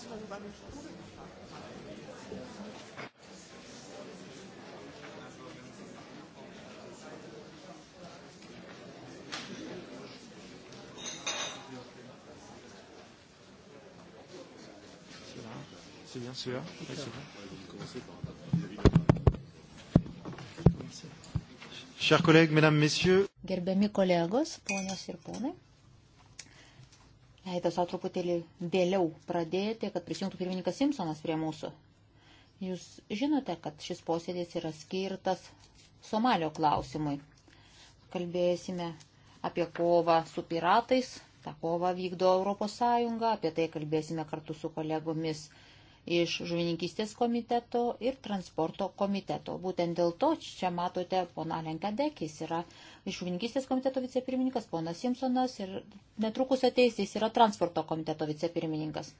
das, worüber wir Studie geschaffen haben. C'est bien celui-là oui, C'est bon. Chers collègues, mesdames, messieurs. Gerbiami kolegos, ponios ir ponai leidęs savo truputėlį vėliau pradėti, kad prisijungtų pirmininkas Simpsonas prie mūsų. Jūs žinote, kad šis posėdis yra skirtas Somalio klausimui. Kalbėsime apie kovą su piratais, tą kovą vykdo Europos Sąjunga, apie tai kalbėsime kartu su kolegomis iš žuvininkystės komiteto ir transporto komiteto. Būtent dėl to čia matote pona Lenkadekis yra žuvininkystės komiteto vicepirmininkas, ponas Simpsonas ir netrukus ateis jis yra transporto komiteto vicepirmininkas.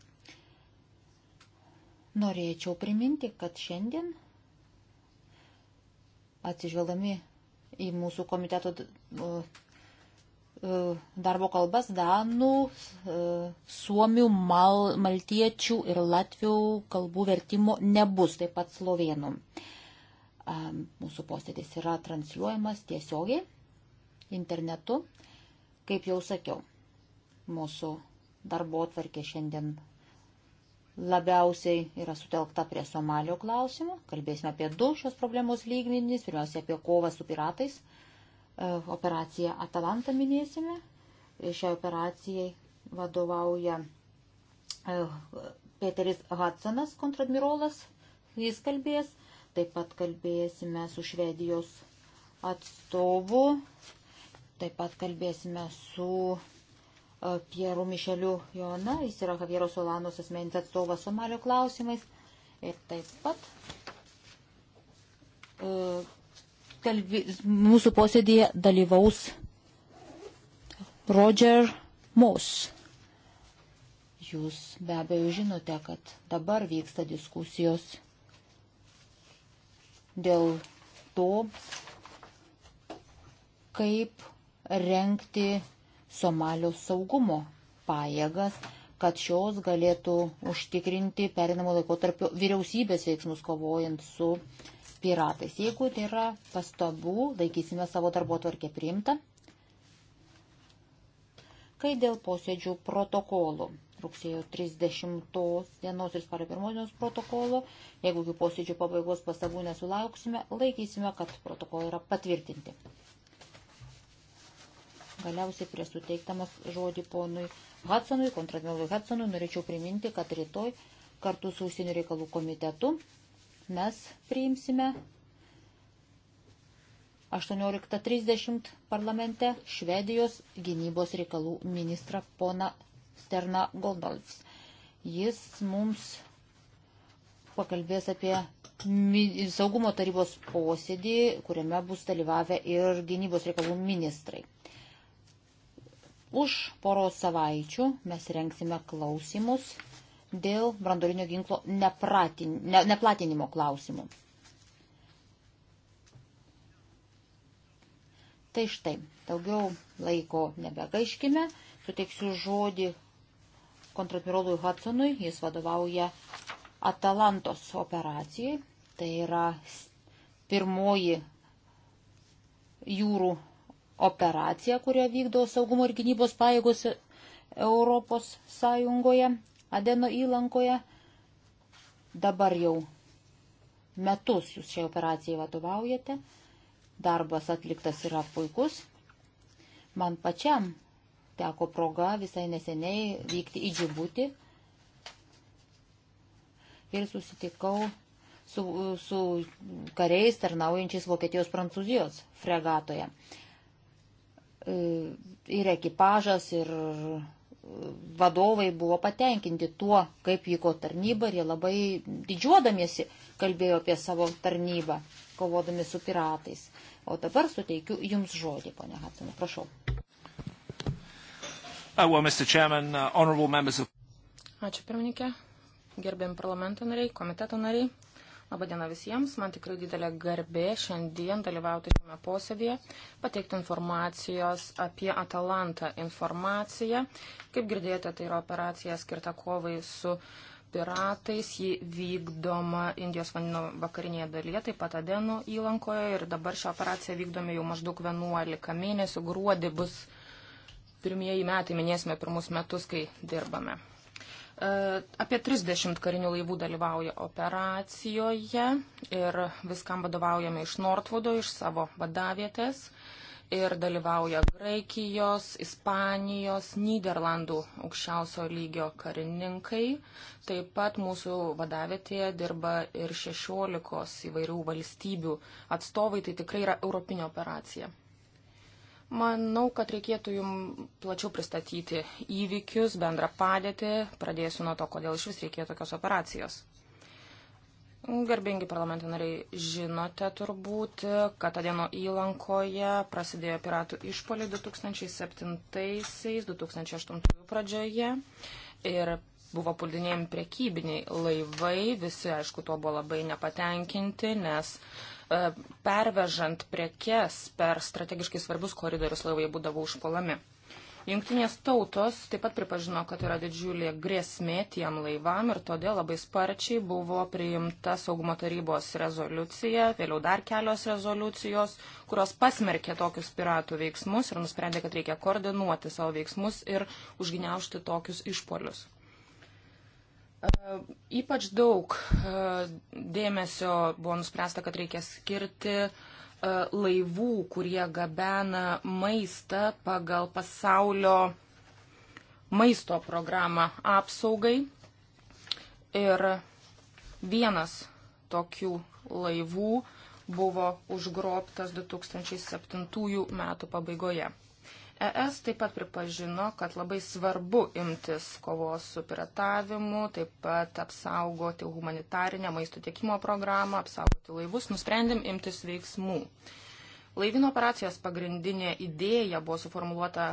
Norėčiau priminti, kad šiandien atsižvelgami į mūsų komiteto E, darbo kalbas danų, e, suomių, mal, maltiečių ir latvių kalbų vertimo nebus, taip pat slovėnų. Mūsų posėdis yra transliuojamas tiesiogiai internetu, kaip jau sakiau. Mūsų darbo atvarkė šiandien labiausiai yra sutelkta prie Somalio klausimo. Kalbėsime apie du šios problemos lygmenys. Pirmiausia, apie kovą su piratais – E, operaciją Atalantą minėsime. Šiai operacijai vadovauja e, Peteris Hudsonas, kontradmirolas, jis kalbės. Taip pat kalbėsime su Švedijos atstovu, taip pat kalbėsime su e, Pieru Mišeliu Jona, jis yra Javiero Solanos asmeninis atstovas Somalio klausimais. Ir taip pat kalbė, mūsų posėdėje dalyvaus Roger Moss. Jūs be abejo žinote, kad dabar vyksta diskusijos dėl to, kaip renkti Somalio saugumo pajėgas, kad šios galėtų užtikrinti perinamo laikotarpio vyriausybės veiksmus kovojant su uh, piratais. Jeigu tai yra pastabų, laikysime savo darbo tvarkę priimtą. Kai dėl posėdžių protokolų rugsėjo 30 dienos ir spalio 1 dienos protokolo, jeigu jų posėdžių pabaigos pastabų nesulauksime, laikysime, kad protokolai yra patvirtinti. Galiausiai prie suteiktamas žodį ponui Hudsonui, kontradmirolui Hudsonui, norėčiau priminti, kad rytoj kartu su užsienio reikalų komitetu mes priimsime 18.30 parlamente Švedijos gynybos reikalų ministrą pona Sterna Goldolfs. Jis mums pakalbės apie saugumo tarybos posėdį, kuriame bus dalyvavę ir gynybos reikalų ministrai. Už poros savaičių mes renksime klausimus dėl brandolinio ginklo nepratin, ne, neplatinimo klausimų. Tai štai, daugiau laiko nebegaiškime, suteiksiu žodį kontratmirolui Hudsonui, jis vadovauja Atalantos operacijai, tai yra pirmoji jūrų operacija, kurią vykdo saugumo ir gynybos pajėgos Europos Sąjungoje. Adeno įlankoje. Dabar jau metus jūs šiai operacijai vadovaujate. Darbas atliktas yra puikus. Man pačiam teko proga visai neseniai vykti į Džibutį ir susitikau su, su kariais tarnaujančiais Vokietijos Prancūzijos fregatoje. E, ir ekipažas, ir vadovai buvo patenkinti tuo, kaip vyko tarnyba ir jie labai didžiuodamiesi kalbėjo apie savo tarnybą, kovodami su piratais. O dabar suteikiu Jums žodį, ponia Hatsana, prašau. Uh, well, Chairman, uh, of... Ačiū pirmininkė, gerbėjim parlamento nariai, komiteto nariai. Labadiena visiems, man tikrai didelė garbė šiandien dalyvauti šiame posėdėje, pateikti informacijos apie Atalantą informaciją. Kaip girdėjote, tai yra operacija skirta kovai su piratais, ji vykdoma Indijos vandenų vakarinėje dalyje, taip pat Adenų įlankoje ir dabar šią operaciją vykdome jau maždaug 11 mėnesių, gruodį bus pirmieji metai, minėsime pirmus metus, kai dirbame. Apie 30 karinių laivų dalyvauja operacijoje ir viskam vadovaujame iš Nortvudo, iš savo vadavietės. Ir dalyvauja Graikijos, Ispanijos, Niderlandų aukščiausio lygio karininkai. Taip pat mūsų vadavietėje dirba ir 16 įvairių valstybių atstovai. Tai tikrai yra europinė operacija. Manau, kad reikėtų jums plačiau pristatyti įvykius, bendrą padėtį. Pradėsiu nuo to, kodėl iš vis reikėjo tokios operacijos. Garbingi parlamento nariai, žinote turbūt, kad Adeno įlankoje prasidėjo piratų išpoliai 2007-2008 pradžioje ir buvo puldinėjami prekybiniai laivai, visi aišku tuo buvo labai nepatenkinti, nes uh, E, pervežant prekes per strategiškai svarbius koridorius laivai būdavo užpuolami. Junktinės tautos taip pat pripažino, kad yra didžiulė grėsmė tiem laivam ir todėl labai sparčiai buvo priimta saugumo tarybos rezoliucija, vėliau dar kelios rezoliucijos, kurios pasmerkė tokius piratų veiksmus ir nusprendė, kad reikia koordinuoti savo veiksmus ir užgniaužti tokius išpolius. Ypač daug dėmesio buvo nuspręsta, kad reikia skirti laivų, kurie gabena maistą pagal pasaulio maisto programą apsaugai. Ir vienas tokių laivų buvo užgrobtas 2007 metų pabaigoje. ES taip pat pripažino, kad labai svarbu imtis kovos su piratavimu, taip pat apsaugoti humanitarinę maisto tiekimo programą, apsaugoti laivus, nusprendėm imtis veiksmų. Laivino operacijos pagrindinė idėja buvo suformuoluota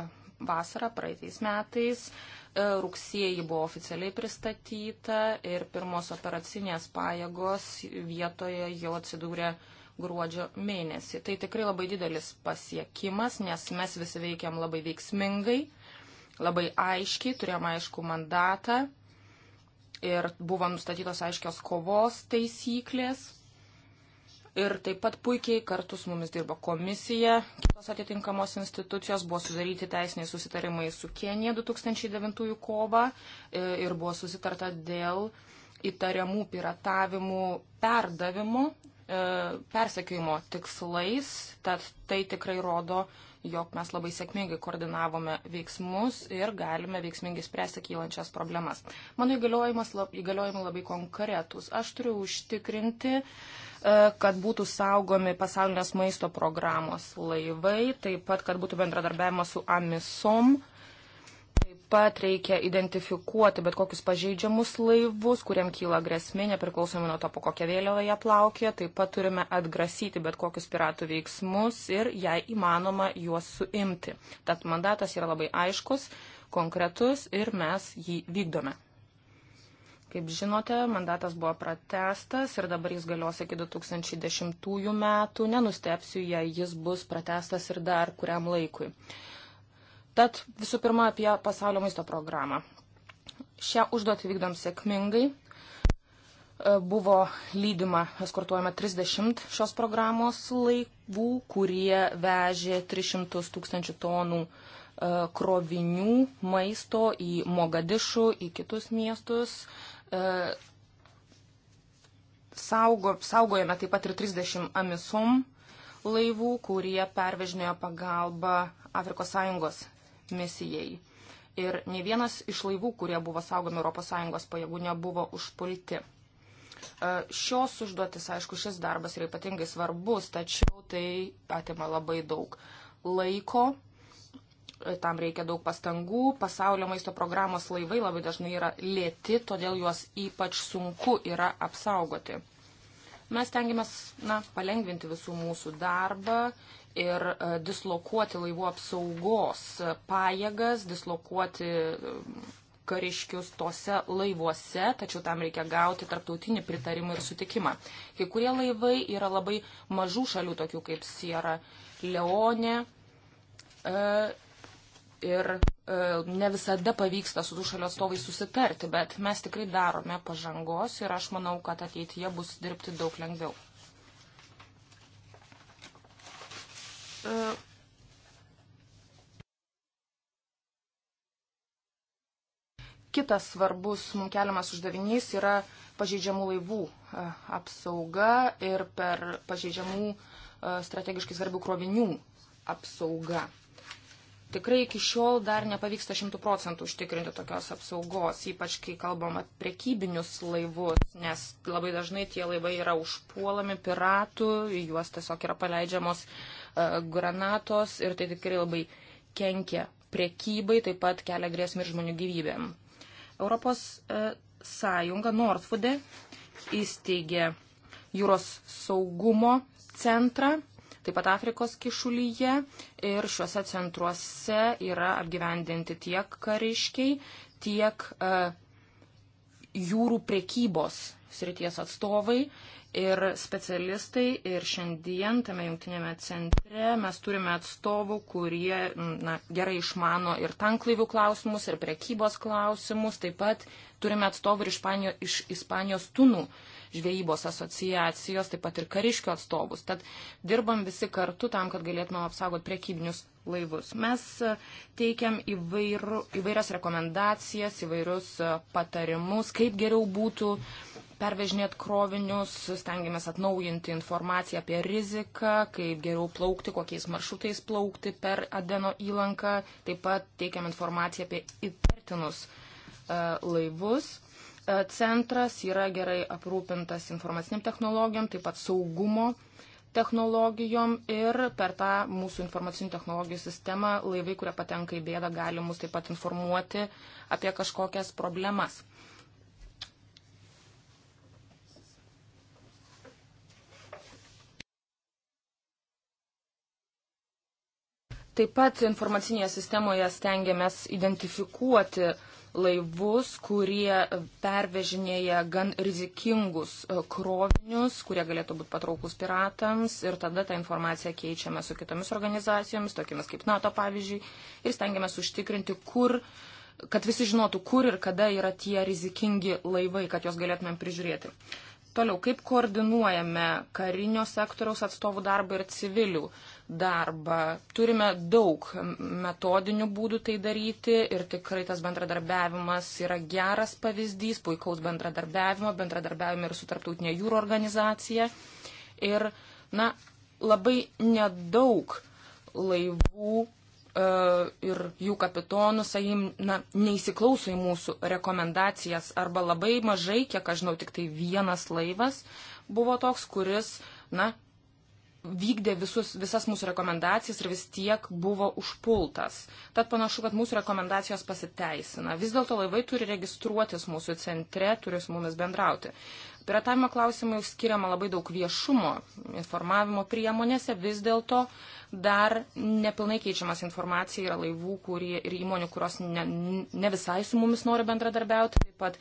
vasarą praeitais metais, e, rugsėjį buvo oficialiai pristatyta ir pirmos operacinės pajėgos vietoje jau atsidūrė gruodžio mėnesį. Tai tikrai labai didelis pasiekimas, nes mes visi veikiam labai veiksmingai, labai aiškiai, turėjom aišku mandatą ir buvo nustatytos aiškios kovos taisyklės. Ir taip pat puikiai kartu su mumis dirbo komisija, kitos atitinkamos institucijos buvo sudaryti teisiniai susitarimai su Kenija 2009 kovą e, ir buvo susitarta dėl įtariamų piratavimų perdavimų E, persekiojimo tikslais, tad tai tikrai rodo, jog mes labai sėkmingai koordinavome veiksmus ir galime veiksmingai spręsti kylančias problemas. Mano įgaliojimai labai konkretus. Aš turiu užtikrinti, e, kad būtų saugomi pasaulinės maisto programos laivai, taip pat, kad būtų bendradarbiavimas su AMISOM, pat reikia identifikuoti bet kokius pažeidžiamus laivus, kuriam kyla grėsmė, nepriklausomai nuo to, po kokią vėliavą jie plaukia. Taip pat turime atgrasyti bet kokius piratų veiksmus ir, jei įmanoma, juos suimti. Tad mandatas yra labai aiškus, konkretus ir mes jį vykdome. Kaip žinote, mandatas buvo pratestas ir dabar jis galios iki 2010 metų. Nenustepsiu, jei jis bus pratestas ir dar kuriam laikui. Tad visų pirma apie pasaulio maisto programą. Šią užduotį vykdom sėkmingai. E, buvo lydima, eskortuojama 30 šios programos laivų, kurie vežė 300 tūkstančių tonų e, krovinių maisto į Mogadišų, į kitus miestus. E, saugo, saugojame taip pat ir 30 amisom laivų, kurie pervežinėjo pagalbą Afrikos Sąjungos misijai. Ir ne vienas iš laivų, kurie buvo saugomi ES pajėgų, nebuvo užpulti. E, šios užduotis, aišku, šis darbas yra ypatingai svarbus, tačiau tai atima labai daug laiko, e, tam reikia daug pastangų. Pasaulio maisto programos laivai labai dažnai yra lėti, todėl juos ypač sunku yra apsaugoti. Mes tengiamės na, palengvinti visų mūsų darbą ir e, dislokuoti laivų apsaugos e, pajėgas, dislokuoti e, kariškius tose laivuose, tačiau tam reikia gauti tarptautinį pritarimą ir sutikimą. Kai kurie laivai yra labai mažų šalių, tokių kaip Sierra Leone, ir e, ne visada pavyksta su tų šalių atstovai susitarti, bet mes tikrai darome pažangos ir aš manau, kad ateityje bus dirbti daug lengviau. E, Kitas svarbus mums keliamas uždavinys yra pažeidžiamų laivų e, apsauga ir per pažeidžiamų e, strategiškai svarbių krovinių apsauga. Tikrai iki šiol dar nepavyksta šimtų procentų užtikrinti tokios apsaugos, ypač kai kalbam apie prekybinius laivus, nes labai dažnai tie laivai yra užpuolami piratų, juos tiesiog yra paleidžiamos uh, granatos ir tai tikrai labai kenkia prekybai, taip pat kelia grėsmį ir žmonių gyvybėm. Europos uh, Sąjunga Northwood'e įsteigė jūros saugumo centrą taip pat Afrikos kišulyje ir šiuose centruose yra apgyvendinti tiek kariškiai, tiek uh, jūrų prekybos srities atstovai ir specialistai. Ir šiandien tame jungtinėme centre mes turime atstovų, kurie na, gerai išmano ir tanklaivių klausimus, ir prekybos klausimus. Taip pat turime atstovų ir Ispanijos, iš Ispanijos tunų. Uh, žvejybos asociacijos, taip pat ir kariškio atstovus. Tad dirbam visi kartu tam, kad galėtume apsaugoti priekybinius laivus. Mes e, teikiam įvairių, įvairias rekomendacijas, įvairius e, patarimus, kaip geriau būtų pervežinėti krovinius, stengiamės atnaujinti informaciją apie riziką, kaip geriau plaukti, kokiais maršrutais plaukti per Adeno įlanką, taip pat teikiam informaciją apie įtartinus uh, laivus. E, centras yra gerai aprūpintas informaciniam technologijom, taip pat saugumo technologijom ir per tą mūsų informacinių technologijų sistemą laivai, kurie patenka į bėdą, gali mus taip pat informuoti apie kažkokias problemas. Taip pat informacinėje sistemoje stengiamės identifikuoti uh, laivus, kurie pervežinėja gan rizikingus e, krovinius, kurie galėtų būti patraukus piratams ir tada tą informaciją keičiame su kitomis organizacijomis, tokiamis kaip NATO pavyzdžiui, ir stengiamės užtikrinti, kur, kad visi žinotų, kur ir kada yra tie rizikingi laivai, kad juos galėtumėm prižiūrėti. Toliau, kaip koordinuojame karinio sektoriaus atstovų darbą ir civilių darbą. Turime daug metodinių būdų tai daryti ir tikrai tas bendradarbiavimas yra geras pavyzdys, puikaus bendradarbiavimo, bendradarbiavimo ir su tarptautinė jūro organizacija. Ir, na, labai nedaug laivų e, ir jų kapitonų, sakyim, na, neįsiklauso į mūsų rekomendacijas arba labai mažai, kiek aš žinau, tik tai vienas laivas buvo toks, kuris, na, vykdė visus, visas mūsų rekomendacijas ir vis tiek buvo užpultas. Tad panašu, kad mūsų rekomendacijos pasiteisina. Vis dėlto laivai turi registruotis mūsų centre, turi su mumis bendrauti. Piratavimo klausimai skiriama labai daug viešumo informavimo priemonėse, vis dėlto dar nepilnai keičiamas informacija yra laivų kurie, ir įmonių, kurios ne, ne visai su mumis nori bendradarbiauti, taip pat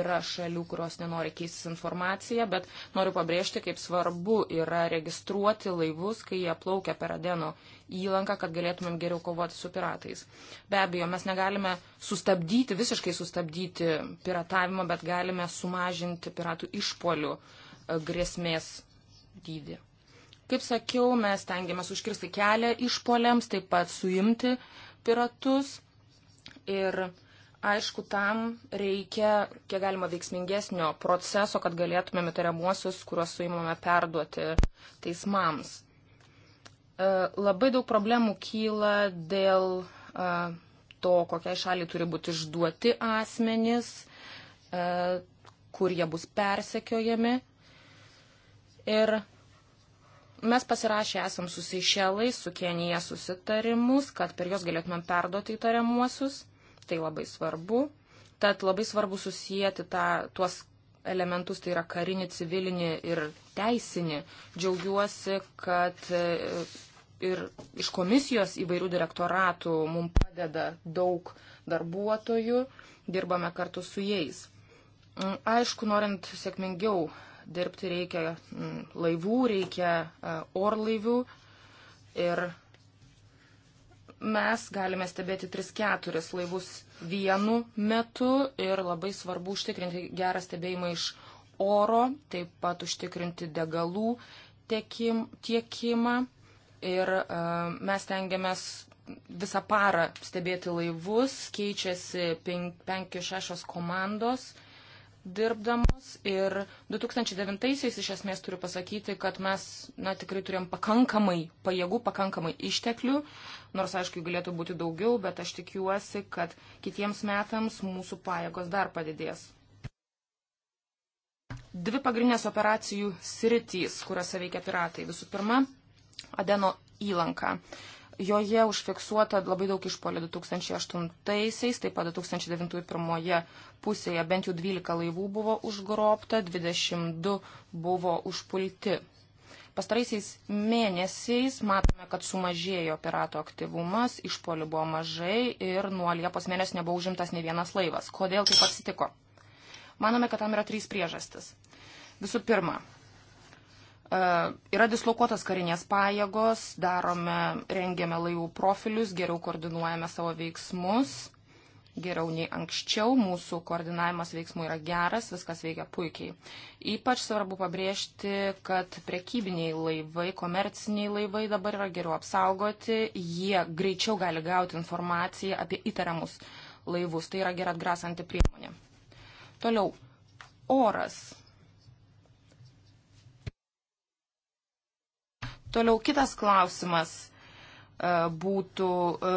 yra šalių, kurios nenori keistis informaciją, bet noriu pabrėžti, kaip svarbu yra registruoti laivus, kai jie plaukia per Adeno įlanką, kad galėtumėm geriau kovoti su piratais. Be abejo, mes negalime sustabdyti, visiškai sustabdyti piratavimą, bet galime sumažinti piratų išpolių e, grėsmės dydį. Kaip sakiau, mes tengiamės užkirsti kelią išpoliams, taip pat suimti piratus. Ir aišku, tam reikia kiek galima veiksmingesnio proceso, kad galėtumėm įtariamuosius, kuriuos suimame, perduoti teismams. E, labai daug problemų kyla dėl e, to, kokiai šaliai turi būti išduoti asmenys, e, kur jie bus persekiojami. Ir mes pasirašę esam su Seišelais, su Kenija susitarimus, kad per juos galėtumėm perduoti įtariamuosius. Tai labai svarbu. Tad labai svarbu susijęti tą, tuos elementus, tai yra karinį, civilinį ir teisinį. Džiaugiuosi, kad ir iš komisijos įvairių direktoratų mums padeda daug darbuotojų, dirbame kartu su jais. Mm, aišku, norint sėkmingiau dirbti reikia mm, laivų, reikia e, orlaivių ir mes galime stebėti 3-4 laivus vienu metu ir labai svarbu užtikrinti gerą stebėjimą iš oro, taip pat užtikrinti degalų tiekimą. Tiekim, ir e, mes tengiamės visą parą stebėti laivus, keičiasi 5-6 komandos dirbdamos ir 2009-aisiais iš esmės turiu pasakyti, kad mes na, tikrai turėjom pakankamai pajėgų, pakankamai išteklių, nors aišku galėtų būti daugiau, bet aš tikiuosi, kad kitiems metams mūsų pajėgos dar padidės. Dvi pagrindinės operacijų sritys, kuriuose veikia piratai. Visų pirma, Adeno įlanką. Joje užfiksuota labai daug išpolių 2008-aisiais, taip pat 2009 pirmoje pusėje bent jau 12 laivų buvo užgrobta, 22 buvo užpulti. Pastaraisiais mėnesiais matome, kad sumažėjo pirato aktyvumas, išpolių buvo mažai ir nuo Liepos mėnesio nebuvo užimtas ne vienas laivas. Kodėl taip atsitiko? Manome, kad tam yra trys priežastis. Visų pirma, E, yra dislokuotas karinės pajėgos, darome, rengiame laivų profilius, geriau koordinuojame savo veiksmus, geriau nei anksčiau, mūsų koordinavimas veiksmų yra geras, viskas veikia puikiai. Ypač svarbu pabrėžti, kad prekybiniai laivai, komerciniai laivai dabar yra geriau apsaugoti, jie greičiau gali gauti informaciją apie įtariamus laivus, tai yra gera atgrasanti priemonė. Toliau, oras Toliau kitas klausimas e, būtų e,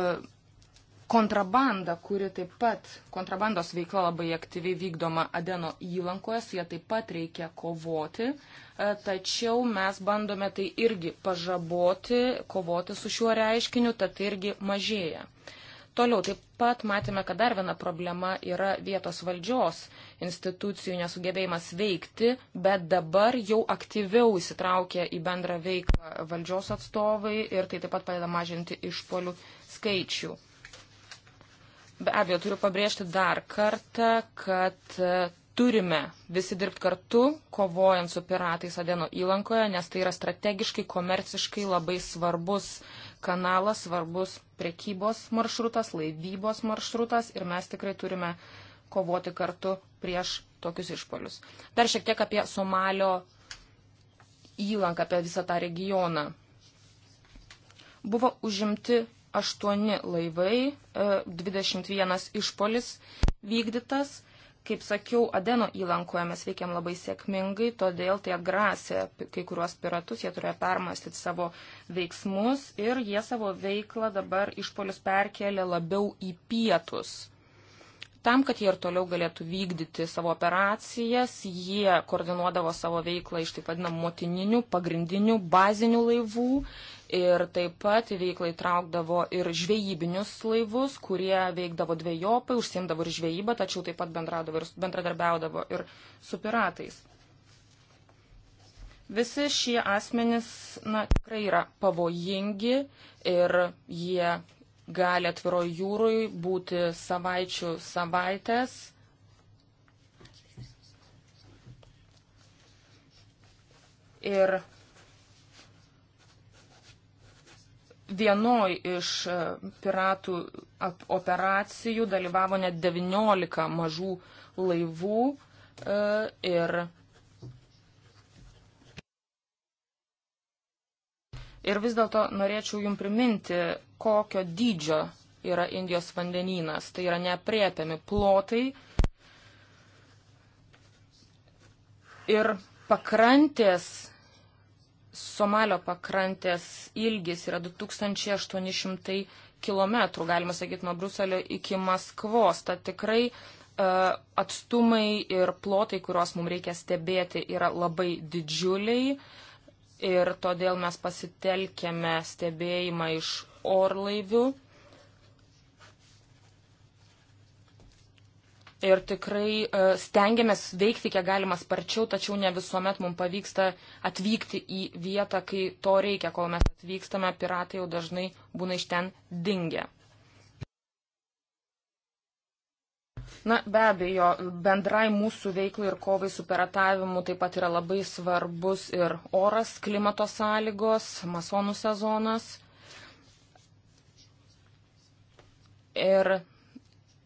kontrabanda, kuri taip pat, kontrabandos veikla labai aktyviai vykdoma Adeno įlankoje, su jie taip pat reikia kovoti, e, tačiau mes bandome tai irgi pažaboti, kovoti su šiuo reiškiniu, tad tai irgi mažėja. Toliau taip pat matėme, kad dar viena problema yra vietos valdžios institucijų nesugebėjimas veikti, bet dabar jau aktyviau įsitraukia į bendrą veiklą valdžios atstovai ir tai taip pat padeda mažinti išpolių skaičių. Be abejo, turiu pabrėžti dar kartą, kad e, turime visi dirbti kartu, kovojant su piratais Adeno įlankoje, nes tai yra strategiškai, komerciškai labai svarbus kanalas, svarbus prekybos maršrutas, laivybos maršrutas ir mes tikrai turime kovoti kartu prieš tokius išpolius. Dar šiek tiek apie Somalio įlanką, apie visą tą regioną. Buvo užimti 8 laivai, 21 e, išpolis vykdytas Kaip sakiau, Adeno įlankoje mes veikiam labai sėkmingai, todėl tai atgrasė kai kuriuos piratus, jie turėjo permastyti savo veiksmus ir jie savo veiklą dabar išpolius perkelė labiau į pietus. Tam, kad jie ir toliau galėtų vykdyti savo operacijas, jie koordinuodavo savo veiklą iš taip vadinamų motininių, pagrindinių, bazinių laivų ir taip pat į veiklą įtraukdavo ir žvejybinius laivus, kurie veikdavo dviejopai, užsimdavo ir žvejybą, tačiau taip pat ir, bendradarbiaudavo ir su piratais. Visi šie asmenys na, tikrai yra pavojingi ir jie gali atviro jūrui būti savaičių savaitės. Ir vienoj iš e, piratų operacijų dalyvavo net 19 mažų laivų e, ir, ir vis dėlto norėčiau jum priminti, kokio dydžio yra Indijos vandenynas. Tai yra neapriepiami plotai ir pakrantės Somalio pakrantės ilgis yra 2800 km, galima sakyti, nuo Bruselio iki Maskvos. Tad tikrai e, atstumai ir plotai, kuriuos mums reikia stebėti, yra labai didžiuliai ir todėl mes pasitelkėme stebėjimą iš orlaivių ir tikrai e, stengiamės veikti kiek galima sparčiau, tačiau ne visuomet mums pavyksta atvykti į vietą, kai to reikia, kol mes atvykstame, piratai jau dažnai būna iš ten dingę. Na, be abejo, bendrai mūsų veiklai ir kovai su piratavimu taip pat yra labai svarbus ir oras, klimato sąlygos, masonų sezonas. Ir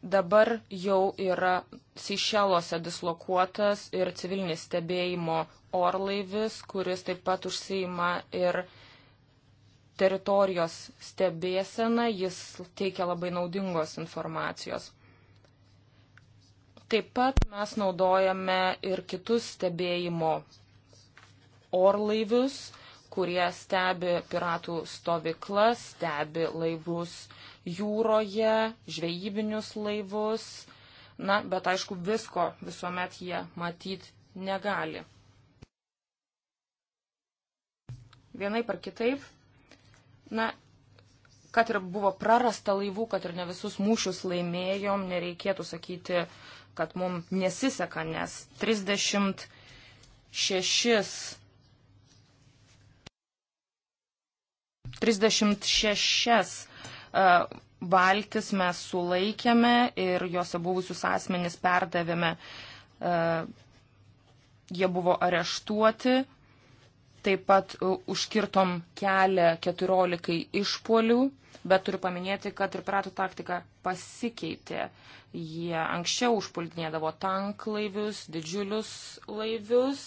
dabar jau yra Seišelose dislokuotas ir civilinis stebėjimo orlaivis, kuris taip pat užsima ir teritorijos stebėseną, jis teikia labai naudingos informacijos. Taip pat mes naudojame ir kitus stebėjimo orlaivius, kurie stebi piratų stovyklas, stebi laivus jūroje, žvejybinius laivus. Na, bet aišku, visko visuomet jie matyti negali. Vienai par kitaip, na, kad ir buvo prarasta laivų, kad ir ne visus mūšius laimėjom, nereikėtų sakyti, kad mums nesiseka, nes 36 36 E, valtis mes sulaikėme ir juose buvusius asmenys perdavėme. E, jie buvo areštuoti. Taip pat e, užkirtom kelią 14 išpolių, bet turiu paminėti, kad ir piratų taktika pasikeitė. Jie anksčiau užpuldinėdavo tanklaivius, didžiulius laivius,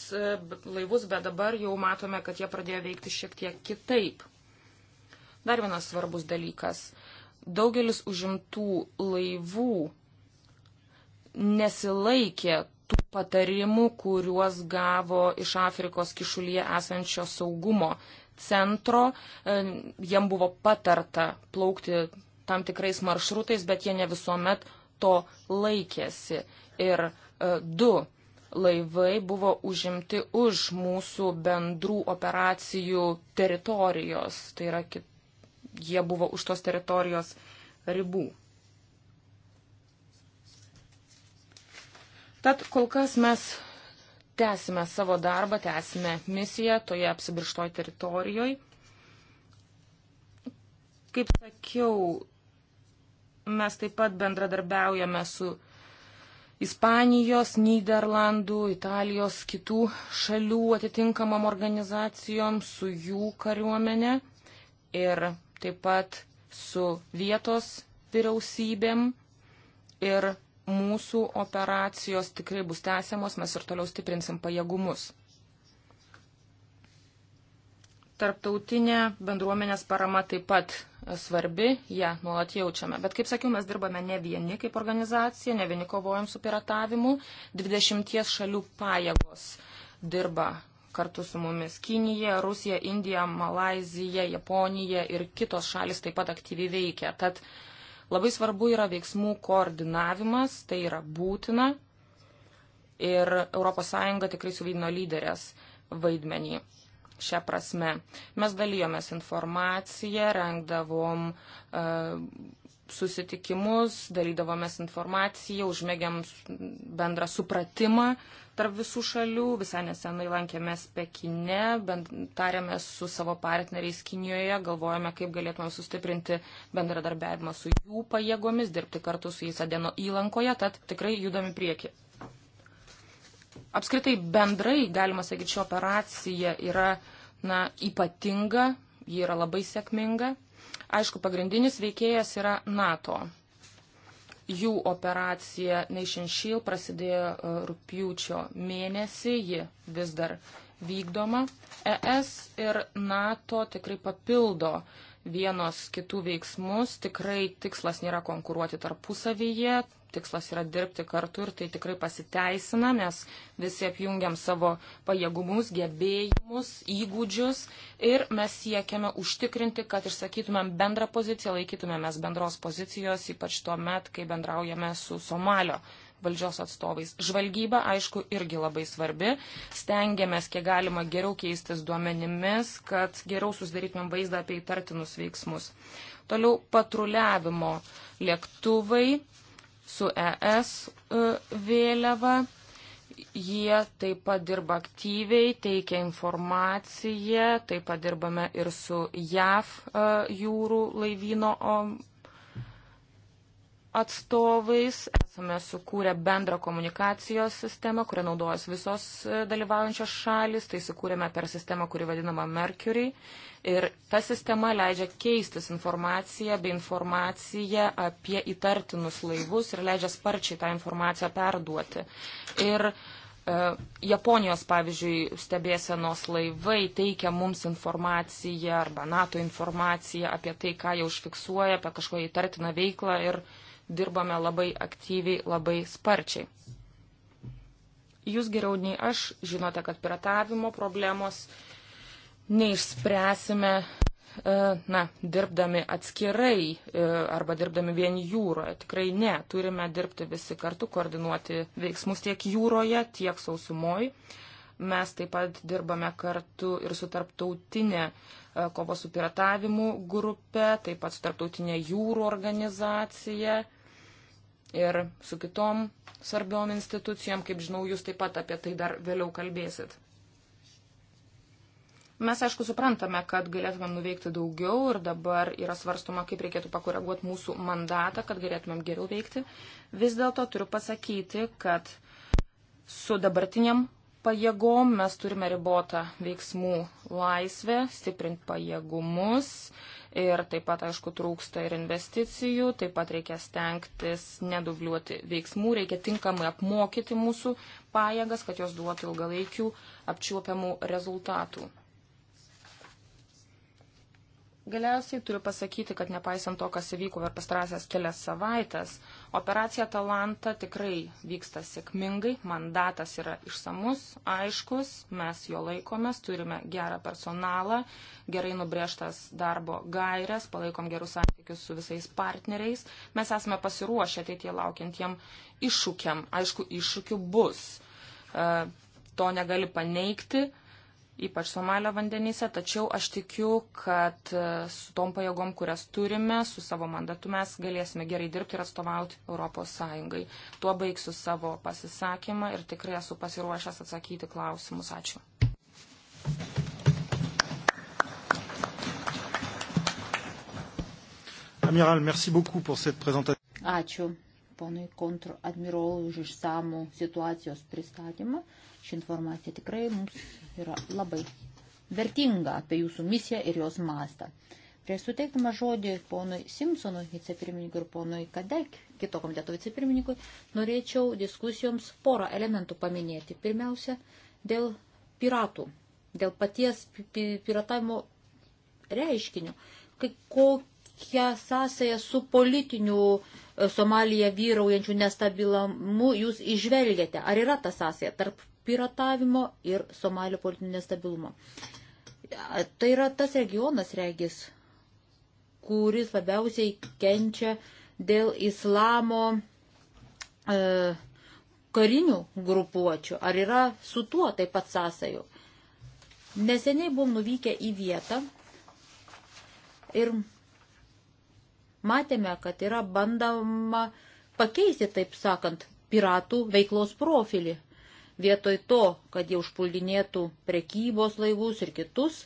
laivus, bet dabar jau matome, kad jie pradėjo veikti šiek tiek kitaip Dar vienas svarbus dalykas. Daugelis užimtų laivų nesilaikė tų patarimų, kuriuos gavo iš Afrikos kišulyje esančio saugumo centro. E, jiem buvo patarta plaukti tam tikrais maršrutais, bet jie ne visuomet to laikėsi. Ir e, du laivai buvo užimti už mūsų bendrų operacijų teritorijos, tai yra kit, jie buvo už tos teritorijos ribų. Tad kol kas mes tęsime savo darbą, tęsime misiją toje apsibirštoje teritorijoje. Kaip sakiau, mes taip pat bendradarbiaujame su Ispanijos, Niderlandų, Italijos, kitų šalių atitinkamam organizacijom, su jų kariuomenė. Ir taip pat su vietos vyriausybėm ir mūsų operacijos tikrai bus tęsiamos, mes ir toliau stiprinsim pajėgumus. Tarptautinė bendruomenės parama taip pat svarbi, ją nuolat jaučiame. Bet, kaip sakiau, mes dirbame ne vieni kaip organizacija, ne vieni kovojam su piratavimu, 20 šalių pajėgos dirba kartu su mumis. Kinija, Rusija, Indija, Malazija, Japonija ir kitos šalis taip pat aktyviai veikia. Tad labai svarbu yra veiksmų koordinavimas, tai yra būtina. Ir ES tikrai suvaidino lyderės vaidmenį šią prasme. Mes dalyjomės informaciją, rengdavom. Uh, susitikimus, dalydavomės informaciją, užmėgiam bendrą supratimą tarp visų šalių. Visai nesenai lankėmės Pekine, tarėmės su savo partneriais Kinijoje, galvojame, kaip galėtume sustiprinti bendradarbiavimą su jų pajėgomis, dirbti kartu su jais Adeno įlankoje, tad tikrai judami prieki. Apskritai bendrai, galima sakyti, ši operacija yra na, ypatinga, ji yra labai sėkminga. Aišku, pagrindinis veikėjas yra NATO Jų operacija Nation Shield prasidėjo e, rūpjūčio mėnesį, ji vis dar vykdoma. ES ir NATO tikrai papildo uh, vienos kitų veiksmus. Tikrai tikslas nėra konkuruoti tarpusavyje, tikslas yra dirbti kartu ir tai tikrai pasiteisina, nes visi apjungiam savo pajėgumus, gebėjimus, įgūdžius ir mes siekiame užtikrinti, kad išsakytumėm bendrą poziciją, laikytumėmės bendros pozicijos, ypač tuo met, kai bendraujame su Somalio valdžios atstovais. Žvalgyba, aišku, irgi labai svarbi. Stengiamės, kiek galima geriau keistis duomenimis, kad geriau susidarytumėm vaizdą apie įtartinus veiksmus. Toliau patruliavimo lėktuvai su ES e, vėliava. Jie taip pat dirba aktyviai, teikia informaciją, taip pat dirbame ir su JAV e, jūrų laivyno atstovais esame sukūrę bendrą komunikacijos sistemą, kurią naudojas visos e, dalyvaujančios šalis. Tai sukūrėme per sistemą, kuri vadinama Mercury. Ir ta sistema leidžia keistis informaciją bei informaciją apie įtartinus laivus ir leidžia sparčiai tą informaciją perduoti. Ir e, Japonijos, pavyzdžiui, stebėsenos laivai teikia mums informaciją arba NATO informaciją apie tai, ką jie užfiksuoja, apie kažkokią įtartiną veiklą ir uh, dirbame labai aktyviai, labai sparčiai. Jūs geriau nei aš žinote, kad piratavimo problemos neišspręsime e, na, dirbdami atskirai e, arba dirbdami vien jūroje. Tikrai ne, turime dirbti visi kartu, koordinuoti veiksmus tiek jūroje, tiek sausumoj. Mes taip pat dirbame kartu ir su tarptautinė e, kovo su piratavimu grupe, taip pat su tarptautinė jūrų organizacija ir su kitom svarbiom institucijom, kaip žinau, jūs taip pat apie tai dar vėliau kalbėsit. Mes, aišku, suprantame, kad galėtumėm nuveikti daugiau ir dabar yra svarstoma, kaip reikėtų pakoreguoti mūsų mandatą, kad galėtumėm geriau veikti. Vis dėlto turiu pasakyti, kad su dabartiniam pajėgom mes turime ribotą veiksmų laisvę, stiprinti pajėgumus ir taip pat, aišku, trūksta ir investicijų, taip pat reikia stengtis nedubliuoti veiksmų, reikia tinkamai apmokyti mūsų pajėgas, kad jos duotų ilgalaikių apčiuopiamų rezultatų. Galiausiai turiu pasakyti, kad nepaisant to, kas įvyko per pastarąsias kelias savaitės, Operacija Talanta tikrai vyksta sėkmingai, mandatas yra išsamus, aiškus, mes jo laikomės, turime gerą personalą, gerai nubrėžtas darbo gairias, palaikom gerus santykius su visais partneriais, mes esame pasiruošę ateitie laukiantiem iššūkiam, aišku, iššūkių bus, e, to negali paneigti ypač Somalio vandenyse, tačiau aš tikiu, kad e, su tom pajėgom, kurias turime, su savo mandatu mes galėsime gerai dirbti ir atstovauti Europos Sąjungai. Tuo baigsiu savo pasisakymą ir tikrai esu pasiruošęs atsakyti klausimus. Ačiū. Amiral, merci beaucoup pour cette présentation. Ačiū ponui kontradmirolui už išsamų situacijos pristatymą. Ši informacija tikrai mums yra labai vertinga apie jūsų misiją ir jos mastą. Prieš suteikdama žodį ponui Simpsonui, vicepirmininkui ir ponui Kadek, kito komiteto vicepirmininkui, norėčiau diskusijoms porą elementų paminėti. Pirmiausia, dėl piratų, dėl paties piratavimo reiškinio kai ko, kokią sąsąją su politiniu e, Somalija vyraujančiu nestabilumu jūs išvelgiate? Ar yra ta sąsaja tarp piratavimo ir Somalio politinio nestabilumo? Tai yra tas regionas, regis, kuris labiausiai kenčia dėl islamo e, karinių grupuočių. Ar yra su tuo taip pat sąsajų? Neseniai buvom nuvykę į vietą ir matėme, kad yra bandama pakeisti, taip sakant, piratų veiklos profilį. Vietoj to, kad jie užpuldinėtų prekybos laivus ir kitus,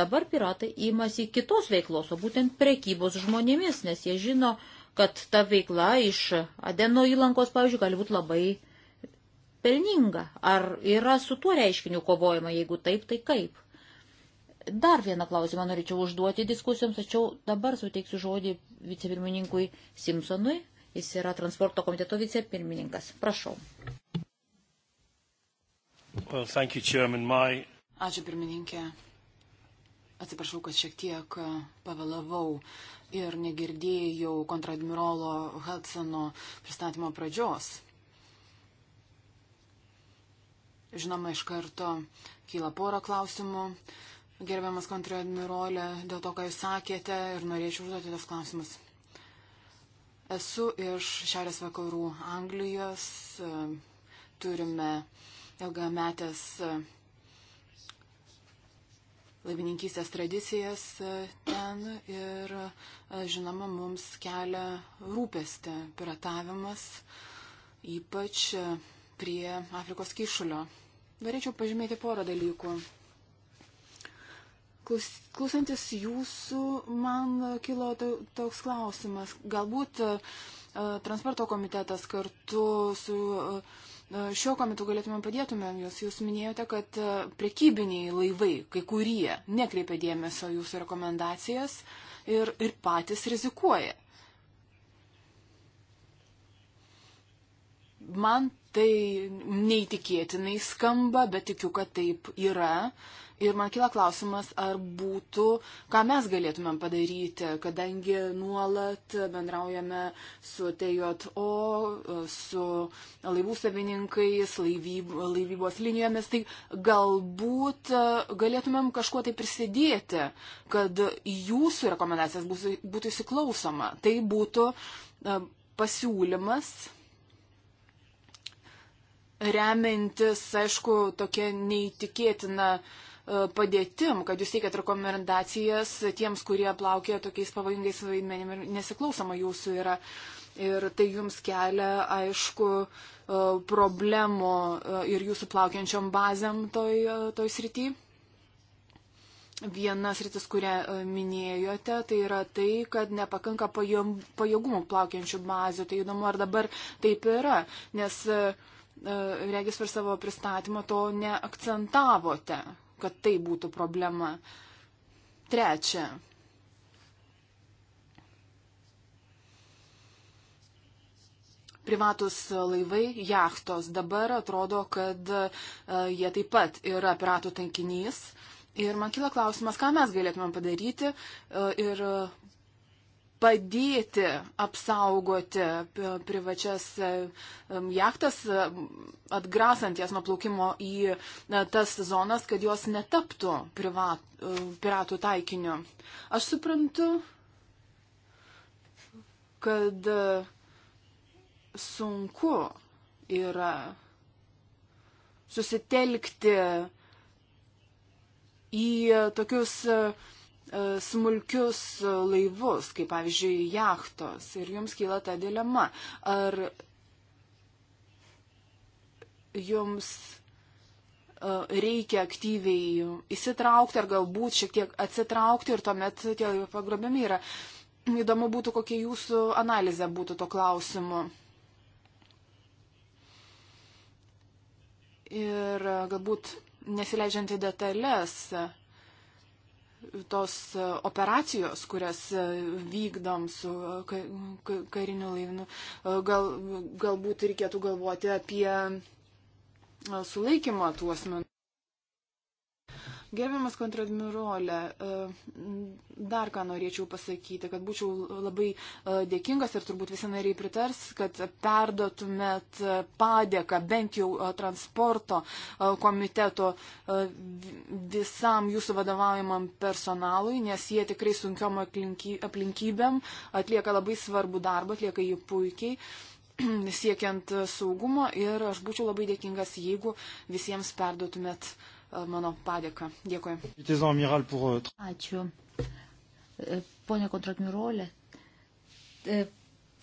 dabar piratai imasi kitos veiklos, o būtent prekybos žmonėmis, nes jie žino, kad ta veikla iš Adeno įlankos, pavyzdžiui, gali būti labai pelninga. Ar yra su tuo reiškiniu kovojama, jeigu taip, tai kaip? Dar vieną klausimą norėčiau užduoti diskusijoms, tačiau dabar suteiksiu žodį vicepirmininkui Simpsonui. Jis yra transporto komiteto vicepirmininkas. Prašau. Well, thank you, Chairman. My... Ačiū pirmininkė. Atsiprašau, kad šiek tiek e, pavėlavau ir negirdėjau kontradmirolo Hudsono pristatymo pradžios. Žinoma, iš karto kyla pora klausimų. Uh, gerbiamas kontradmirolė, dėl to, ką jūs sakėte ir norėčiau užduoti tos klausimus. Esu iš Šiaurės vakarų Anglijos, turime ilgametės laivininkystės tradicijas ten ir, žinoma, mums kelia rūpestį piratavimas, ypač prie Afrikos kišulio. Norėčiau pažymėti porą dalykų. Klausantis jūsų, man kilo toks klausimas. Galbūt e, e, transporto komitetas kartu su e, šiuo komitu galėtumėm padėtumėm jūs. Jūs minėjote, kad prekybiniai laivai, kai kurie, nekreipia dėmesio jūsų rekomendacijas ir, ir patys rizikuoja. Man tai neįtikėtinai skamba, bet tikiu, kad taip yra. Uh, Ir man kila klausimas, ar būtų, ką mes galėtumėm padaryti, kadangi nuolat bendraujame su TJO, su laivų savininkais, laivyb, laivybos linijomis, tai galbūt galėtumėm kažkuo tai prisidėti, kad jūsų rekomendacijas būtų, būtų įsiklausoma. Tai būtų e, pasiūlymas remiantis, aišku, tokia neįtikėtina uh, padėtim, kad jūs teikiat rekomendacijas tiems, kurie plaukia tokiais pavojingais vaidmenim ir nesiklausoma jūsų yra. Ir tai jums kelia, aišku, e, problemų e, ir jūsų plaukiančiom bazėm toj, e, toj srity. Vienas rytis, kurią minėjote, tai yra tai, kad nepakanka pajėgumų plaukiančių bazių. Tai įdomu, ar dabar taip yra, nes regis per savo pristatymą to neakcentavote kad tai būtų problema. Trečia. Privatus laivai, jachtos dabar atrodo, kad e, jie taip pat yra piratų tankinys. Ir man kyla klausimas, ką mes galėtumėm padaryti e, ir padėti apsaugoti privačias jachtas, atgrasant jas nuo plaukimo į tas zonas, kad jos netaptų privat, e, piratų taikiniu. Aš suprantu, kad e, sunku yra susitelkti į tokius uh, E, smulkius laivus, kaip pavyzdžiui, jachtos, ir jums kyla ta dilema, ar jums e, reikia aktyviai įsitraukti, ar galbūt šiek tiek atsitraukti ir tuomet tie laivai pagrobiami yra. Įdomu būtų, kokia jūsų analizė būtų to klausimu. Ir e, galbūt nesileidžiant į detalės, tos e, operacijos, kurias e, vykdom su e, kariniu laivinu, gal, galbūt reikėtų galvoti apie sulaikymą tų asmenų. Gerbiamas kontradmirolė, e, dar ką norėčiau pasakyti, kad būčiau labai e, dėkingas ir turbūt visi nariai pritars, kad perdotumėt e, padėką bent jau transporto komiteto visam jūsų vadovaujamam personalui, nes jie tikrai sunkiom aplinkybėm atlieka labai svarbų darbą, atlieka jį puikiai siekiant saugumo ir aš būčiau labai dėkingas, jeigu visiems perdotumėt uh, E, mano padėką. Dėkui. E, ačiū. E, Pone kontrakmirolė,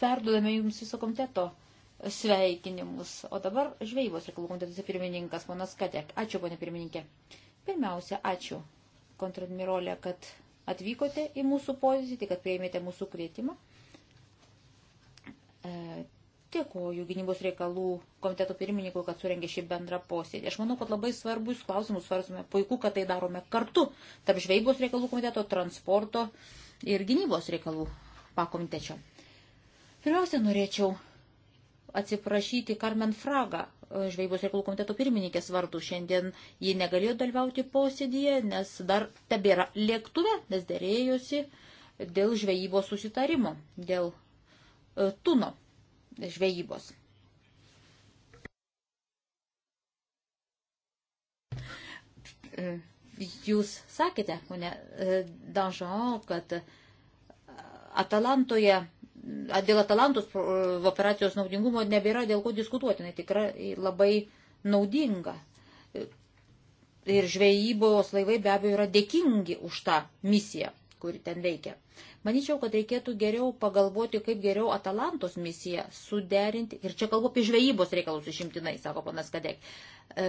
perdodame jums viso komiteto sveikinimus. O dabar žvejybos reikalų komitetas pirmininkas, ponas Katek. Ačiū, ponė pirmininkė. Pirmiausia, ačiū kontradmirolė, kad atvykote į mūsų pozitį, tai kad prieimėte mūsų kvietimą. Dėkoju gynybos reikalų komiteto pirmininkui, kad surengė šį bendrą posėdį. Aš manau, kad labai svarbus klausimus svarstome. Puiku, kad tai darome kartu tarp žveigos reikalų komiteto, transporto ir gynybos reikalų pakomitečio. Pirmiausia, norėčiau atsiprašyti Carmen Fraga, žveigos reikalų komiteto pirmininkės vardu. Šiandien ji negalėjo dalyvauti posėdyje, nes dar tebėra lėktuve, nes dėrėjosi dėl žvejybos susitarimo, dėl e, tuno žvejybos. Jūs sakėte, ponė e, Danžon, kad Atalantoje, dėl Atalantos e, operacijos naudingumo nebėra dėl ko diskutuoti, jinai tikrai labai naudinga. E, ir žvejybos laivai be abejo yra dėkingi už tą misiją, kuri ten veikia. Manyčiau, kad reikėtų geriau pagalvoti, kaip geriau Atalantos misiją suderinti. Ir čia kalbu apie žvejybos reikalus išimtinai, sako panas Kadek. E,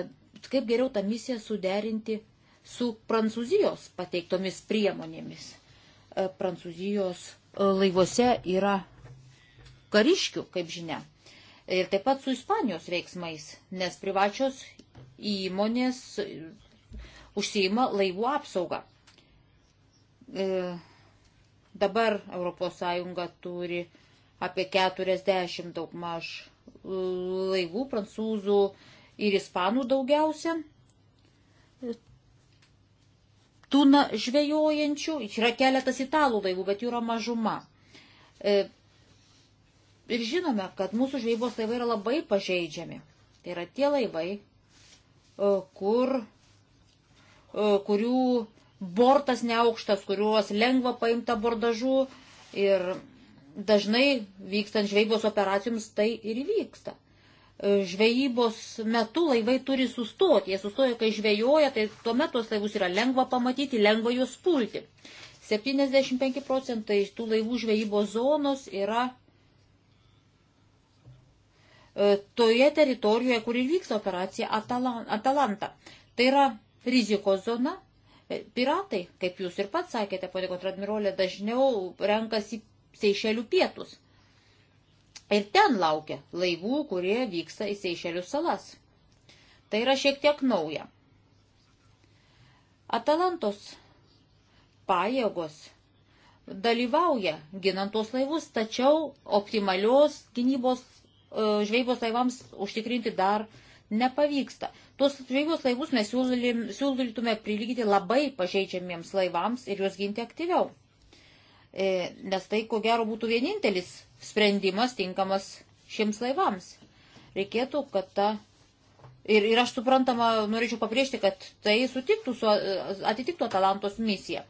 kaip geriau tą misiją suderinti su Prancūzijos pateiktomis priemonėmis. E, Prancūzijos e, laivuose yra kariškių, kaip žinia. Ir taip pat su Ispanijos veiksmais, nes privačios įmonės užsieima laivų apsaugą. E, Dabar ES turi apie 40 daugmaž laivų, prancūzų ir ispanų daugiausia. Tuna žvejojančių, yra keletas italų laivų, bet jų yra mažuma. E, ir žinome, kad mūsų žvejybos laivai yra labai pažeidžiami. Tai yra tie laivai, e, kur, e, kurių bortas neaukštas, kuriuos lengva paimta bordažu ir dažnai vykstant žvejybos operacijoms tai ir vyksta. E, žvejybos metu laivai turi sustoti, jie sustoja, kai žvejoja, tai tuomet tuos laivus yra lengva pamatyti, lengva juos pulti. 75 procentai tų laivų žvejybos zonos yra e, toje teritorijoje, kur ir vyksta operacija Atalanta. Tai yra rizikos zona, E, piratai, kaip jūs ir pats sakėte, ponė kontradmirolė, dažniau renkasi Seišelių pietus. Ir ten laukia laivų, kurie vyksta į Seišelių salas. Tai yra šiek tiek nauja. Atalantos pajėgos dalyvauja ginant tuos laivus, tačiau optimalios gynybos e, žvejybos laivams užtikrinti dar nepavyksta. Tos žvejybos laivus mes siūlytume prilygti labai pažeidžiamiems laivams ir juos ginti aktyviau. E, nes tai, ko gero, būtų vienintelis sprendimas tinkamas šiems laivams. Reikėtų, kad ta. Ir, ir aš suprantama, norėčiau pabrėžti, kad tai sutiktų su, atitiktų Atalantos misiją.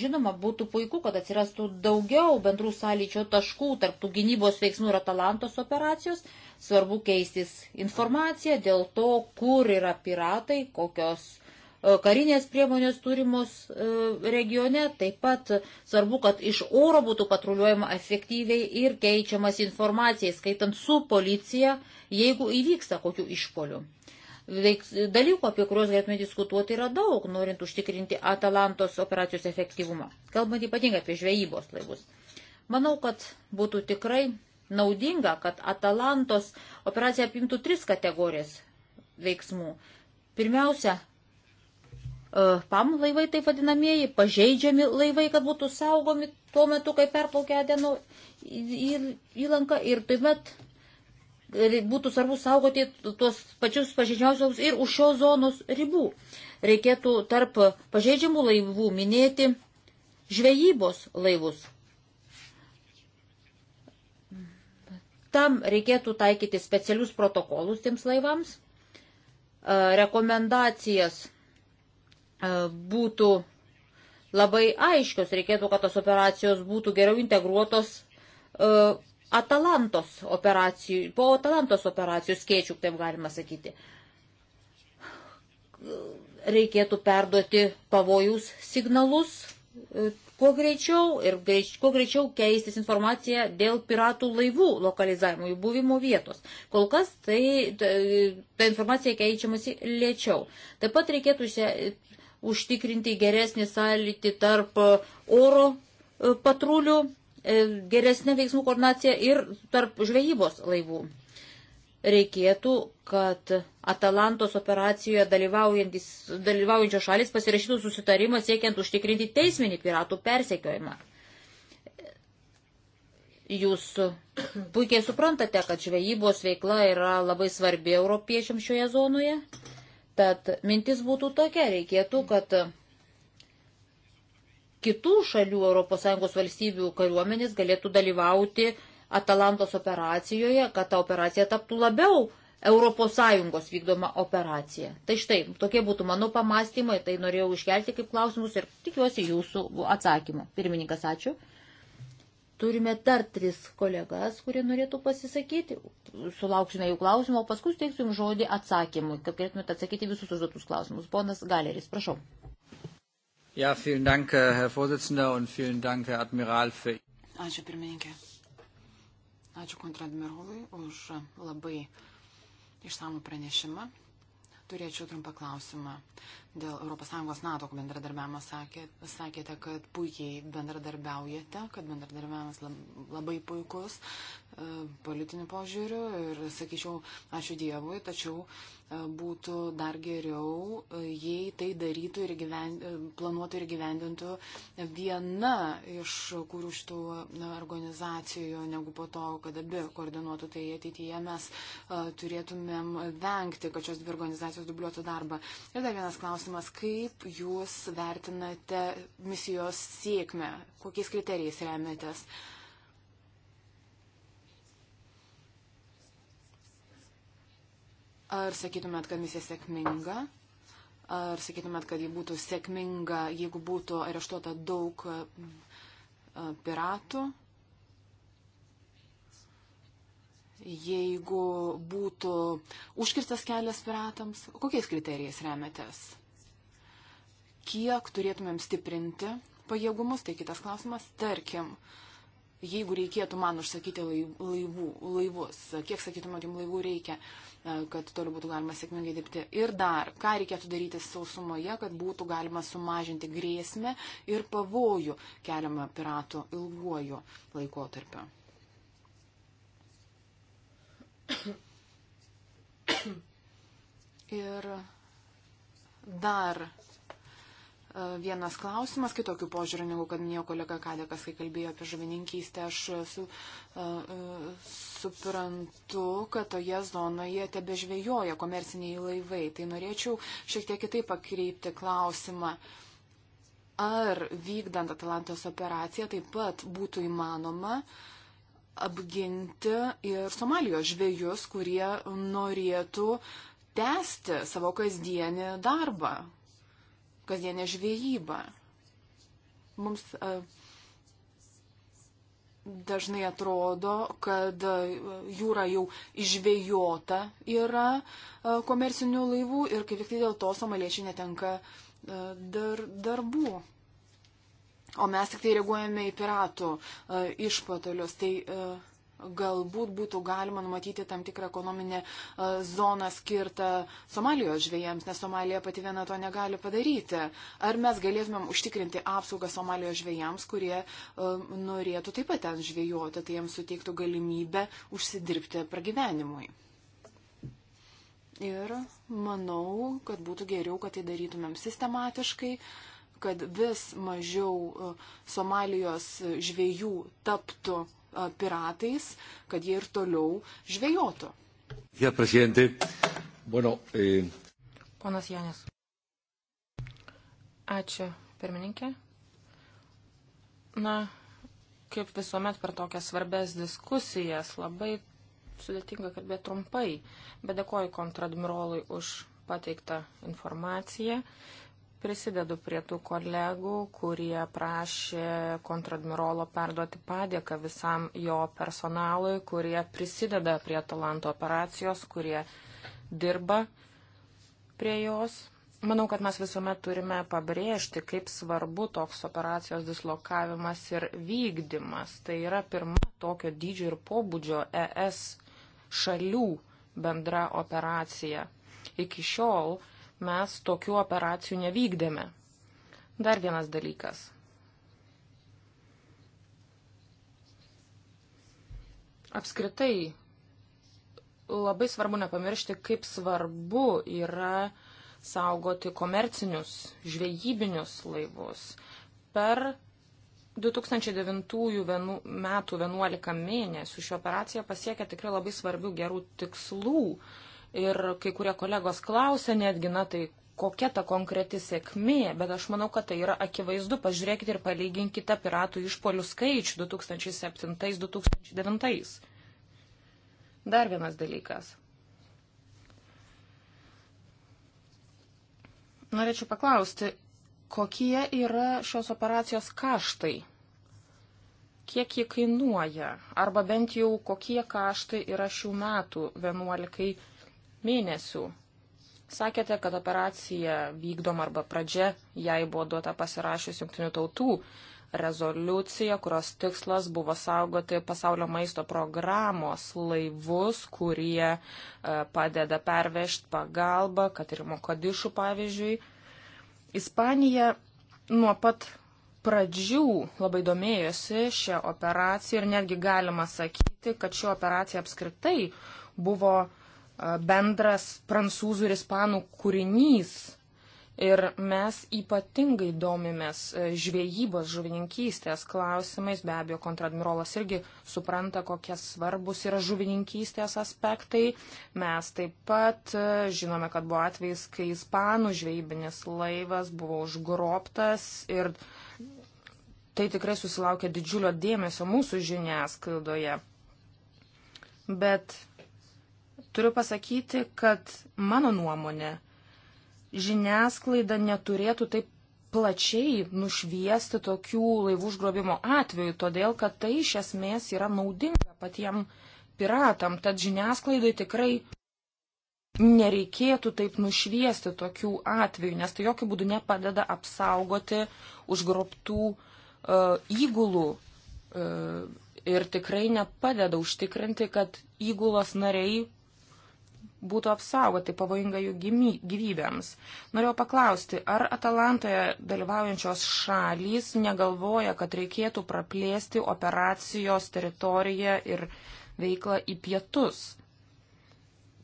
Žinoma, būtų puiku, kad atsirastų daugiau bendrų sąlyčio taškų tarptų gynybos veiksmų ir Atalantos operacijos. Svarbu keistis informaciją dėl to, kur yra piratai, kokios e, karinės priemonės turimos e, regione. Taip pat svarbu, kad iš oro būtų patruliuojama efektyviai ir keičiamas informacijai, skaitant su policija, jeigu įvyksta kokių išpolių. Dalykų, apie kuriuos galėtume diskutuoti, yra daug, norint užtikrinti Atalantos operacijos efektyvumą. Kalbant ypatingai apie žvejybos laivus. Manau, kad būtų tikrai naudinga, kad Atalantos operacija apimtų tris kategorijas veiksmų. Pirmiausia, e, PAM laivai, taip vadinamieji, pažeidžiami laivai, kad būtų saugomi tuo metu, kai perplaukia Adeno įlanka ir tuomet būtų svarbu saugoti tuos pačius pažeidžiausios ir už šios zonos ribų. Reikėtų tarp pažeidžiamų laivų minėti žvejybos laivus. Tam reikėtų taikyti specialius protokolus tiems laivams. Rekomendacijas būtų labai aiškios, reikėtų, kad tos operacijos būtų geriau integruotos Atalantos operacijų, po Atalantos operacijų skėčių, taip galima sakyti, reikėtų perduoti pavojus signalus e, kuo greičiau ir greič, kuo greičiau keistis informacija dėl piratų laivų lokalizavimo, jų buvimo vietos. Kol kas tai ta, ta informacija keičiamasi lėčiau. Taip pat reikėtų se, užtikrinti geresnį sąlytį tarp oro e, patrulių E, geresnė veiksmų koordinacija ir tarp žvejybos laivų. Reikėtų, kad Atalantos operacijoje dalyvaujančios šalis pasirašytų susitarimą siekiant užtikrinti teisminį piratų persekiojimą. Jūs puikiai suprantate, kad žvejybos veikla yra labai svarbi europiečiams šioje zonoje. Tad mintis būtų tokia, reikėtų, kad kitų šalių ES valstybių kariuomenės galėtų dalyvauti Atalantos operacijoje, kad ta operacija taptų labiau ES vykdoma operacija. Tai štai, tokie būtų mano pamastymai, tai norėjau iškelti kaip klausimus ir tikiuosi jūsų atsakymų. Pirmininkas, ačiū. Turime dar tris kolegas, kurie norėtų pasisakyti. Sulauksime jų klausimų, o paskui teiksiu jums žodį atsakymui, kad galėtumėte atsakyti visus užduotus klausimus. Ponas Galeris, prašau. Ja, vielen Dank, äh, Herr Vorsitzender, und vielen Dank, Herr Admiral, für. Ačiū pirmininkė. Ačiū kontradmirolui už labai išsamų pranešimą. Turėčiau trumpą klausimą dėl ES NATO bendradarbiavimo. Sakė, sakėte, kad puikiai bendradarbiaujate, kad bendradarbiavimas labai puikus, E, politiniu požiūriu ir sakyčiau, ačiū Dievui, tačiau e, būtų dar geriau, e, jei tai darytų ir gyvend, planuotų ir gyvendintų viena iš kurių šitų organizacijų, negu po to, kad abi koordinuotų tai ateityje mes turėtumėm vengti, kad šios dvi organizacijos dubliuotų darbą. Ir dar vienas klausimas, kaip jūs vertinate misijos sėkmę, kokiais kriterijais remiatės? Ar sakytumėt, kad misija sėkminga? Ar sakytumėt, kad ji būtų sėkminga, jeigu būtų areštuota daug piratų? Jeigu būtų užkirstas kelias piratams, kokiais kriterijais remetės? Kiek turėtumėm stiprinti pajėgumus, tai kitas klausimas, tarkim, uh, jeigu reikėtų man užsakyti laivų, laivus, kiek sakytumėt, jums laivų reikia, e, kad toliau būtų galima sėkmingai dirbti. Ir dar, ką reikėtų daryti sausumoje, kad būtų galima sumažinti grėsmę ir pavojų keliamą piratų ilguoju laikotarpiu. Ir dar E, vienas klausimas, kitokių požiūrį, negu kad minėjo kolega Kadekas, kai kalbėjo apie žuvininkystę. Aš e, su, uh, suprantu, kad toje zonoje tebe žvejoja komerciniai laivai. Tai norėčiau šiek tiek kitaip pakreipti klausimą. Ar vykdant Atalantos operaciją taip pat būtų įmanoma apginti ir Somalijos žvėjus, kurie norėtų tęsti savo kasdienį darbą, kasdienę žvėjybą. Mums e, dažnai atrodo, kad e, jūra jau išvėjota yra e, komersinių laivų ir kaip tik dėl to somaliečiai netenka dar, darbų. O mes tik tai reaguojame į piratų išpatolius. Tai uh, galbūt būtų galima numatyti tam tikrą ekonominę e, zoną skirtą Somalijos žvėjams, nes Somalija pati viena to negali padaryti. Ar mes galėtumėm užtikrinti apsaugą Somalijos žvėjams, kurie e, norėtų taip pat ten žvėjoti, tai jiems suteiktų galimybę užsidirbti pragyvenimui. Ir manau, kad būtų geriau, kad tai darytumėm sistematiškai, kad vis mažiau e, Somalijos žvėjų taptų uh, piratais, kad jie ir toliau žvejotų. Ja, bueno, eh... Ponas Janės. Ačiū, pirmininkė. Na, kaip visuomet per tokias svarbės diskusijas, labai sudėtinga kalbėti trumpai, bet dėkoju kontradmirolui už pateiktą informaciją Prisidedu prie tų kolegų, kurie prašė kontradmirolo perduoti padėką visam jo personalui, kurie prisideda prie Talanto operacijos, kurie dirba prie jos. Manau, kad mes visuomet turime pabrėžti, kaip svarbu toks operacijos dislokavimas ir vykdymas. Tai yra pirma tokio dydžio ir pobūdžio ES šalių bendra operacija. Iki šiol mes tokių operacijų nevykdėme. Dar vienas dalykas. Apskritai, labai svarbu nepamiršti, kaip svarbu yra saugoti komercinius žvejybinius laivus. Per 2009 metų 11 mėnesių ši operacija pasiekė tikrai labai svarbių gerų tikslų ir kai kurie kolegos klausė netgi, na tai kokia ta konkreti sėkmė, bet aš manau, kad tai yra akivaizdu. Pažiūrėkite ir palyginkite piratų išpolių skaičių 2007-2009. Dar vienas dalykas. Norėčiau paklausti, kokie yra šios operacijos kaštai? Kiek jie kainuoja? Arba bent jau kokie kaštai yra šių metų 11 mėnesių. Sakėte, kad operacija vykdoma arba pradžia, jai buvo duota pasirašius Junktinių tautų rezoliucija, kurios tikslas buvo saugoti pasaulio maisto programos laivus, kurie e, padeda pervežti pagalbą, kad ir Mokadišų pavyzdžiui. Ispanija nuo pat pradžių labai domėjosi šią operaciją ir netgi galima sakyti, kad ši operacija apskritai buvo bendras prancūzų ir ispanų kūrinys. Ir mes ypatingai domimės e, žviejybos žuvininkystės klausimais, be abejo, kontradmirolas irgi supranta, kokie svarbus yra žuvininkystės aspektai. Mes taip pat e, žinome, kad buvo atvejs, kai ispanų žvejybinis laivas buvo užgrobtas ir tai tikrai susilaukė didžiulio dėmesio mūsų žiniasklaidoje. Bet turiu pasakyti, kad mano nuomonė žiniasklaida neturėtų taip plačiai nušviesti tokių laivų užgrobimo atvejų, todėl kad tai iš esmės yra naudinga patiem piratam, tad žiniasklaidai tikrai nereikėtų taip nušviesti tokių atvejų, nes tai jokių būdų nepadeda apsaugoti užgrobtų uh, įgulų uh, ir tikrai nepadeda užtikrinti, kad įgulos nariai būtų apsaugoti pavojinga jų gyvybėms. Norėjau paklausti, ar Atalantoje dalyvaujančios šalys negalvoja, kad reikėtų praplėsti operacijos teritoriją ir veiklą į pietus?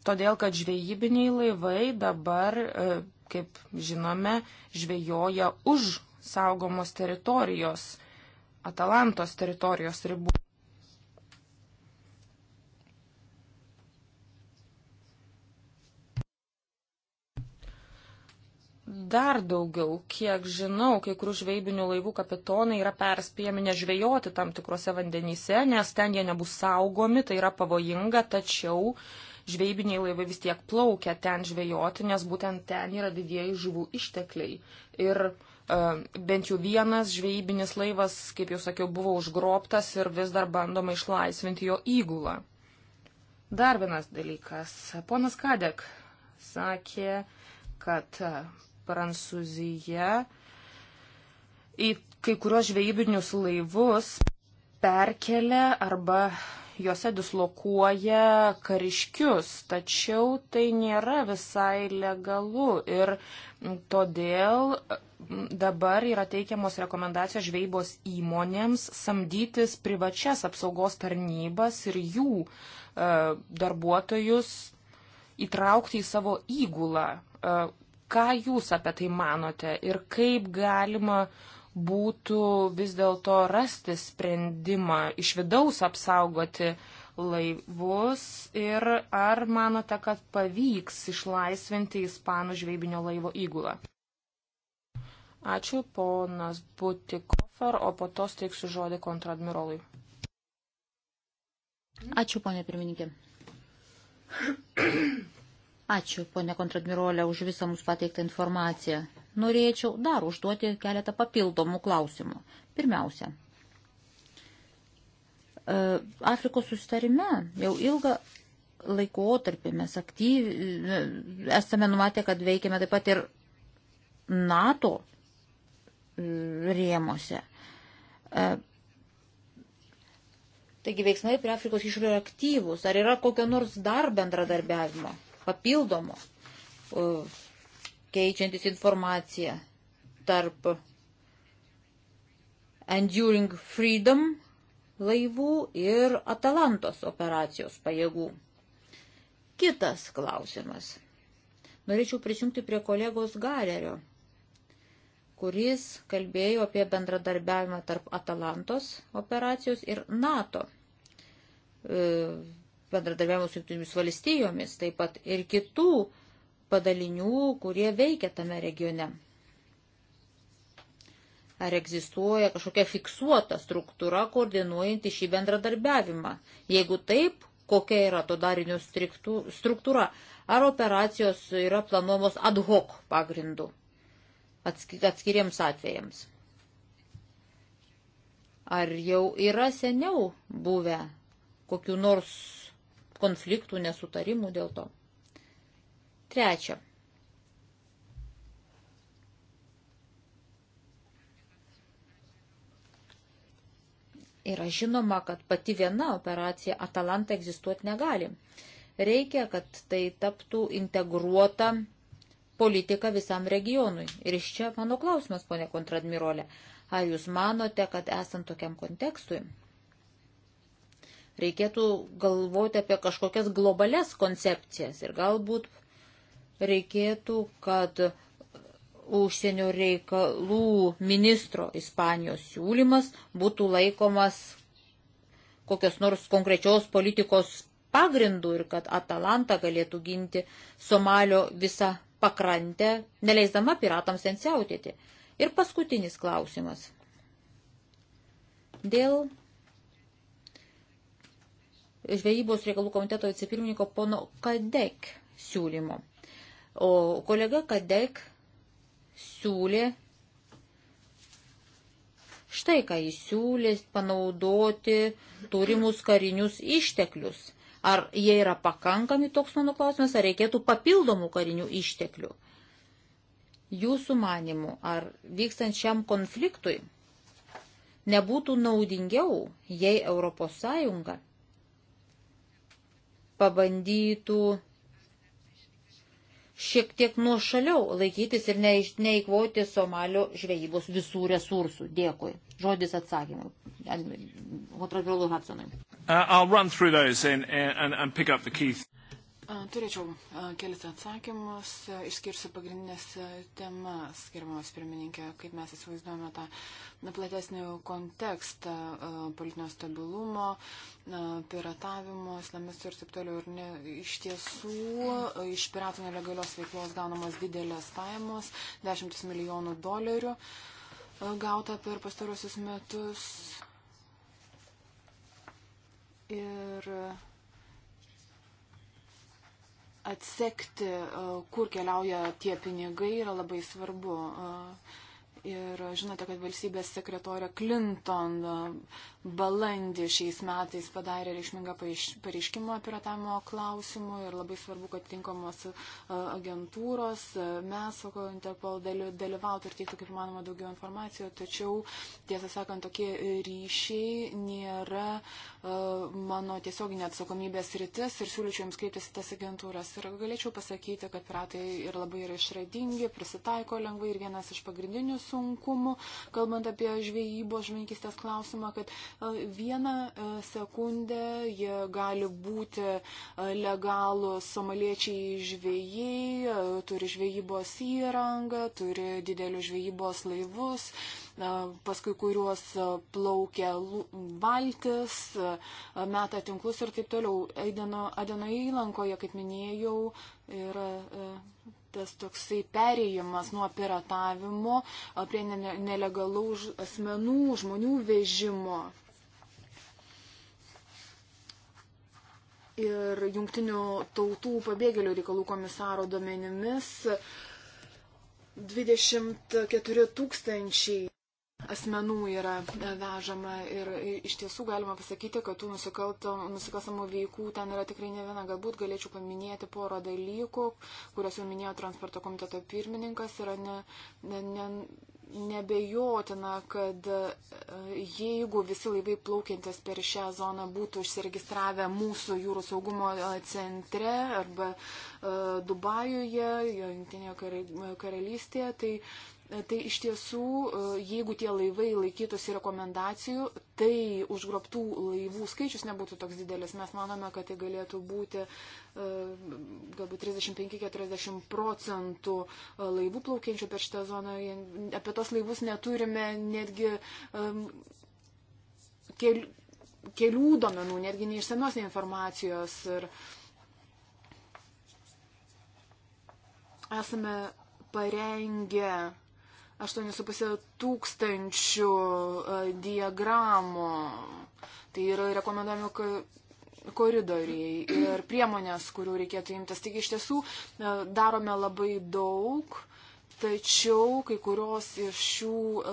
Todėl, kad žvejybiniai laivai dabar, e, kaip žinome, žvejoja už saugomos teritorijos, Atalantos teritorijos ribų. dar daugiau. Kiek žinau, kai kurių žvejybinių laivų kapitonai yra perspėjami nežvejoti tam tikrose vandenyse, nes ten jie nebus saugomi, tai yra pavojinga, tačiau žvejybiniai laivai vis tiek plaukia ten žvejoti, nes būtent ten yra didieji žuvų ištekliai. Ir e, bent jau vienas žvejybinis laivas, kaip jau sakiau, buvo užgrobtas ir vis dar bandoma išlaisvinti jo įgulą. Dar vienas dalykas. Ponas Kadek sakė, kad Prancūzija į kai kurios žvejybinius laivus perkelia arba juose dislokuoja kariškius, tačiau tai nėra visai legalu ir todėl dabar yra teikiamos rekomendacijos žvejybos įmonėms samdytis privačias apsaugos tarnybas ir jų e, darbuotojus įtraukti į savo įgulą, e, Ką jūs apie tai manote ir kaip galima būtų vis dėlto rasti sprendimą iš vidaus apsaugoti laivus ir ar manote, kad pavyks išlaisvinti Ispanų žvejybinio laivo įgulą? Ačiū, ponas Butikofer, o po to steiksiu žodį kontradmirolui. Ačiū, ponė pirmininkė. Ačiū, ponė kontradmirolė, už visą mums pateiktą informaciją. Norėčiau dar užduoti keletą papildomų klausimų. Pirmiausia, e, Afrikos susitarime jau ilgą laikotarpį mes aktyviai e, esame numatę, kad veikiame taip pat ir NATO e, rėmose. Taigi veiksmai prie Afrikos išorė aktyvus. Ar yra kokio nors dar bendradarbiavimo? papildomo, keičiantis informaciją tarp Enduring Freedom laivų ir Atalantos operacijos pajėgų. Kitas klausimas. Norėčiau prisijungti prie kolegos Galerio, kuris kalbėjo apie bendradarbiavimą tarp Atalantos operacijos ir NATO e, bendradarbiavimo su jungtinėmis valstijomis, taip pat ir kitų padalinių, kurie veikia tame regione. Ar egzistuoja kažkokia fiksuota struktūra koordinuojanti šį bendradarbiavimą? Jeigu taip, kokia yra to darinio struktūra? Ar operacijos yra planuomos ad hoc pagrindu atskiriems atvejams? Ar jau yra seniau buvę kokiu nors konfliktų, nesutarimų dėl to. Trečia. Yra žinoma, kad pati viena operacija Atalanta egzistuoti negali. Reikia, kad tai taptų integruota politika visam regionui. Ir iš čia mano klausimas, ponė kontradmirolė. Ar jūs manote, kad esant tokiam kontekstui Reikėtų galvoti apie kažkokias globales koncepcijas ir galbūt reikėtų, kad užsienio reikalų ministro Ispanijos siūlymas būtų laikomas kokios nors konkrečios politikos pagrindų ir kad Atalanta galėtų ginti Somalio visą pakrantę, neleisdama piratams ten siautėti. Ir paskutinis klausimas. Dėl žvejybos reikalų komiteto vicepirmininko pono Kadek siūlymo. O kolega Kadek siūlė štai ką jis siūlė panaudoti turimus karinius išteklius. Ar jie yra pakankami, toks mano klausimas, ar reikėtų papildomų karinių išteklių? Jūsų manimu, ar vykstant šiam konfliktui nebūtų naudingiau, jei ES pabandytų šiek tiek nuošaliau laikytis ir neįkvoti Somalio žvejybos visų resursų. Dėkui. Žodis atsakymui. Kontroliuolu Hudsonui. Uh, Turėčiau kelis atsakymus, išskirsiu pagrindinės temas, gerbiamas pirmininkė, kaip mes įsivaizduojame tą platesnį kontekstą politinio stabilumo, piratavimo, islamistų ir taip toliau. Ir ne, iš tiesų iš piratų nelegalios veiklos gaunamos didelės pajamos, dešimtis milijonų dolerių gauta per pastarosius metus. Ir atsekti, e, kur keliauja tie pinigai, yra labai svarbu. E, ir žinote, kad valstybės sekretorė Clinton balandį šiais metais padarė reikšmingą pareiškimą piratavimo klausimų ir labai svarbu, kad tinkamos e, agentūros, e, mes, Interpol dalyvautų ir teiktų kaip manoma daugiau informacijos, tačiau, tiesą sakant, tokie ryšiai nėra e, mano tiesioginė atsakomybės rytis ir siūlyčiau jums kreiptis į tas agentūras. Ir galėčiau pasakyti, kad piratai ir labai yra išradingi, prisitaiko lengvai ir vienas iš pagrindinių sunkumų, kalbant apie žvejybos žvankistės klausimą, kad Vieną sekundę jie gali būti legalūs somaliečiai žvėjai, turi žvejybos įrangą, turi didelius žvejybos laivus, paskui kuriuos plaukia valtis, meta tinklus ir taip toliau. Adeno, Adeno įlankoje, kaip minėjau, yra tas toksai perėjimas nuo piratavimo prie nelegalaus asmenų, žmonių vežimo. Ir jungtinių tautų pabėgėlių reikalų komisaro duomenimis 24 tūkstančiai asmenų yra vežama ir iš tiesų galima pasakyti, kad tų nusikalstamų veikų ten yra tikrai ne viena. Galbūt galėčiau paminėti porą dalykų, kurias jau minėjo transporto komiteto pirmininkas. Yra ne, ne, ne, nebejotina, kad e, jeigu visi laivai plaukiantis per šią zoną būtų užsiregistravę mūsų jūrų saugumo e, centre arba e, Dubajuje, Junktinėje karalystėje, tai E, tai iš tiesų, e, jeigu tie laivai laikytųsi rekomendacijų, tai užgrobtų laivų skaičius nebūtų toks didelis. Mes manome, kad tai galėtų būti e, galbūt 35-40 procentų laivų plaukiančių per šitą zoną. Apie tos laivus neturime netgi kelių, kelių domenų, netgi neišsamios informacijos. Ir esame parengę 8,5 tūkstančių e, diagramų. Tai yra rekomenduojami koridoriai ir priemonės, kurių reikėtų imtis. Taigi iš tiesų e, darome labai daug Tačiau kai kurios iš šių e,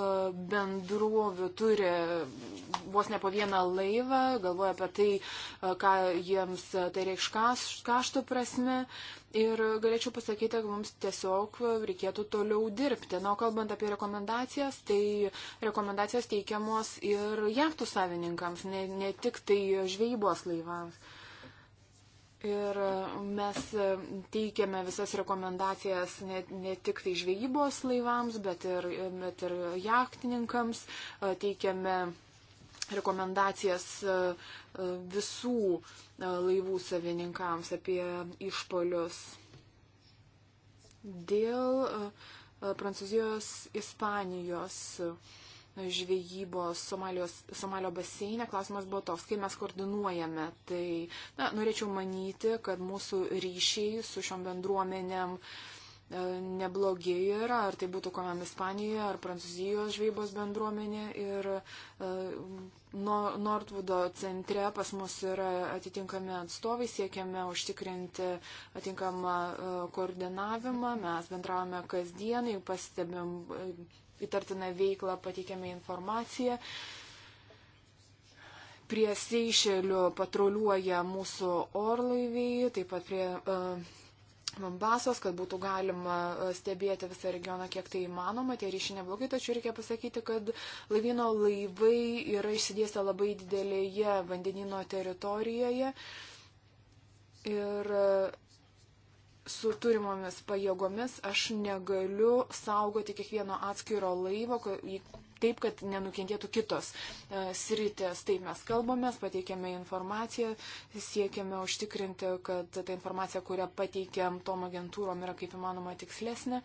bendruovių turi vos ne po vieną laivą, galvoja apie tai, e, ką jiems tai reikš kaštų prasme. Ir galėčiau pasakyti, kad mums tiesiog reikėtų toliau dirbti. Na, kalbant apie rekomendacijas, tai rekomendacijos teikiamos ir jachtų savininkams, ne, ne tik tai žvejybos laivams. Ir mes teikiame visas rekomendacijas ne, ne tik tai žvejybos laivams, bet ir, bet ir jachtininkams. E, teikiame rekomendacijas e, e, visų laivų savininkams apie išpolius. Dėl Prancūzijos, Ispanijos žvejybos Somalijos, Somalio baseinė. Klausimas buvo toks, kaip mes koordinuojame. Tai na, norėčiau manyti, kad mūsų ryšiai su šiom bendruomenėm e, neblogi yra, ar tai būtų komiam Ispanijoje, ar Prancūzijos žvejybos bendruomenė. Ir uh, e, Nortvudo centre pas mus yra atitinkami atstovai, siekiame užtikrinti atitinkamą uh, e, koordinavimą, mes bendravome kasdienai, pastebėm uh, įtartiną veiklą pateikiame informaciją. Prie Seišelių patruliuoja mūsų orlaiviai, taip pat prie uh, e, Mambasos, kad būtų galima e, stebėti visą regioną, kiek tai įmanoma, tie ryšiai neblogai, tačiau reikia pasakyti, kad laivyno laivai yra išsidėstę labai didelėje vandenino teritorijoje. Ir uh, su turimomis pajėgomis aš negaliu saugoti kiekvieno atskiro laivo, taip, kad nenukentėtų kitos e, sritės. Taip mes kalbame, pateikėme informaciją, siekiame užtikrinti, kad ta informacija, kurią pateikėm tom agentūrom, yra kaip įmanoma tikslesnė.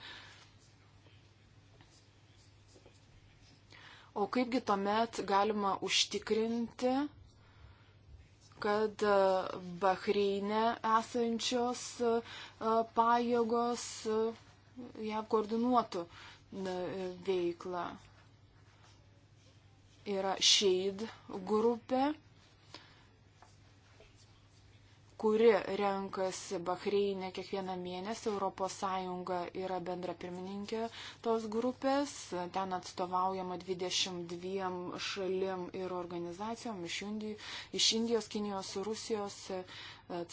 O kaipgi tuomet galima užtikrinti, kad e, Bahreine esančios e, e, pajėgos ją koordinuotų veiklą. Yra šeid grupė kuri renkasi Bahreinė kiekvieną mėnesį. ES yra bendra pirmininkė tos grupės. Ten atstovaujama 22 šalim ir organizacijom iš, Indijų, iš Indijos, Kinijos, Rusijos,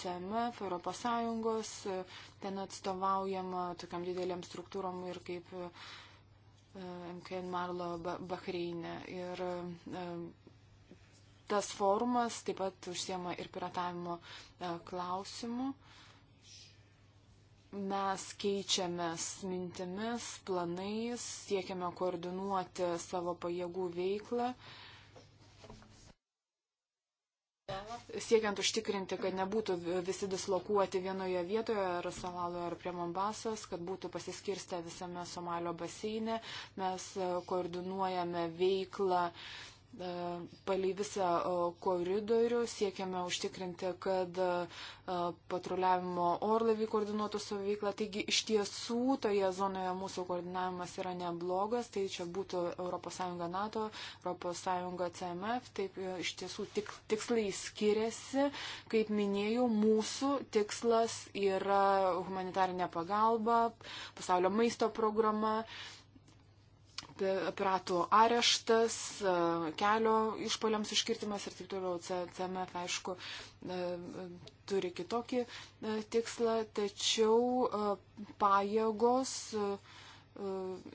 CMF, ES. Ten atstovaujama tokiam didelėm struktūrom ir kaip e, MKN Marlo Bahreinė. Ir e, tas forumas taip pat užsiema ir piratavimo e, klausimų. Mes keičiamės mintimis, planais, siekiame koordinuoti savo pajėgų veiklą, siekiant užtikrinti, kad nebūtų visi dislokuoti vienoje vietoje, ar Salaloje, ar prie Mombasos, kad būtų pasiskirstę visame Somalio baseine, mes e, koordinuojame veiklą E, palei visą e, koridorių, siekiame užtikrinti, kad e, patruliavimo orlaivį koordinuotų savo veiklą. Taigi iš tiesų toje zonoje mūsų koordinavimas yra neblogas, tai čia būtų ES NATO, ES CMF, taip iš tiesų tik, tikslai skiriasi. Kaip minėjau, mūsų tikslas yra humanitarinė pagalba, pasaulio maisto programa. Uh, piratų areštas, e, kelio išpoliams iškirtimas ir taip toliau. CMF, aišku, e, turi kitokį e, tikslą, tačiau pajėgos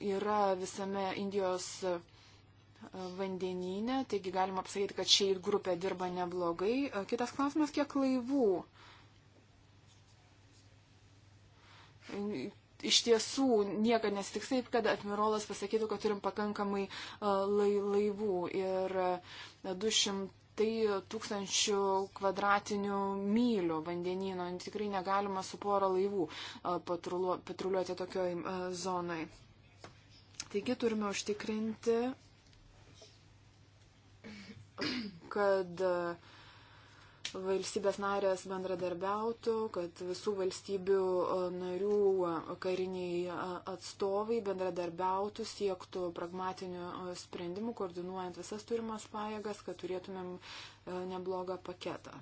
yra visame Indijos vandenyne, taigi galima apsakyti, kad šiai grupė dirba neblogai. Kitas klausimas, kiek laivų iš tiesų niekad nesitiks taip, kad admirolas pasakytų, kad turim pakankamai e, lai, laivų ir 200 e, tūkstančių kvadratinių mylių vandenino. Tikrai negalima su pora laivų e, patruliuoti tokioj zonai. Taigi turime užtikrinti, kad uh, valstybės narės bendradarbiautų, kad visų valstybių e, narių e, kariniai e, atstovai bendradarbiautų, siektų pragmatinių sprendimų, koordinuojant visas turimas pajėgas, kad turėtumėm neblogą paketą.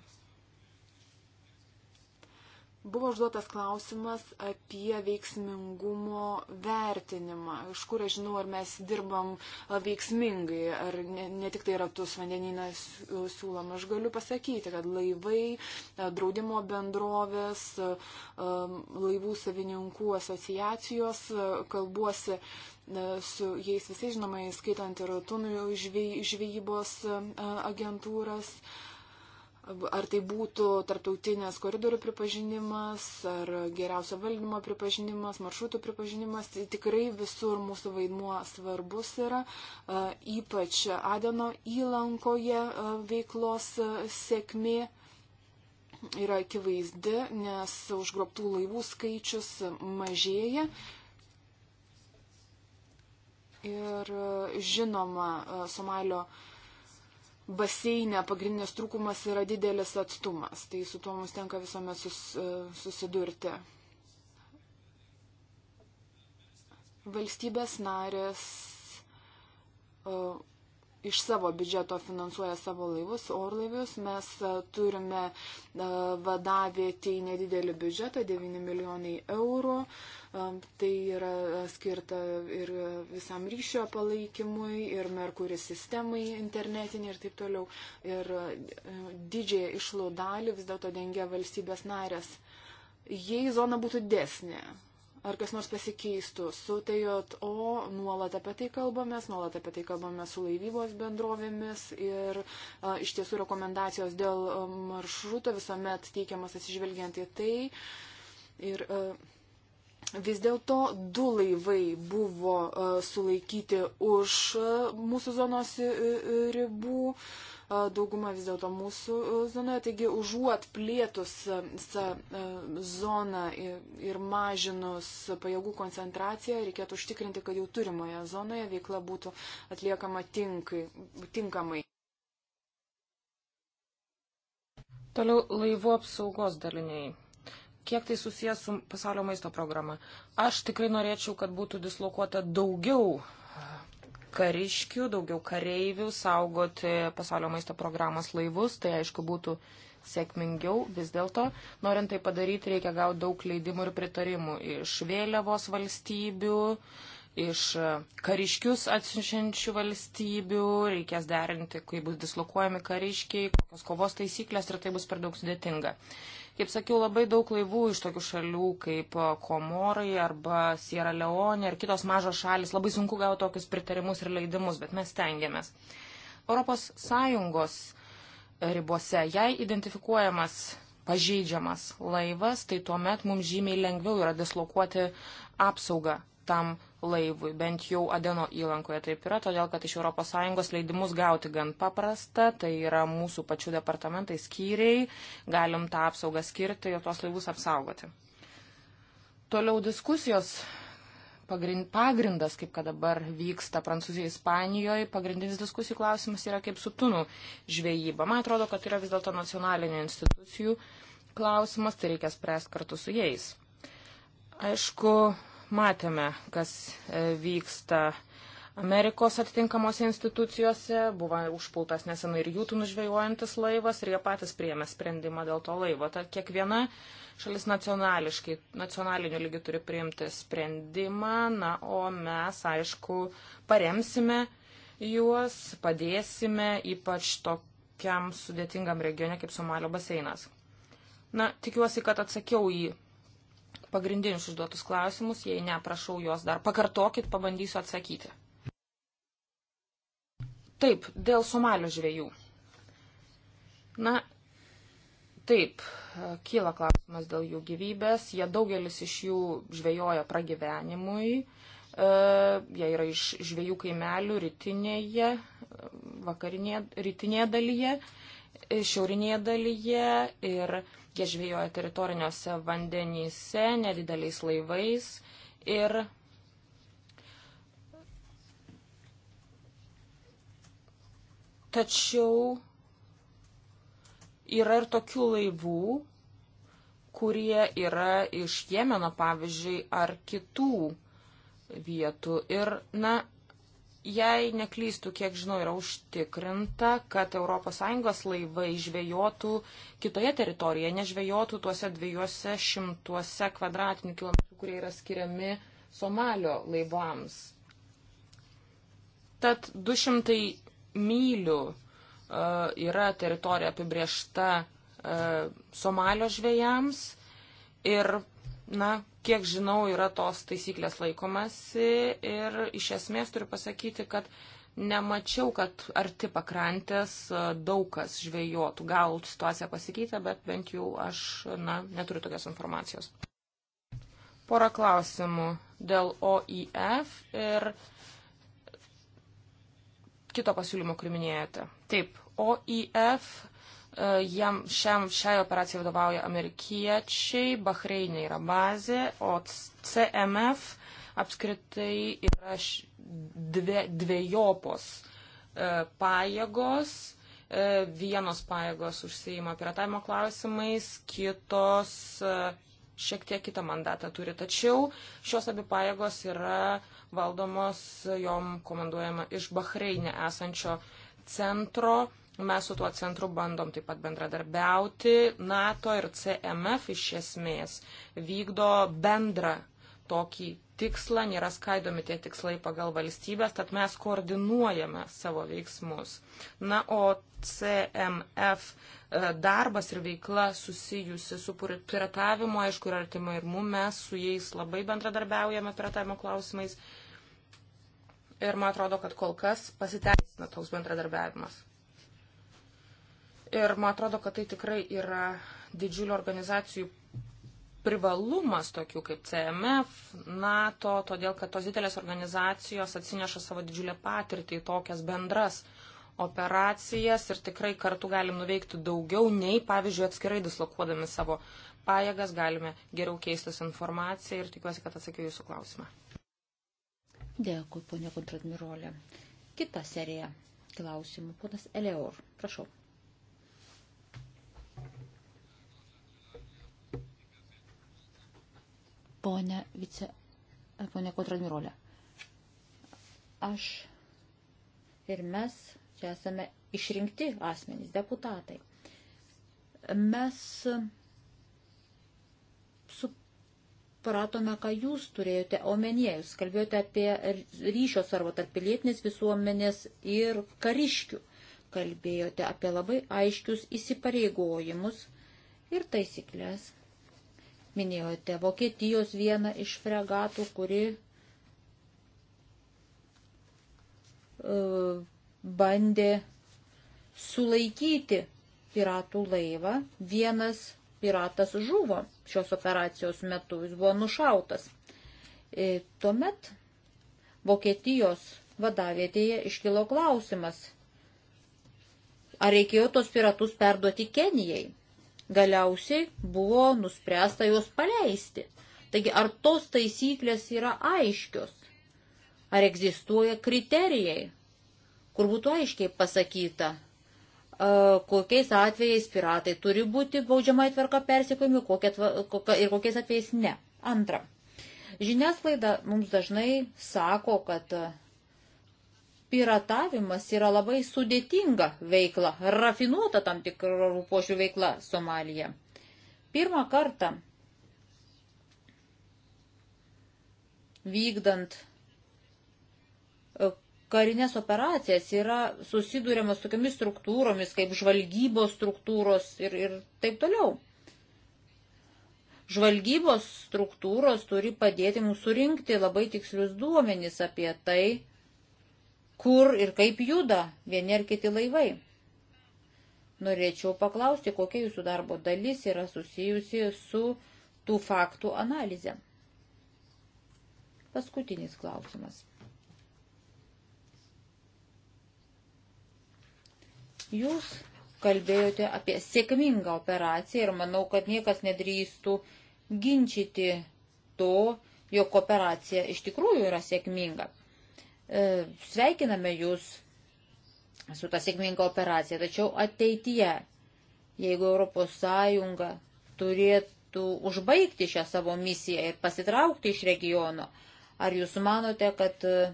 Buvo užduotas klausimas apie veiksmingumo vertinimą. Iš kur aš žinau, ar mes dirbam veiksmingai, ar ne, ne tik tai ratus vandenyną siūlom. Aš galiu pasakyti, kad laivai, draudimo bendrovės, laivų savininkų asociacijos kalbuosi su jais visai žinomai, skaitant ir tunų žvejybos agentūras. Žvėj, Ar tai būtų tarptautinės koridorių pripažinimas, ar geriausio valdymo pripažinimas, maršrutų pripažinimas, tai tikrai visur mūsų vaidmuo svarbus yra, ypač Adeno įlankoje veiklos sėkmė yra akivaizdi, nes užgrobtų laivų skaičius mažėja. Ir žinoma, Somalio uh, baseinė pagrindinis trūkumas yra didelis atstumas. Tai su tuo mums tenka visuomet sus, e, susidurti. Valstybės narės e, iš savo biudžeto finansuoja savo laivus, orlaivius. Mes e, turime e, vadavietį nedidelį biudžetą, 9 milijonai eurų. E, tai yra skirta ir visam ryšio palaikymui, ir Merkuris sistemai internetiniai ir taip toliau. Ir didžiąją išlaudalį vis dėlto dengia valstybės narės. Jei zona būtų desnė, ar kas nors pasikeistų. Su TJO nuolat apie tai kalbamės, nuolat apie tai kalbame su laivybos bendrovėmis ir a, iš tiesų rekomendacijos dėl maršruto visuomet teikiamas atsižvelgiant į tai. Ir, a, Vis dėlto du laivai buvo sulaikyti už mūsų zonos ribų. Uh, dauguma vis dėlto mūsų zonoje. Taigi užuot plėtus zoną ir mažinus pajėgų koncentraciją, reikėtų užtikrinti, kad jau turimoje zonoje veikla būtų atliekama tinkai, tinkamai. Toliau laivų apsaugos daliniai. Kiek tai susijęs su pasaulio maisto programa? Aš tikrai norėčiau, kad būtų dislokuota daugiau kariškių, daugiau kareivių, saugoti pasaulio maisto programos laivus, tai aišku būtų sėkmingiau vis dėlto. Norint tai padaryti, reikia gauti daug leidimų ir pritarimų iš vėliavos valstybių, iš kariškius atsiunčiančių valstybių, reikės derinti, kai bus dislokuojami kariškiai, kokios kovos taisyklės ir tai bus per daug sudėtinga. Kaip sakiau, labai daug laivų iš tokių šalių kaip e, Komorai arba Sierra Leone ir kitos mažos šalis. Labai sunku gauti tokius pritarimus ir leidimus, bet mes tengiamės. Europos Sąjungos ribose, jei identifikuojamas pažeidžiamas laivas, tai tuomet mums žymiai lengviau yra dislokuoti apsaugą tam laivui, bent jau Adeno įlankoje taip yra, todėl kad iš ES leidimus gauti gan paprasta, tai yra mūsų pačių departamentai skyriai, galim tą apsaugą skirti ir tuos laivus apsaugoti. Toliau diskusijos pagrindas, kaip kad dabar vyksta Prancūzijoje, Ispanijoje, pagrindinis diskusijų klausimas yra kaip su tunų žvejyba. Man atrodo, kad yra vis dėlto nacionalinių institucijų klausimas, tai reikia spręsti kartu su jais. Aišku, matėme, kas e, vyksta Amerikos atitinkamose institucijose, buvo užpultas nesenai ir jūtų nužvejojantis laivas ir jie patys priėmė sprendimą dėl to laivo. Tad kiekviena šalis nacionališkai, nacionaliniu lygiu turi priimti sprendimą, na, o mes, aišku, paremsime juos, padėsime ypač tokiam sudėtingam regione kaip Somalio baseinas. Na, tikiuosi, kad atsakiau į pagrindinius užduotus klausimus, jei neprašau juos dar pakartokit, pabandysiu atsakyti. Taip, dėl Somalio žvėjų. Na, taip, kyla klausimas dėl jų gyvybės. Jie daugelis iš jų žvejoja pragyvenimui. Uh, jie yra iš žvėjų kaimelių rytinėje, vakarinėje, rytinėje dalyje. Uh, šiaurinėje dalyje ir jie žvėjoja teritoriniuose vandenyse nedideliais laivais ir Tačiau yra ir tokių laivų, kurie yra iš Jemeno, pavyzdžiui, ar kitų vietų. Ir, na, jei neklystų, kiek žinau, yra užtikrinta, kad ES laivai žvejotų kitoje teritorijoje, nežvejotų tuose dviejose šimtuose kvadratinių kilometrų, kurie yra skiriami Somalio laivams. Tad 200 mylių uh, yra teritorija apibriešta uh, Somalio žvėjams ir na, kiek žinau, yra tos taisyklės laikomasi ir iš esmės turiu pasakyti, kad nemačiau, kad arti pakrantės e, daug kas žvejotų. Gal situacija pasikeitė, bet bent jau aš, na, neturiu tokios informacijos. Porą klausimų dėl OIF ir kito pasiūlymo, kurį minėjote. Taip, OIF E, jam, šiam, šiai operacijai vadovauja amerikiečiai, Bahreinė yra bazė, o CMF apskritai yra dve, dviejopos e, pajėgos. E, vienos pajėgos užsieima piratavimo klausimais, kitos e, šiek tiek kitą mandatą turi. Tačiau šios abi pajėgos yra valdomos, jom komanduojama iš Bahreinė esančio centro Mes su tuo centru bandom taip pat bendradarbiauti. NATO ir CMF iš esmės vykdo bendrą tokį tikslą, nėra skaidomi tie tikslai pagal valstybės, tad mes koordinuojame savo veiksmus. Na, o CMF e, darbas ir veikla susijusi su piratavimu, aišku, yra artima ir mum, mes su jais labai bendradarbiaujame piratavimo klausimais. Ir man atrodo, kad kol kas pasiteisina toks bendradarbiavimas. Ir man atrodo, kad tai tikrai yra didžiulių organizacijų privalumas tokių kaip CMF, NATO, todėl kad tos didelės organizacijos atsineša savo didžiulę patirtį į tokias bendras operacijas ir tikrai kartu galim nuveikti daugiau nei, pavyzdžiui, atskirai dislokuodami savo pajėgas, galime geriau keistis informaciją ir tikiuosi, kad atsakiau jūsų klausimą. Dėkui, ponia kontradmirolė. Kita serija klausimų. Ponas Eleor, prašau. ponė, vice, ponė kontradmirolė. Aš ir mes čia esame išrinkti asmenys, deputatai. Mes supratome, ką jūs turėjote omenyje. Jūs kalbėjote apie ryšio svarbą tarp pilietinės visuomenės ir kariškių. Kalbėjote apie labai aiškius įsipareigojimus ir taisyklės Minėjote Vokietijos vieną iš fregatų, kuri e, bandė sulaikyti piratų laivą. Vienas piratas žuvo šios operacijos metu, jis buvo nušautas. E, tuomet Vokietijos vadavietėje iškilo klausimas, ar reikėjo tos piratus perduoti Kenijai galiausiai buvo nuspręsta juos paleisti. Taigi, ar tos taisyklės yra aiškios? Ar egzistuoja kriterijai, kur būtų aiškiai pasakyta, e, kokiais atvejais piratai turi būti baudžiamai tvarka persikojami ir kokiais atvejais ne. Antra. Žiniasklaida mums dažnai sako, kad Piratavimas yra labai sudėtinga veikla, rafinuota tam tikrų pošių veikla Somalija. Pirmą kartą vykdant e, karinės operacijas yra susidūrėma su tokiamis struktūromis, kaip žvalgybos struktūros ir, ir taip toliau. Žvalgybos struktūros turi padėti mums surinkti labai tikslius duomenys apie tai, kur ir kaip juda vieni ar kiti laivai. Norėčiau paklausti, kokia jūsų darbo dalis yra susijusi su tų faktų analizė. Paskutinis klausimas. Jūs kalbėjote apie sėkmingą operaciją ir manau, kad niekas nedrįstų ginčyti to, jog operacija iš tikrųjų yra sėkminga. E, sveikiname Jūs su tą sėkmingą operaciją, tačiau ateityje, jeigu ES turėtų užbaigti šią savo misiją ir pasitraukti iš regiono, ar Jūs manote, kad e,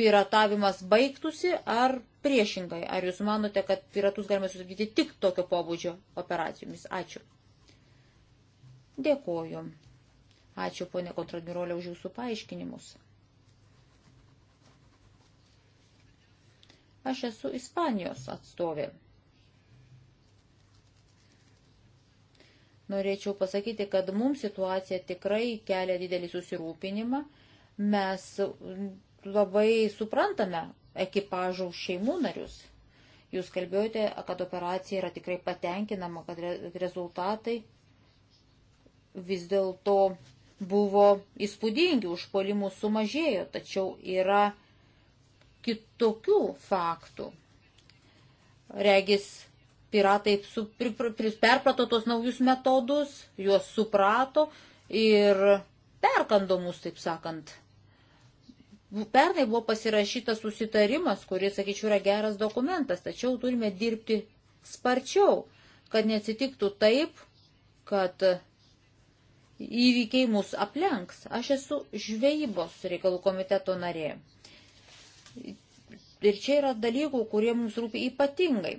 piratavimas baigtųsi, ar priešingai, ar Jūs manote, kad piratus galime sustabdyti tik tokio pobūdžio operacijomis? Ačiū. Dėkoju. Ačiū, ponė kontradmirolė, už Jūsų paaiškinimus. Aš esu Ispanijos atstovė. Norėčiau pasakyti, kad mums situacija tikrai kelia didelį susirūpinimą. Mes labai suprantame ekipažų šeimų narius. Jūs kalbėjote, kad operacija yra tikrai patenkinama, kad rezultatai vis dėlto buvo įspūdingi, užpolimų sumažėjo, tačiau yra kitokių faktų. Regis piratai su, pri, pri, perprato tos naujus metodus, juos suprato ir perkandomus, taip sakant. Pernai buvo pasirašytas susitarimas, kuris, sakyčiau, yra geras dokumentas, tačiau turime dirbti sparčiau, kad neatsitiktų taip, kad įvykiai mus aplenks. Aš esu žvejybos reikalų komiteto narė. Ir čia yra dalykų, kurie mums rūpi ypatingai.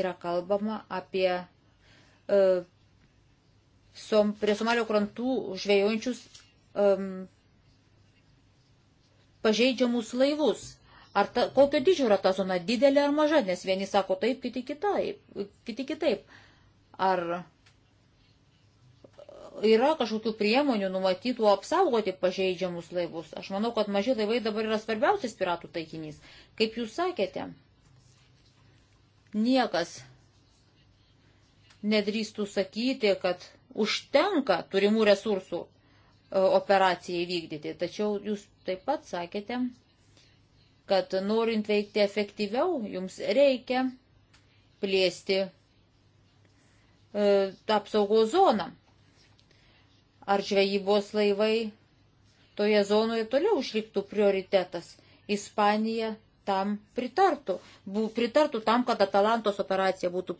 Yra kalbama apie uh, som, prie Somalio krantų žvejojančius um, pažeidžiamus laivus. Ar ta, kokio dydžio yra ta zona didelė ar maža, nes vieni sako taip, kiti kitaip. Kiti kitaip. Ar yra kažkokių priemonių numatytų apsaugoti pažeidžiamus laivus. Aš manau, kad maži laivai dabar yra svarbiausias piratų taikinys. Kaip jūs sakėte, niekas nedrįstų sakyti, kad užtenka turimų resursų e, operacijai vykdyti. Tačiau jūs taip pat sakėte, kad norint veikti efektyviau, jums reikia plėsti e, tą apsaugos zoną ar žvejybos laivai toje zonoje toliau išliktų prioritetas. Ispanija tam pritartų. Bu, pritartų tam, kad Atalantos operacija būtų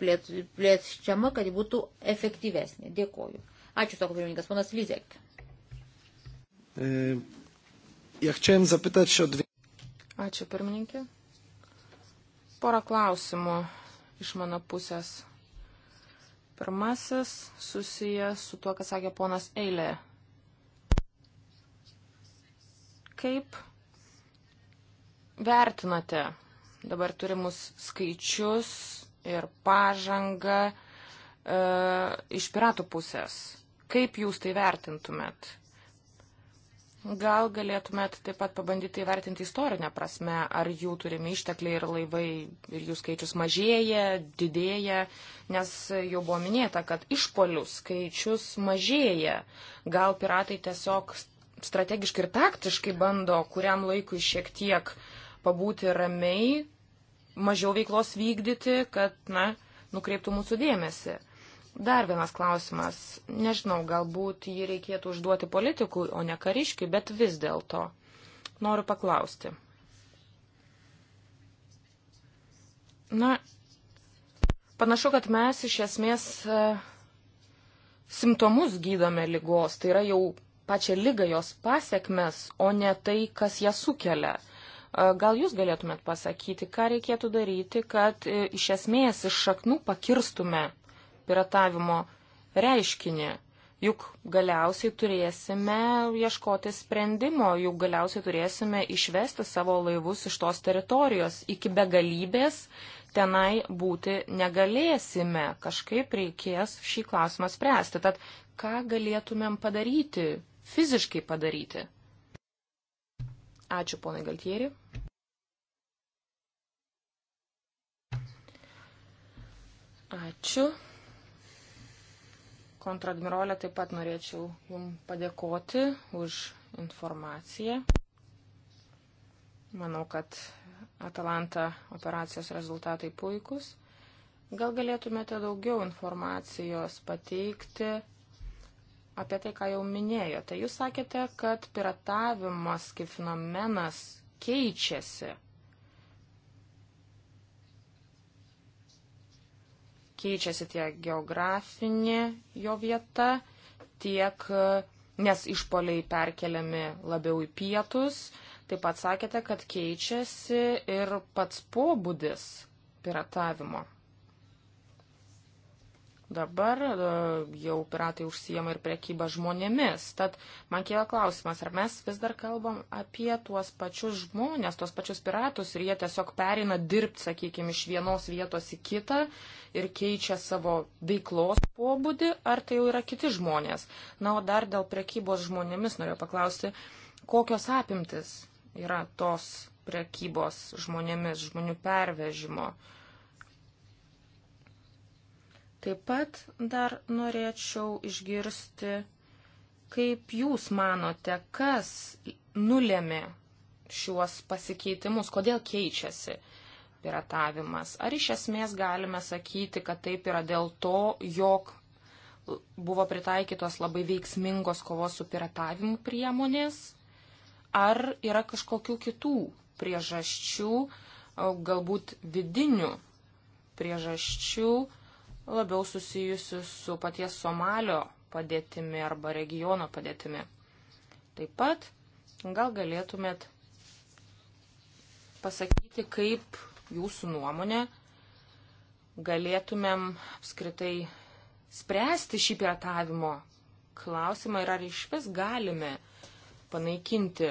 plėčiama, kad ji būtų efektyvesnė. Dėkoju. Ačiū, sako pirmininkas, ponas Lizek. E, ja chciałem zapytać o dwie... Ačiū, pirmininkė. Porą klausimų iš mano pusės. Pirmasis susijęs su tuo, ką sakė ponas Eilė. Kaip vertinate dabar turimus skaičius ir pažangą e, iš piratų pusės? Kaip jūs tai vertintumėt? Gal galėtumėt taip pat pabandyti įvertinti istorinę prasme, ar jų turimi ištekliai ir laivai ir jų skaičius mažėja, didėja, nes jau buvo minėta, kad išpolių skaičius mažėja. Gal piratai tiesiog strategiškai ir taktiškai bando kuriam laikui šiek tiek pabūti ramiai, mažiau veiklos vykdyti, kad, na, nukreiptų mūsų dėmesį. Dar vienas klausimas. Nežinau, galbūt jį reikėtų užduoti politikui, o ne kariškiui, bet vis dėlto noriu paklausti. Na, panašu, kad mes iš esmės e, simptomus gydome lygos, tai yra jau pačią lygą jos pasiekmes, o ne tai, kas ją sukelia. E, gal jūs galėtumėt pasakyti, ką reikėtų daryti, kad e, iš esmės iš šaknų pakirstume piratavimo reiškinį. Juk galiausiai turėsime ieškoti sprendimo, juk galiausiai turėsime išvesti savo laivus iš tos teritorijos iki begalybės, tenai būti negalėsime. Kažkaip reikės šį klausimą spręsti. Tad ką galėtumėm padaryti, fiziškai padaryti? Ačiū, ponai Galtieri. Ačiū kontradmirolė, taip pat norėčiau Jums padėkoti už informaciją. Manau, kad Atalanta operacijos rezultatai puikus. Gal galėtumėte daugiau informacijos pateikti apie tai, ką jau minėjote. Jūs sakėte, kad piratavimas kaip fenomenas keičiasi keičiasi tiek geografinė jo vieta, tiek, nes išpoliai perkeliami labiau į pietus. Taip pat sakėte, kad keičiasi ir pats pobūdis piratavimo. Dabar e, jau piratai užsijama ir prekyba žmonėmis. Tad man kėla klausimas, ar mes vis dar kalbam apie tuos pačius žmonės, tuos pačius piratus ir jie tiesiog perina dirbti, sakykime, iš vienos vietos į kitą ir keičia savo veiklos pobūdį, ar tai jau yra kiti žmonės. Na, o dar dėl prekybos žmonėmis noriu paklausti, kokios apimtis yra tos prekybos žmonėmis, žmonių pervežimo. Uh, Taip pat dar norėčiau išgirsti, kaip jūs manote, kas nulėmė šiuos pasikeitimus, kodėl keičiasi piratavimas. Ar iš esmės galime sakyti, kad taip yra dėl to, jog buvo pritaikytos labai veiksmingos kovos su piratavimu priemonės, ar yra kažkokių kitų priežasčių, galbūt vidinių priežasčių, labiau susijusi su paties Somalio padėtimi arba regiono padėtimi. Taip pat gal galėtumėt pasakyti, kaip jūsų nuomonė galėtumėm apskritai spręsti šį piratavimo klausimą ir ar iš vis galime panaikinti,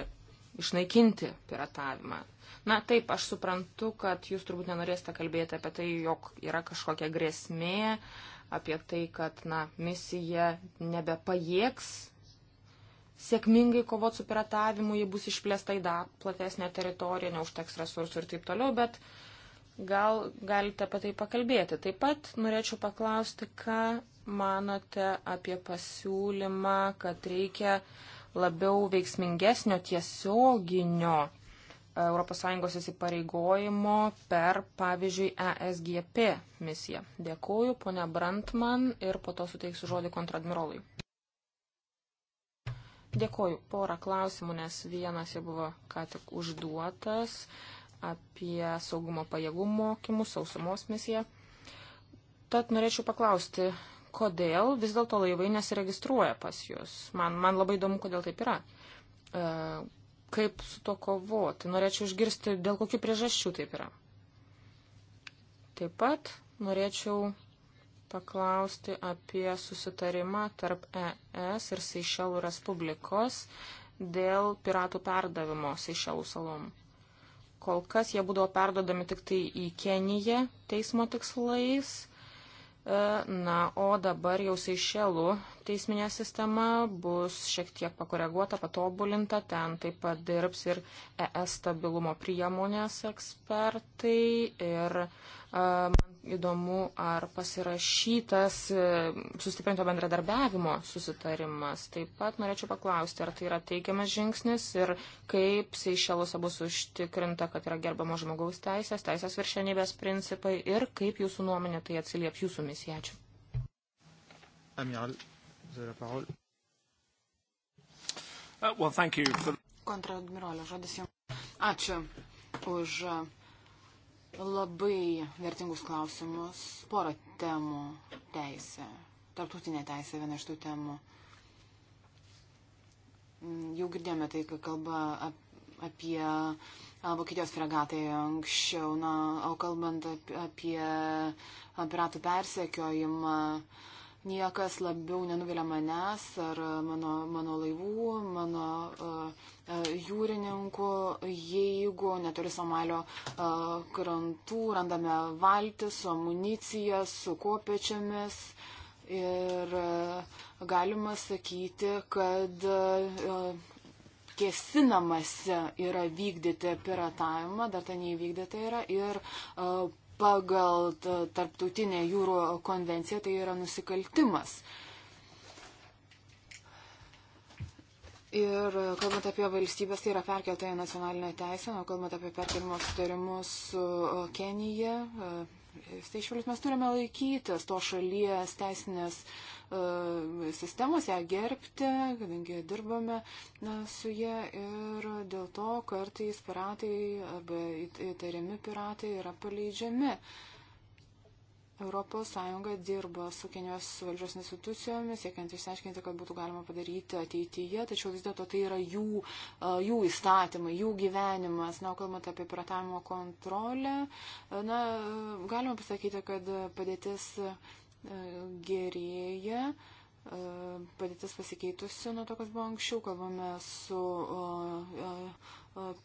išnaikinti piratavimą. Na taip, aš suprantu, kad jūs turbūt nenorėsite kalbėti apie tai, jog yra kažkokia grėsmė, apie tai, kad na, misija nebepajėgs sėkmingai kovoti su piratavimu, ji bus išplėsta į dar platesnę teritoriją, neužteks resursų ir taip toliau, bet gal galite apie tai pakalbėti. Taip pat norėčiau paklausti, ką manote apie pasiūlymą, kad reikia labiau veiksmingesnio tiesioginio ES įsipareigojimo per, pavyzdžiui, ESGP misiją. Dėkuoju, ponia Brantman, ir po to suteiksiu žodį kontradmirolui. Dėkuoju, porą klausimų, nes vienas jau buvo ką tik užduotas apie saugumo pajėgų mokymus, sausumos misiją. Tad norėčiau paklausti, kodėl vis dėlto laivai nesiregistruoja pas jūs? Man, man labai įdomu, kodėl taip yra. E, kaip su to kovoti. Norėčiau išgirsti, dėl kokių priežasčių taip yra. Taip pat norėčiau paklausti apie susitarimą tarp ES ir Seišelų Respublikos dėl piratų perdavimo Seišelų salom. Kol kas jie būdavo perdodami tik tai į Keniją teismo tikslais, e, na, o dabar jau Seišelų teisminė sistema bus šiek tiek pakoreguota, patobulinta, ten taip pat dirbs ir ES stabilumo priemonės ekspertai ir man um, įdomu, ar pasirašytas e, sustiprinto bendradarbiavimo susitarimas. Taip pat norėčiau paklausti, ar tai yra teikiamas žingsnis ir kaip Seišelose bus užtikrinta, kad yra gerbama žmogaus teisės, teisės viršenybės principai ir kaip jūsų nuomonė tai atsilieps jūsų misijačių. Amiral Vous avez la parole. Uh, well, thank you for... Kontradmirolė, žodis jums. Ačiū už uh, labai vertingus klausimus. Porą temų teisė. Tarptautinė teisė viena iš tų temų. Mm, jau girdėjome tai, kai kalba apie uh, Vokietijos fregatai anksčiau, na, o kalbant apie, apie uh, piratų persekiojimą. Uh, Niekas labiau nenuvilia manęs ar mano, mano laivų, mano uh, jūrininkų, jeigu netoli Somalio uh, krantų randame valtį su amunicija, su kopiečiamis. Ir uh, galima sakyti, kad uh, kėsinamasi yra vykdyti piratavimą, dar ten neįvykdyta yra ir uh, pagal tarptautinę jūrų konvenciją tai yra nusikaltimas. Ir kalbant apie valstybės, tai yra perkelta į nacionalinę teisę, o kalbant apie perkelimo sutarimus su Kenija, e, tai išvalis mes turime laikytis to šalies teisinės uh, E, sistemos, ją gerbti, kadangi dirbame na, su jie ir dėl to kartais piratai arba įtariami piratai yra paleidžiami. ES dirba su Kenijos valdžios institucijomis, siekiant išsiaiškinti, kad būtų galima padaryti ateityje, tačiau vis dėlto tai yra jų, e, jų įstatymai, jų gyvenimas. Na, kalbant apie piratavimo kontrolę, na, e, galima pasakyti, kad padėtis E, gerėja, e, padėtis pasikeitusi nuo to, kas buvo anksčiau, kalbame su e,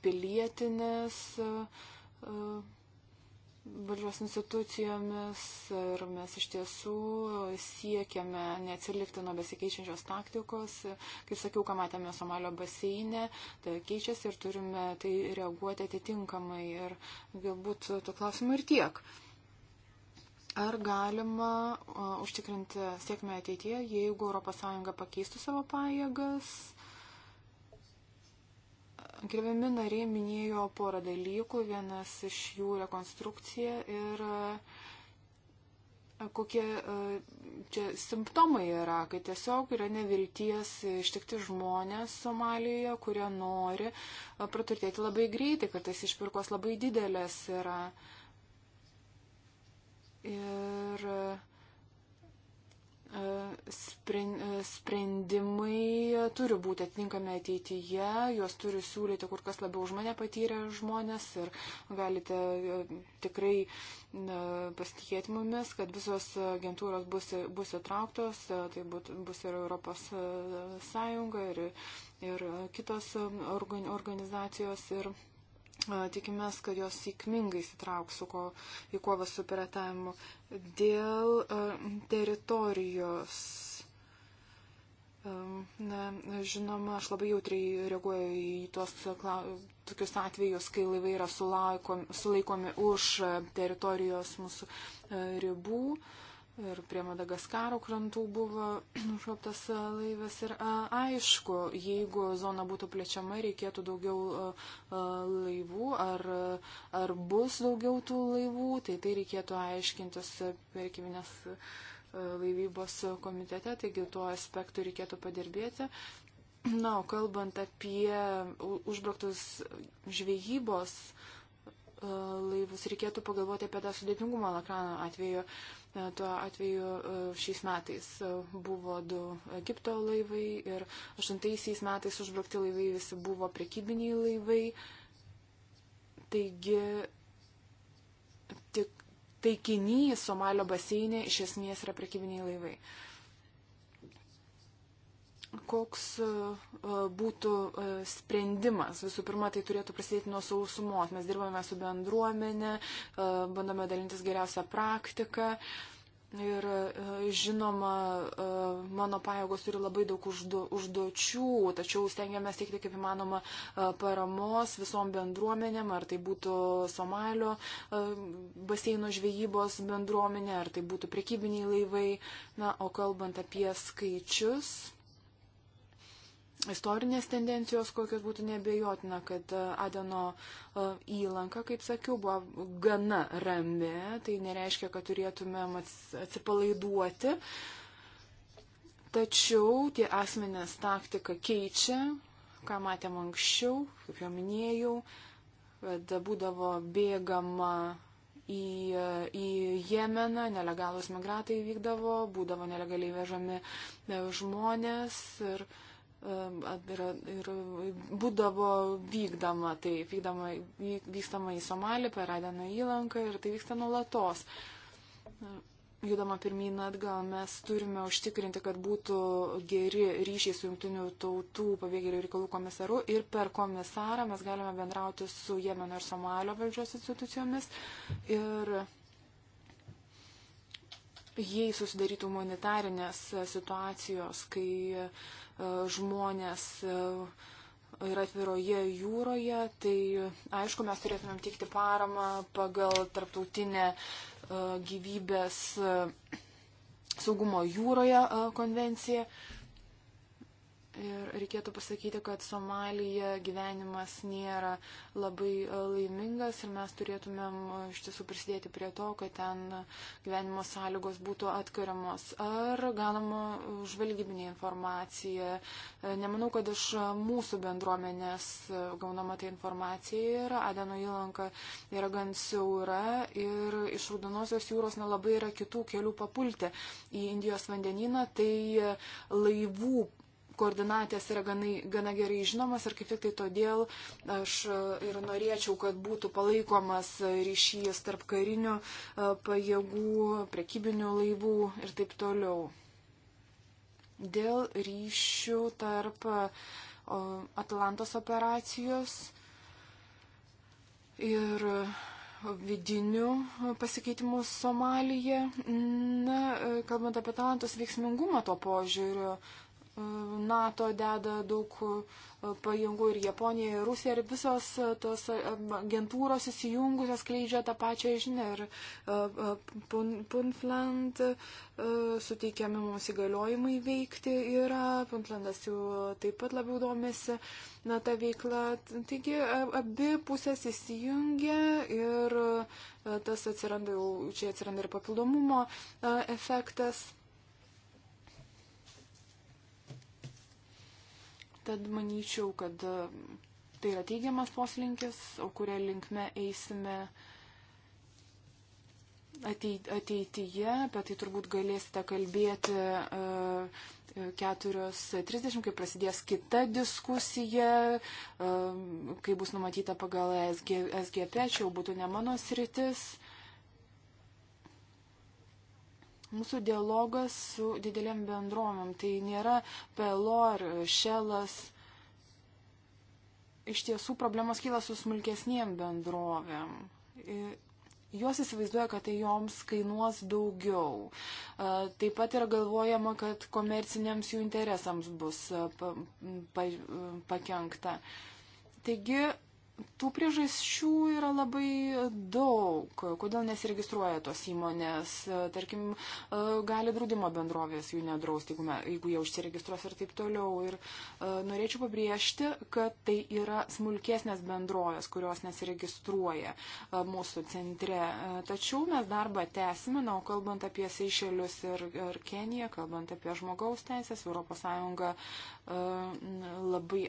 pilietinės valdžios institucijomis ir mes iš tiesų siekiame neatsilikti nuo besikeičiančios taktikos. Kaip sakiau, ką matėme Somalio baseinė, tai keičiasi ir turime tai reaguoti atitinkamai ir galbūt to klausimu ir tiek. Uh, Ar galima uh, užtikrinti sėkmę ateityje, jeigu ES pakeistų savo pajėgas? Gerbiami nariai minėjo porą dalykų, vienas iš jų rekonstrukcija ir uh, kokie uh, čia simptomai yra, kai tiesiog yra nevilties ištikti žmonės Somalijoje, kurie nori e, praturtėti labai greitai, kartais išpirkos labai didelės yra. Uh, ir e, e, sprendimai turi būti atitinkami ateityje, juos turi siūlyti kur kas labiau už mane patyrę žmonės ir galite e, tikrai pasitikėti mumis, kad visos agentūros bus, bus įtrauktos, tai bus ir Europos Sąjunga, ir, ir kitos organizacijos. Ir Tikimės, kad jos sėkmingai įsitrauks ko, į kovą su piratavimu. Dėl teritorijos. Na, žinoma, aš labai jautriai reaguoju į tuos tokius atvejus, kai laivai yra sulaikomi, sulaikomi už teritorijos mūsų ribų. Uh, ir prie Madagaskaro krantų buvo užkoptas e, laivas. Ir e, aišku, jeigu zona būtų plečiama, reikėtų daugiau e, laivų, ar, ar bus daugiau tų laivų, tai tai reikėtų aiškintis perkiminės laivybos komitete, taigi tuo aspektu reikėtų padirbėti. Na, o kalbant apie užbrauktus žvejybos uh, E, laivus. Reikėtų pagalvoti apie tą sudėtingumą Lakrano atveju. E, tuo atveju e, šiais metais buvo du Egipto laivai ir aštuntaisiais metais užbraukti laivai visi buvo prekybiniai laivai. Taigi tik taikinys Somalio baseinė iš esmės yra prekybiniai laivai. Uh, koks e, būtų e, sprendimas. Visų pirma, tai turėtų prasidėti nuo sausumos. Mes dirbame su bendruomenė, e, bandome dalintis geriausią praktiką. Ir žinoma, mano pajėgos turi labai daug uždu, užduočių, tačiau stengiamės teikti kaip įmanoma paramos visom bendruomenėm, ar tai būtų Somalio baseino žvejybos bendruomenė, ar tai būtų prekybiniai laivai. Na, o kalbant apie skaičius, istorinės tendencijos, kokios būtų nebejotina, kad e, Adeno e, įlanka, kaip sakiau, buvo gana rami, tai nereiškia, kad turėtumėm atsipalaiduoti. Tačiau tie asmenės taktika keičia, ką matėm anksčiau, kaip jau minėjau, kad būdavo bėgama į, į Jemeną, nelegalus migratai vykdavo, būdavo nelegaliai vežami e, žmonės ir uh, ir, ir būdavo vykdama, tai vykdama, vykstama į Somalį per Adeną įlanką ir tai vyksta nuolatos. Judama pirmyn atgal, mes turime užtikrinti, kad būtų geri ryšiai su jungtinių tautų pabėgėlių reikalų komisaru ir per komisarą mes galime bendrauti su Jemeno ir Somalio valdžios institucijomis. Ir jei susidarytų humanitarinės situacijos, kai uh, E, žmonės yra e, atviroje jūroje, tai aišku, mes turėtumėm teikti paramą pagal tarptautinę e, gyvybės saugumo jūroje konvenciją. Ir reikėtų pasakyti, kad Somalija gyvenimas nėra labai e, laimingas ir mes turėtumėm e, iš tiesų prisidėti prie to, kad ten gyvenimo sąlygos būtų atkariamos. Ar galima žvalgybinė informacija? E, nemanau, kad iš mūsų bendruomenės gaunama ta informacija yra. Adeno įlanka yra gan siaura ir iš Rudonosios jūros nelabai yra kitų kelių papulti į Indijos vandenyną. Tai laivų koordinatės yra gana, gana gerai žinomas ir kaip tik tai todėl aš e, ir norėčiau, kad būtų palaikomas ryšys tarp karinių e, pajėgų, prekybinių laivų ir taip toliau. Dėl ryšių tarp e, Atlantos operacijos ir vidinių pasikeitimų Somalyje. Na, kalbant apie talentos veiksmingumą to požiūriu, NATO deda daug e, pajėgų ir Japonija, ir Rusija, ir visos e, tos e, agentūros įsijungusios kleidžia tą pačią žinią. Ir Puntland suteikiami mums įgaliojimai veikti yra, Puntlandas jau taip pat labiau domėsi na, tą veiklą. Taigi abi pusės įsijungia ir tas atsiranda jau, čia atsiranda ir papildomumo efektas. Tad manyčiau, kad e, tai yra teigiamas poslinkis, o kuria linkme eisime ateityje, apie tai turbūt galėsite kalbėti 4.30, e, e, kai prasidės kita diskusija, kai bus numatyta pagal SGP, čia jau būtų ne mano sritis. mūsų dialogas su didelėm bendromėm. Tai nėra pelor, šelas. Iš tiesų problemos kyla su smulkesniem bendrovėm. Jos įsivaizduoja, kad tai joms kainuos daugiau. Taip pat yra galvojama, kad komerciniams jų interesams bus pakenkta. Taigi Tų priežasčių yra labai daug, kodėl nesiregistruoja tos įmonės. Tarkim, e, gali draudimo bendrovės jų nedrausti, jeigu, jeigu jie užsiregistruos ir taip toliau. Ir e, norėčiau pabrėžti, kad tai yra smulkesnės bendrovės, kurios nesiregistruoja e, mūsų centre. Tačiau mes darbą tęsime, na, o kalbant apie Seišelius ir, ir Keniją, kalbant apie žmogaus teisės, ES labai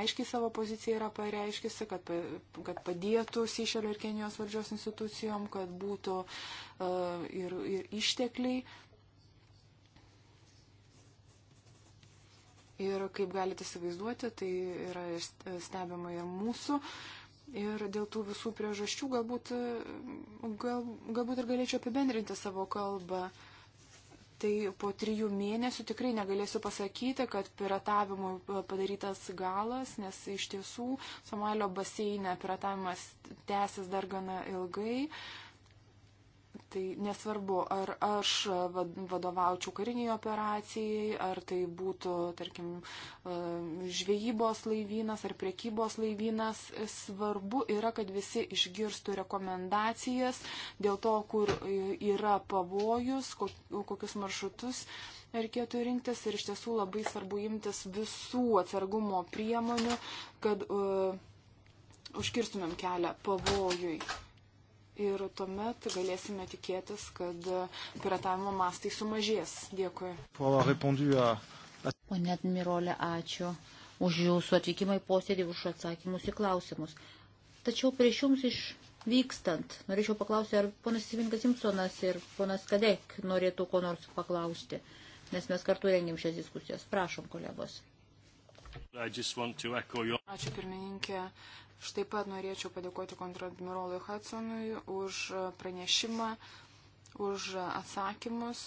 aiškiai savo poziciją yra pareiškisi, kad kad, kad padėtų Seišelio ir Kenijos valdžios institucijom, kad būtų uh, ir, ir ištekliai. Ir kaip galite įsivaizduoti, tai yra stebima ir mūsų uh, Ir dėl tų visų priežasčių galbūt, e, gal, galbūt ir galėčiau apibendrinti savo kalbą tai po trijų mėnesių tikrai negalėsiu pasakyti, kad piratavimui padarytas galas, nes iš tiesų Somalio baseine piratavimas tęsis dar gana ilgai. Uh, Tai nesvarbu, ar aš vadovaučiau kariniai operacijai, ar tai būtų, tarkim, e, žvejybos laivynas ar priekybos laivynas, svarbu yra, kad visi išgirstų rekomendacijas dėl to, kur yra pavojus, kokius maršrutus reikėtų rinktis ir iš tiesų labai svarbu imtis visų atsargumo priemonių, kad uh, užkirstumėm kelią pavojui. Uh, ir tuomet galėsime tikėtis, kad piratavimo mastai sumažės. Dėkui. Pane admirolė, ačiū už jūsų atvykimą į posėdį, už atsakymus į klausimus. Tačiau prieš jums išvykstant, norėčiau paklausti, ar ponas Sivinkas Simpsonas ir ponas Kadek norėtų ko nors paklausti, nes mes kartu rengėm šias diskusijas. Prašom, kolegos. Ačiū pirmininkė, Aš taip pat norėčiau padėkoti kontradmirolui Hudsonui už pranešimą, už atsakymus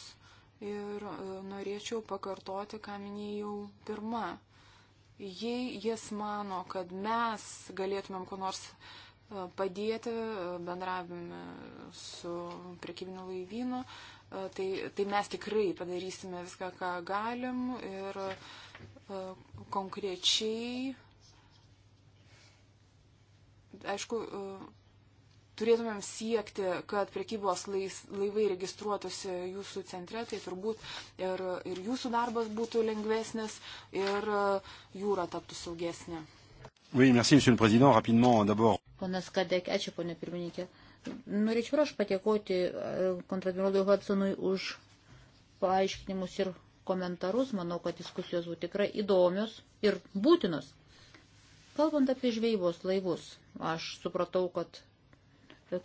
ir e, norėčiau pakartoti, ką minėjau pirmą. Jei jis mano, kad mes galėtumėm ko nors e, padėti e, bendravime su prekybiniu laivynu, tai, tai mes tikrai padarysime viską, ką galim ir konkrečiai aišku, e, turėtumėm siekti, kad priekybos lais, laivai registruotųsi jūsų centre, tai turbūt ir, ir jūsų darbas būtų lengvesnis ir e, jūra taptų saugesnė. Oui, merci, monsieur le président. Rapidement, d'abord. Ponas Kadek, ačiū, ponė pirmininkė. Norėčiau ir aš patiekoti e, kontradmirolui Hudsonui už paaiškinimus ir komentarus. Manau, kad diskusijos buvo tikrai įdomios ir būtinos. Kalbant apie žvejybos laivus, aš supratau, kad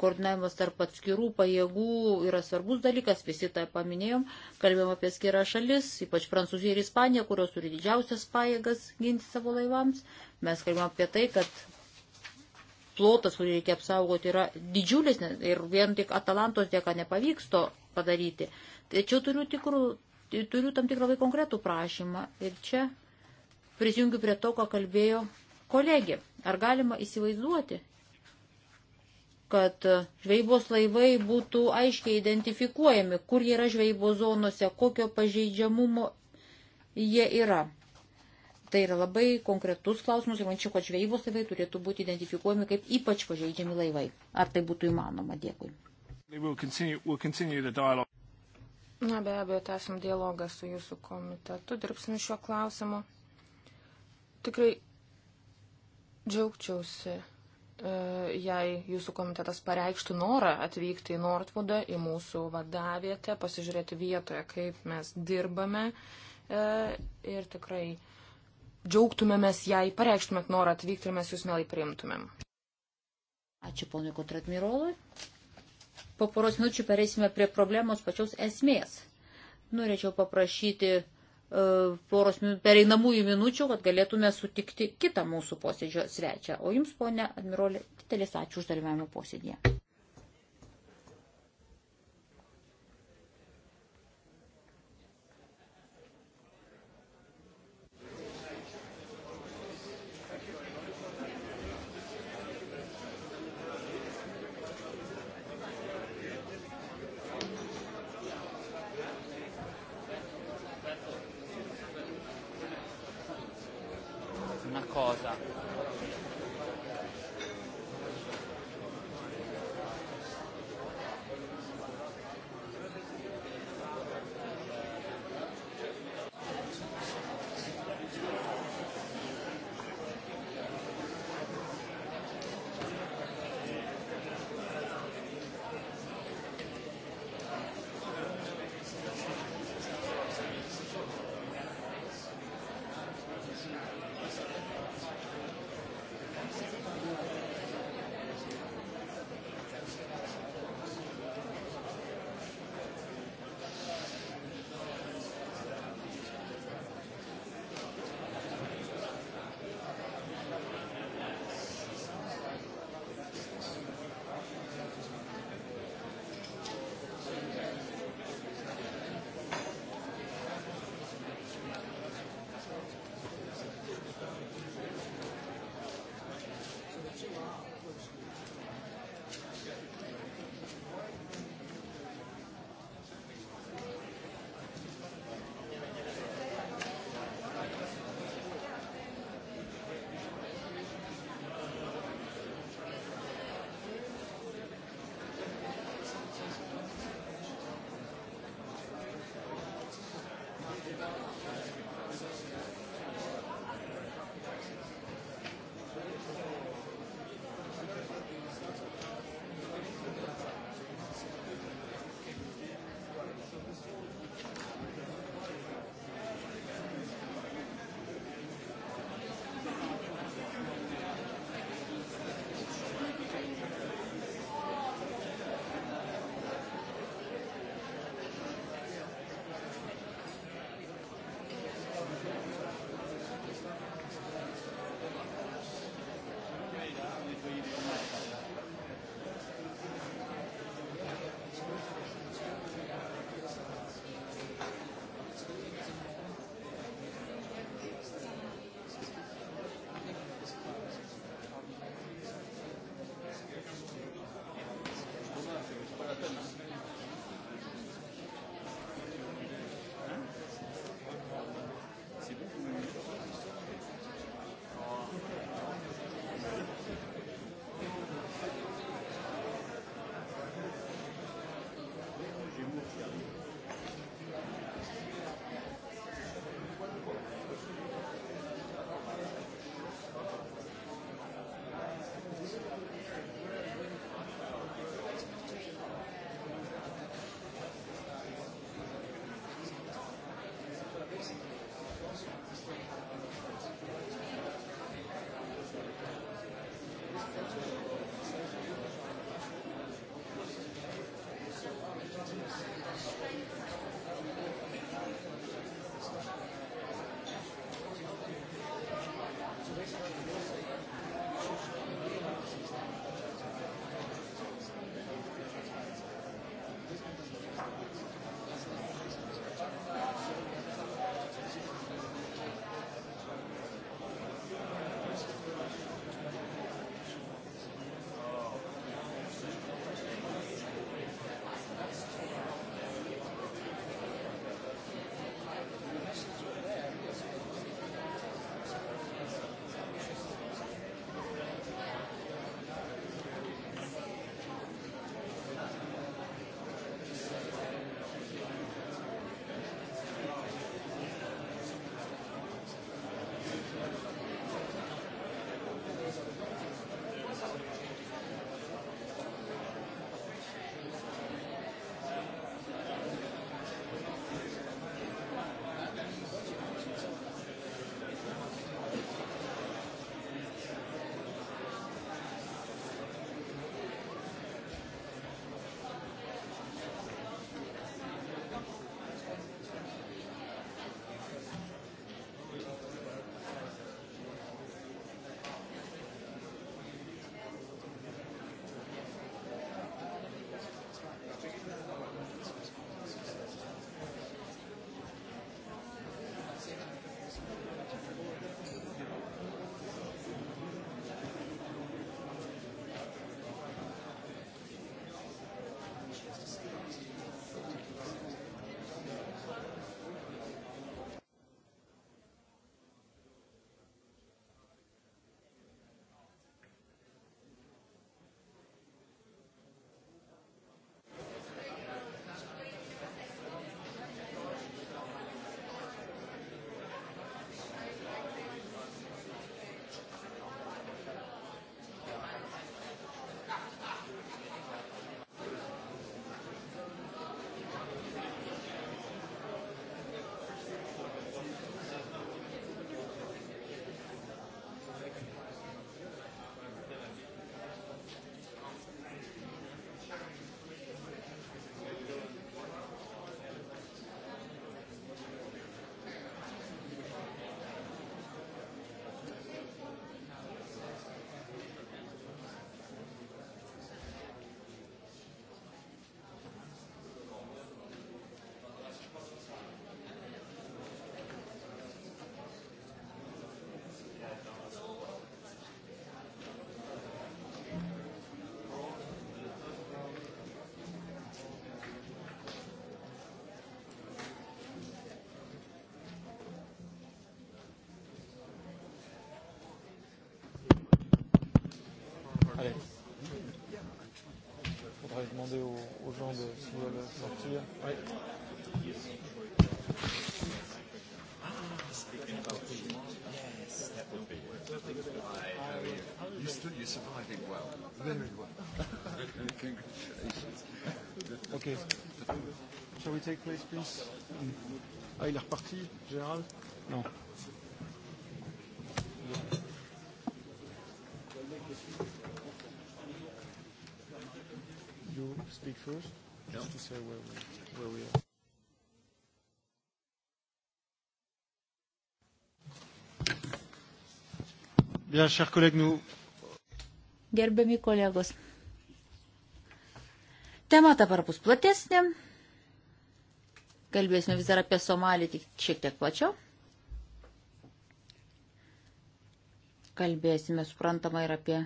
koordinavimas tarp atskirų pajėgų yra svarbus dalykas, visi tą paminėjom, kalbėjom apie skirą šalis, ypač Prancūziją ir Ispaniją, kurios turi didžiausias pajėgas ginti savo laivams. Mes kalbėjom apie tai, kad plotas, kurį reikia apsaugoti, yra didžiulis ir vien tik Atalantos dėka nepavyks to padaryti. Tačiau turiu, tikrų, turiu tam tikrą labai konkretų prašymą ir čia prisijungiu prie to, ką kalbėjo Kolegi, ar galima įsivaizduoti, kad žvejybos laivai būtų aiškiai identifikuojami, kur jie yra žvejybos zonose, kokio pažeidžiamumo jie yra. Tai yra labai konkretus klausimas ir mančiau, kad žvejybos laivai turėtų būti identifikuojami kaip ypač pažeidžiami laivai. Ar tai būtų įmanoma? Dėkui. We'll continue, we'll continue Na be abejo, tęsim dialogą su jūsų komitetu, dirbsim šiuo klausimu. Tikrai Džiaugčiausi, e, jei jūsų komitetas pareikštų norą atvykti į Nortvudą, į mūsų vadavietę, pasižiūrėti vietoje, kaip mes dirbame e, ir tikrai džiaugtumėmės, jei pareikštumėt norą atvykti ir mes jūs mielai priimtumėm. Ačiū ponui kontratmirolui. Po poros minučių pereisime prie problemos pačios esmės. Norėčiau paprašyti E, poros pereinamųjų minučių, kad galėtume sutikti kitą mūsų posėdžio svečią. O jums, ponė admirolė, didelis ačiū už dalyvavimą posėdėje. Allez. Il faudrait demander aux, aux gens de s'ils veulent sortir. Oui. Yes, that would be it. How are you? You still, you're surviving well. Very well. Congratulations. Okay. Shall we take place, please? Ah, il est reparti, général Non. close, yeah. just to say where we, where we are. Bien, chers collègues, nous. Gerbiami kolegos. Tema dabar bus platesnė. Kalbėsime vis dar apie Somalį, tik šiek tiek plačiau. Kalbėsime, suprantama, ir apie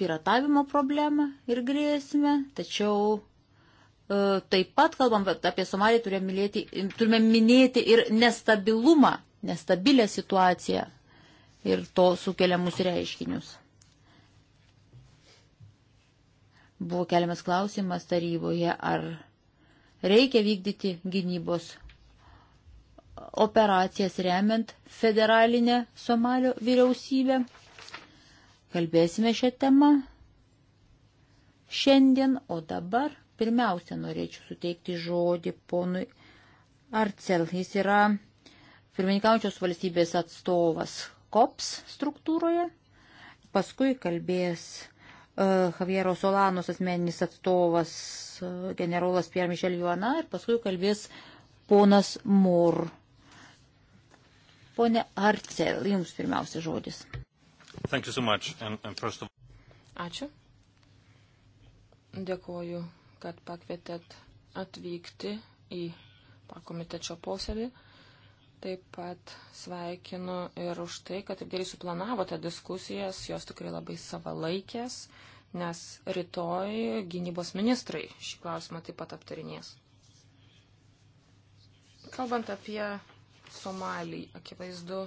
piratavimo problemą ir grėsmę, tačiau e, taip pat, kalbam apie Somaliją, turime, mylėti, turime minėti ir nestabilumą, nestabilę situaciją ir to sukeliamus reiškinius. Buvo keliamas klausimas taryboje, ar reikia vykdyti gynybos operacijas remiant federalinę Somalio vyriausybę kalbėsime šią temą šiandien, o dabar pirmiausia norėčiau suteikti žodį ponui Arcel. Jis yra pirmininkaujančios valstybės atstovas COPS struktūroje, paskui kalbės uh, Javiero Solanos asmeninis atstovas uh, generolas Pierre Michel Juana ir paskui kalbės ponas Mur. Pone Arcel, jums pirmiausia žodis. So and, and of... Ačiū. Dėkuoju, kad pakvietėt atvykti į pakomitečio posėdį. Taip pat sveikinu ir už tai, kad taip gerai suplanavote diskusijas, jos tikrai labai savalaikės, nes rytoj gynybos ministrai šį klausimą taip pat aptarinės. Kalbant apie Somalį, akivaizdu,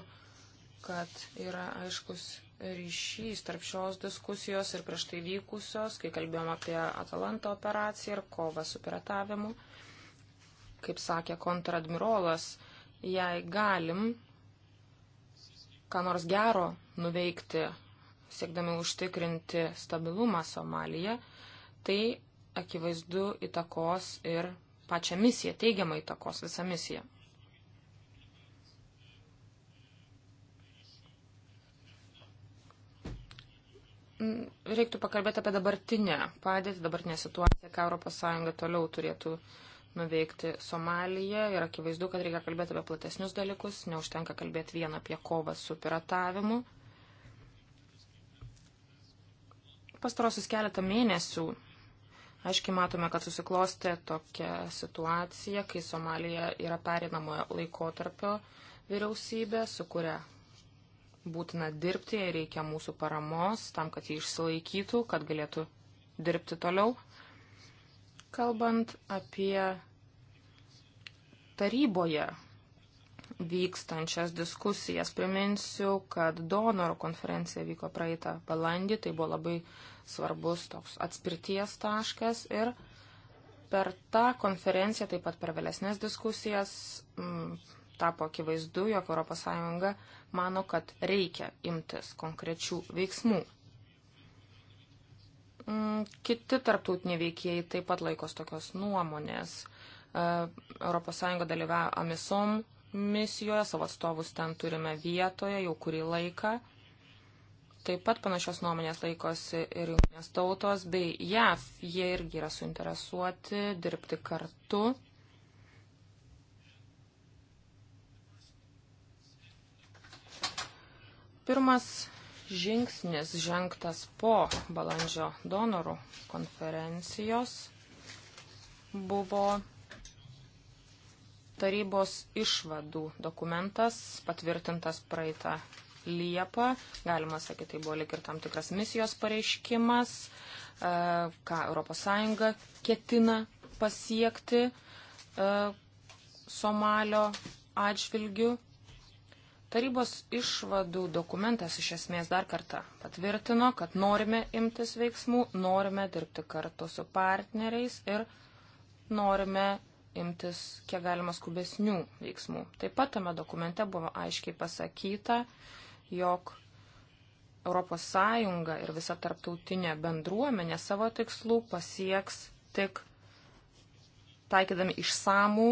kad yra aiškus ryšys tarp šios diskusijos ir prieš tai vykusios, kai kalbėjom apie Atalanto operaciją ir kovą su piratavimu. Kaip sakė kontradmirolas, jei galim ką nors gero nuveikti, siekdami užtikrinti stabilumą Somalyje, tai akivaizdu įtakos ir pačią misiją, teigiamai įtakos visą misiją. Mm, reiktų pakalbėti apie dabartinę padėtį, dabartinę situaciją, ką ES toliau turėtų nuveikti Somaliją ir akivaizdu, kad reikia kalbėti apie platesnius dalykus, neužtenka kalbėti vien apie kovą su piratavimu. Pastarosius keletą mėnesių aiškiai matome, kad susiklostė tokia situacija, kai Somalija yra perinamojo laikotarpio vyriausybė, su kuria būtina dirbti, reikia mūsų paramos tam, kad jie išsilaikytų, kad galėtų dirbti toliau. Kalbant apie taryboje vykstančias diskusijas, priminsiu, kad donorų konferencija vyko praeitą balandį, tai buvo labai svarbus toks atspirties taškas ir per tą konferenciją, taip pat per vėlesnės diskusijas, mm, tapo akivaizdu, jog ES mano, kad reikia imtis konkrečių veiksmų. Mm, kiti tarptautiniai veikėjai taip pat laikos tokios nuomonės. ES dalyvauja amisom misijoje, savo atstovus ten turime vietoje jau kurį laiką. Taip pat panašios nuomonės laikosi ir jungtinės tautos bei JAF. Jie irgi yra suinteresuoti dirbti kartu Pirmas žingsnis žengtas po balandžio donorų konferencijos buvo tarybos išvadų dokumentas patvirtintas praeitą Liepą. Galima sakyti, tai buvo lik ir tam tikras misijos pareiškimas, e, ką ES ketina pasiekti e, Somalio atžvilgių Tarybos išvadų dokumentas iš esmės dar kartą patvirtino, kad norime imtis veiksmų, norime dirbti kartu su partneriais ir norime imtis kiek galima skubesnių veiksmų. Taip pat tame dokumente buvo aiškiai pasakyta, jog ES ir visa tarptautinė bendruomenė savo tikslų pasieks tik taikydami išsamų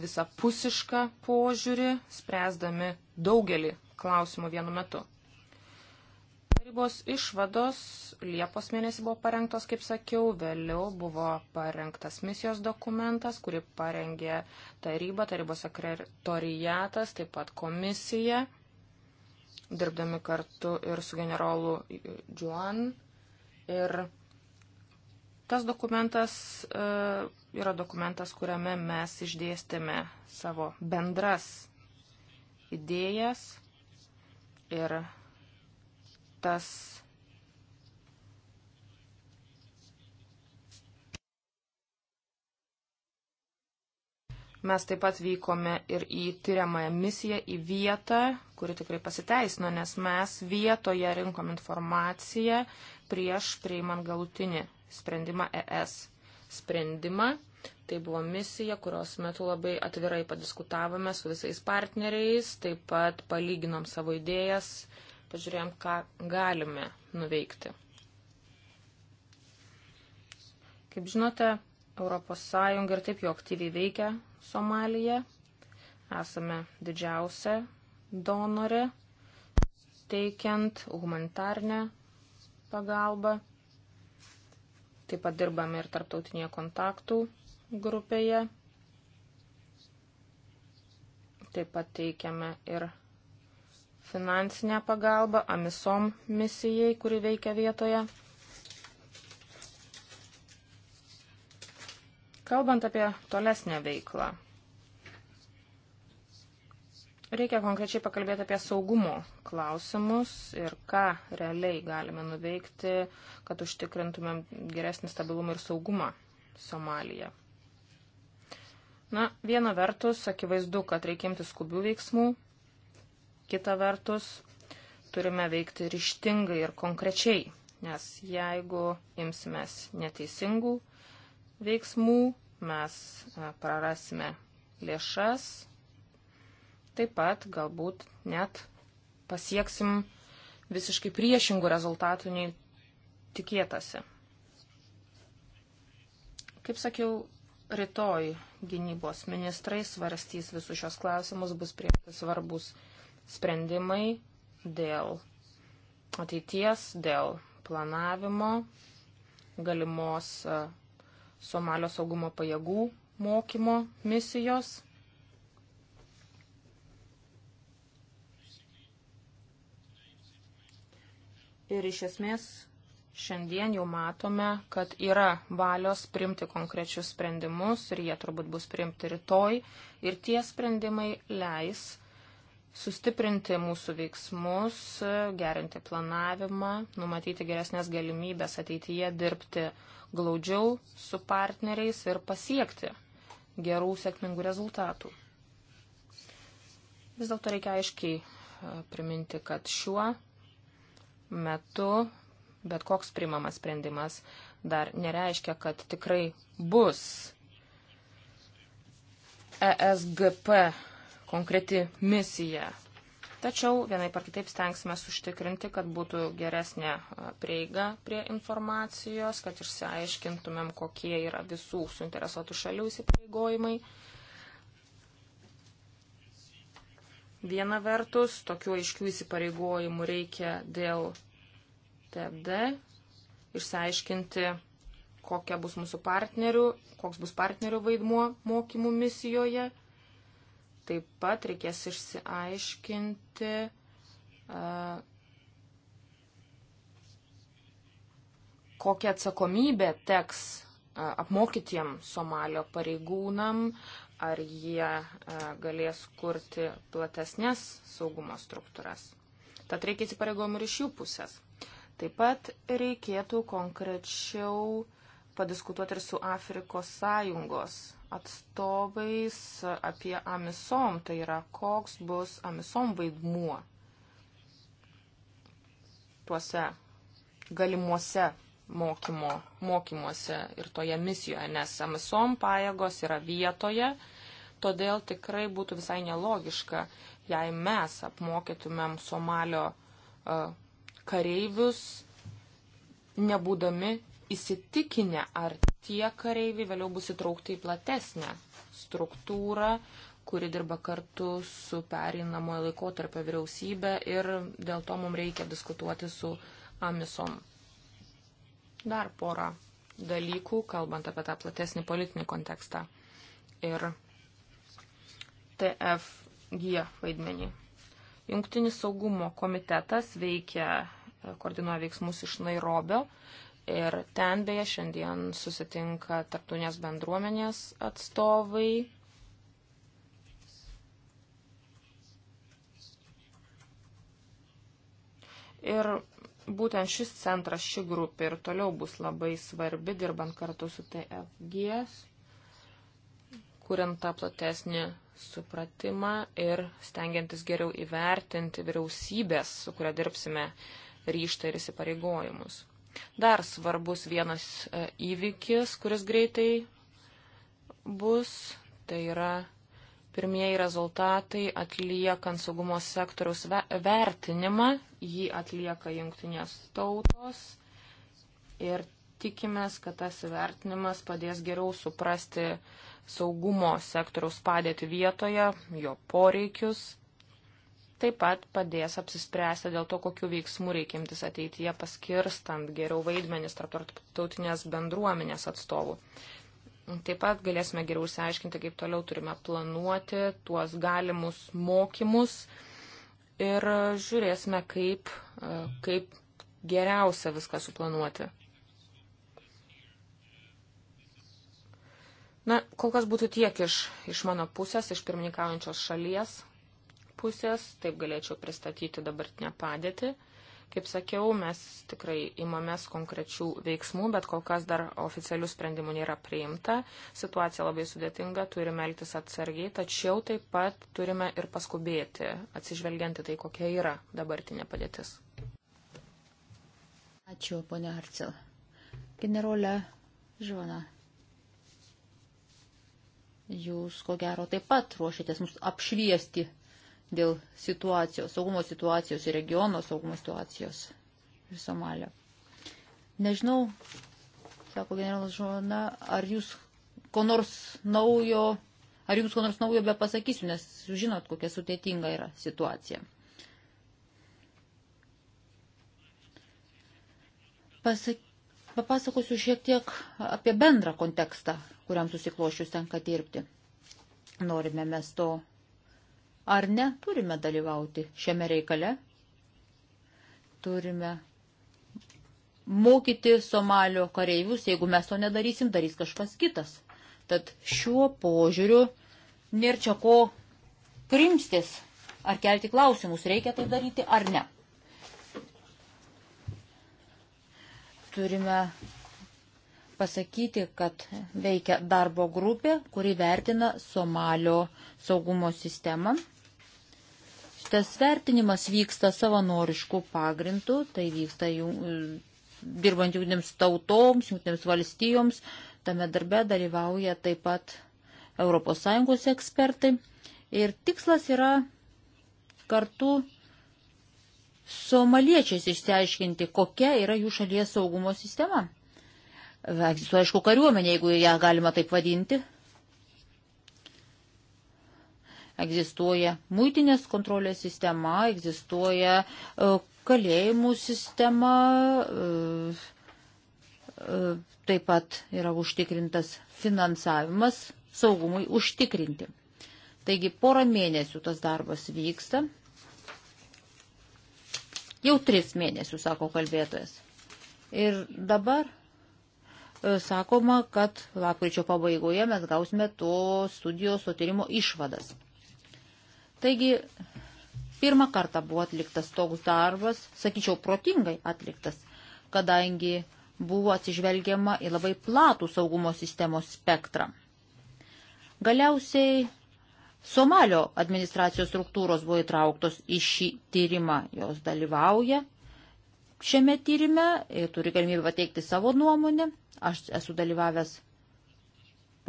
visapusišką požiūrį, spręsdami daugelį klausimų vienu metu. Tarybos išvados Liepos mėnesį buvo parengtos, kaip sakiau, vėliau buvo parengtas misijos dokumentas, kurį parengė taryba, tarybos sekretorijatas, taip pat komisija, dirbdami kartu ir su generolu Juan. Ir tas dokumentas e, yra dokumentas, kuriame mes išdėstėme savo bendras idėjas ir tas Mes taip pat vykome ir į tyriamąją misiją, į vietą, kuri tikrai pasiteisino, nes mes vietoje rinkom informaciją prieš priimant galutinį sprendimą ES sprendimą. Tai buvo misija, kurios metu labai atvirai padiskutavome su visais partneriais, taip pat palyginom savo idėjas, pažiūrėjom, ką galime nuveikti. Kaip žinote, ES ir taip jau aktyviai veikia Somalija. Esame didžiausia donorė teikiant humanitarnę pagalbą Taip pat dirbame ir tarptautinėje kontaktų grupėje. Taip pat teikiame ir finansinę pagalbą Amisom misijai, kuri veikia vietoje. Kalbant apie tolesnę veiklą, Reikia konkrečiai pakalbėti apie saugumo klausimus ir ką realiai galime nuveikti, kad užtikrintumėm geresnį stabilumą ir saugumą Somalija. Na, viena vertus, akivaizdu, kad reikėmti skubių veiksmų, kita vertus, turime veikti ryštingai ir konkrečiai, nes jeigu imsimės neteisingų veiksmų, mes e, prarasime lėšas, Taip pat galbūt net pasieksim visiškai priešingų rezultatų nei tikėtasi. Kaip sakiau, rytoj gynybos ministrai svarstys visus šios klausimus, bus priimti svarbus sprendimai dėl ateities, dėl planavimo, galimos Somalio saugumo pajėgų mokymo misijos Ir iš esmės šiandien jau matome, kad yra valios primti konkrečius sprendimus ir jie turbūt bus primti rytoj. Ir tie sprendimai leis sustiprinti mūsų veiksmus, gerinti planavimą, numatyti geresnės galimybės ateityje dirbti glaudžiau su partneriais ir pasiekti gerų sėkmingų rezultatų. Vis dėlto reikia aiškiai e, priminti, kad šiuo metu bet koks primamas sprendimas dar nereiškia, kad tikrai bus ESGP konkreti misija. Tačiau vienai par kitaip stengsime užtikrinti, kad būtų geresnė prieiga prie informacijos, kad išsiaiškintumėm, kokie yra visų suinteresuotų šalių įsipareigojimai Viena vertus, tokių aiškių įsipareigojimų reikia dėl TFD, išsiaiškinti, kokia bus mūsų partnerių, koks bus partnerių vaidmuo mokymų misijoje. Taip pat reikės išsiaiškinti, kokia atsakomybė teks apmokytiem Somalio pareigūnam, ar jie e, galės kurti platesnės saugumo struktūras. Tad reikia įsipareigojimų ir iš jų pusės. Taip pat reikėtų konkrečiau padiskutuoti ir su Afrikos sąjungos atstovais apie amisom, tai yra koks bus amisom vaidmuo tuose galimuose mokymo, mokymuose ir toje misijoje, nes amisom pajėgos yra vietoje, todėl tikrai būtų visai nelogiška, jei mes apmokytumėm Somalio uh, kareivius, nebūdami įsitikinę, ar tie kareiviai vėliau bus įtraukti į platesnę struktūrą, kuri dirba kartu su pereinamojo laikotarpio vyriausybė ir dėl to mums reikia diskutuoti su Amisom dar porą dalykų, kalbant apie tą platesnį politinį kontekstą ir TFG vaidmenį. Jungtinis saugumo komitetas veikia, koordinuoja veiksmus iš Nairobio ir ten beje šiandien susitinka tarptautinės bendruomenės atstovai. Ir būtent šis centras, ši grupė ir toliau bus labai svarbi, dirbant kartu su TFGS, kuriant tą platesnį supratimą ir stengiantis geriau įvertinti vyriausybės, su kuria dirbsime, ryštą ir įsipareigojimus. Dar svarbus vienas e, įvykis, kuris greitai bus, tai yra pirmieji rezultatai atliekant saugumo sektoriaus vertinimą, jį atlieka jungtinės tautos ir tikimės, kad tas vertinimas padės geriau suprasti saugumo sektoriaus padėti vietoje, jo poreikius, taip pat padės apsispręsti dėl to, kokiu veiksmu reikimtis ateityje paskirstant geriau vaidmenis tarp tautinės bendruomenės atstovų. Taip pat galėsime geriau išsiaiškinti, kaip toliau turime planuoti tuos galimus mokymus ir žiūrėsime, kaip, e, kaip geriausia viską suplanuoti. Na, kol kas būtų tiek iš, iš mano pusės, iš pirmininkaujančios šalies pusės, taip galėčiau pristatyti dabartinę padėtį. Kaip sakiau, mes tikrai imamės konkrečių veiksmų, bet kol kas dar oficialių sprendimų nėra priimta. Situacija labai sudėtinga, turime elgtis atsargiai, tačiau taip pat turime ir paskubėti, atsižvelgianti tai, kokia yra dabartinė padėtis. Ačiū, ponia Arcel. Generolė Žona. Jūs, ko gero, taip pat ruošiatės mus apšviesti dėl situacijos, saugumo situacijos ir regiono saugumo situacijos ir Somalio. Nežinau, sako generolas Žona, ar jūs ko nors naujo, ar jums ko nors naujo be pasakysiu, nes žinot, kokia sudėtinga yra situacija. Pasak, papasakosiu šiek tiek apie bendrą kontekstą, kuriam susiklošius tenka dirbti. Norime mes to Ar ne, turime dalyvauti šiame reikale? Turime mokyti Somalio kareivius, jeigu mes to nedarysim, darys kažkas kitas. Tad šiuo požiūriu nėra čia ko krimstis ar kelti klausimus, reikia tai daryti ar ne. Turime pasakyti, kad veikia darbo grupė, kuri vertina Somalio saugumo sistemą. Tas vertinimas vyksta savanoriškų pagrindų, tai vyksta jų, dirbant jungtinėms tautoms, jungtinėms valstijoms, tame darbe dalyvauja taip pat ES ekspertai. Ir tikslas yra kartu somaliečiais išsiaiškinti, kokia yra jų šalies saugumo sistema. Egzistuoja, aišku, kariuomenė, jeigu ją galima taip vadinti. Egzistuoja muitinės kontrolės sistema, egzistuoja e, kalėjimų sistema, e, e, taip pat yra užtikrintas finansavimas saugumui užtikrinti. Taigi porą mėnesių tas darbas vyksta. Jau tris mėnesius, sako kalbėtojas. Ir dabar sakoma, kad lapkričio pabaigoje mes gausime to studijos, to tyrimo išvadas. Taigi, pirmą kartą buvo atliktas toks darbas, sakyčiau, protingai atliktas, kadangi buvo atsižvelgiama į labai platų saugumo sistemos spektrą. Galiausiai Somalio administracijos struktūros buvo įtrauktos į šį tyrimą, jos dalyvauja šiame tyrime ir turi galimybę pateikti savo nuomonę. Aš esu dalyvavęs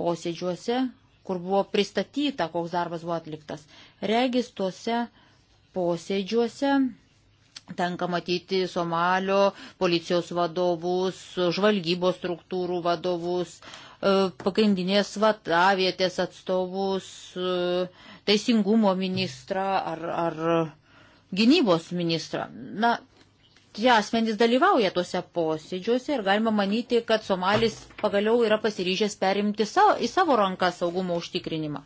posėdžiuose, kur buvo pristatyta, koks darbas buvo atliktas. Regis tuose posėdžiuose tenka matyti Somalio policijos vadovus, žvalgybos struktūrų vadovus, e, pagrindinės vatavietės atstovus, e, teisingumo ministrą ar, ar gynybos ministrą. Na, tie asmenys dalyvauja tuose posėdžiuose ir galima manyti, kad Somalis pagaliau yra pasiryžęs perimti savo, į savo ranką saugumo užtikrinimą.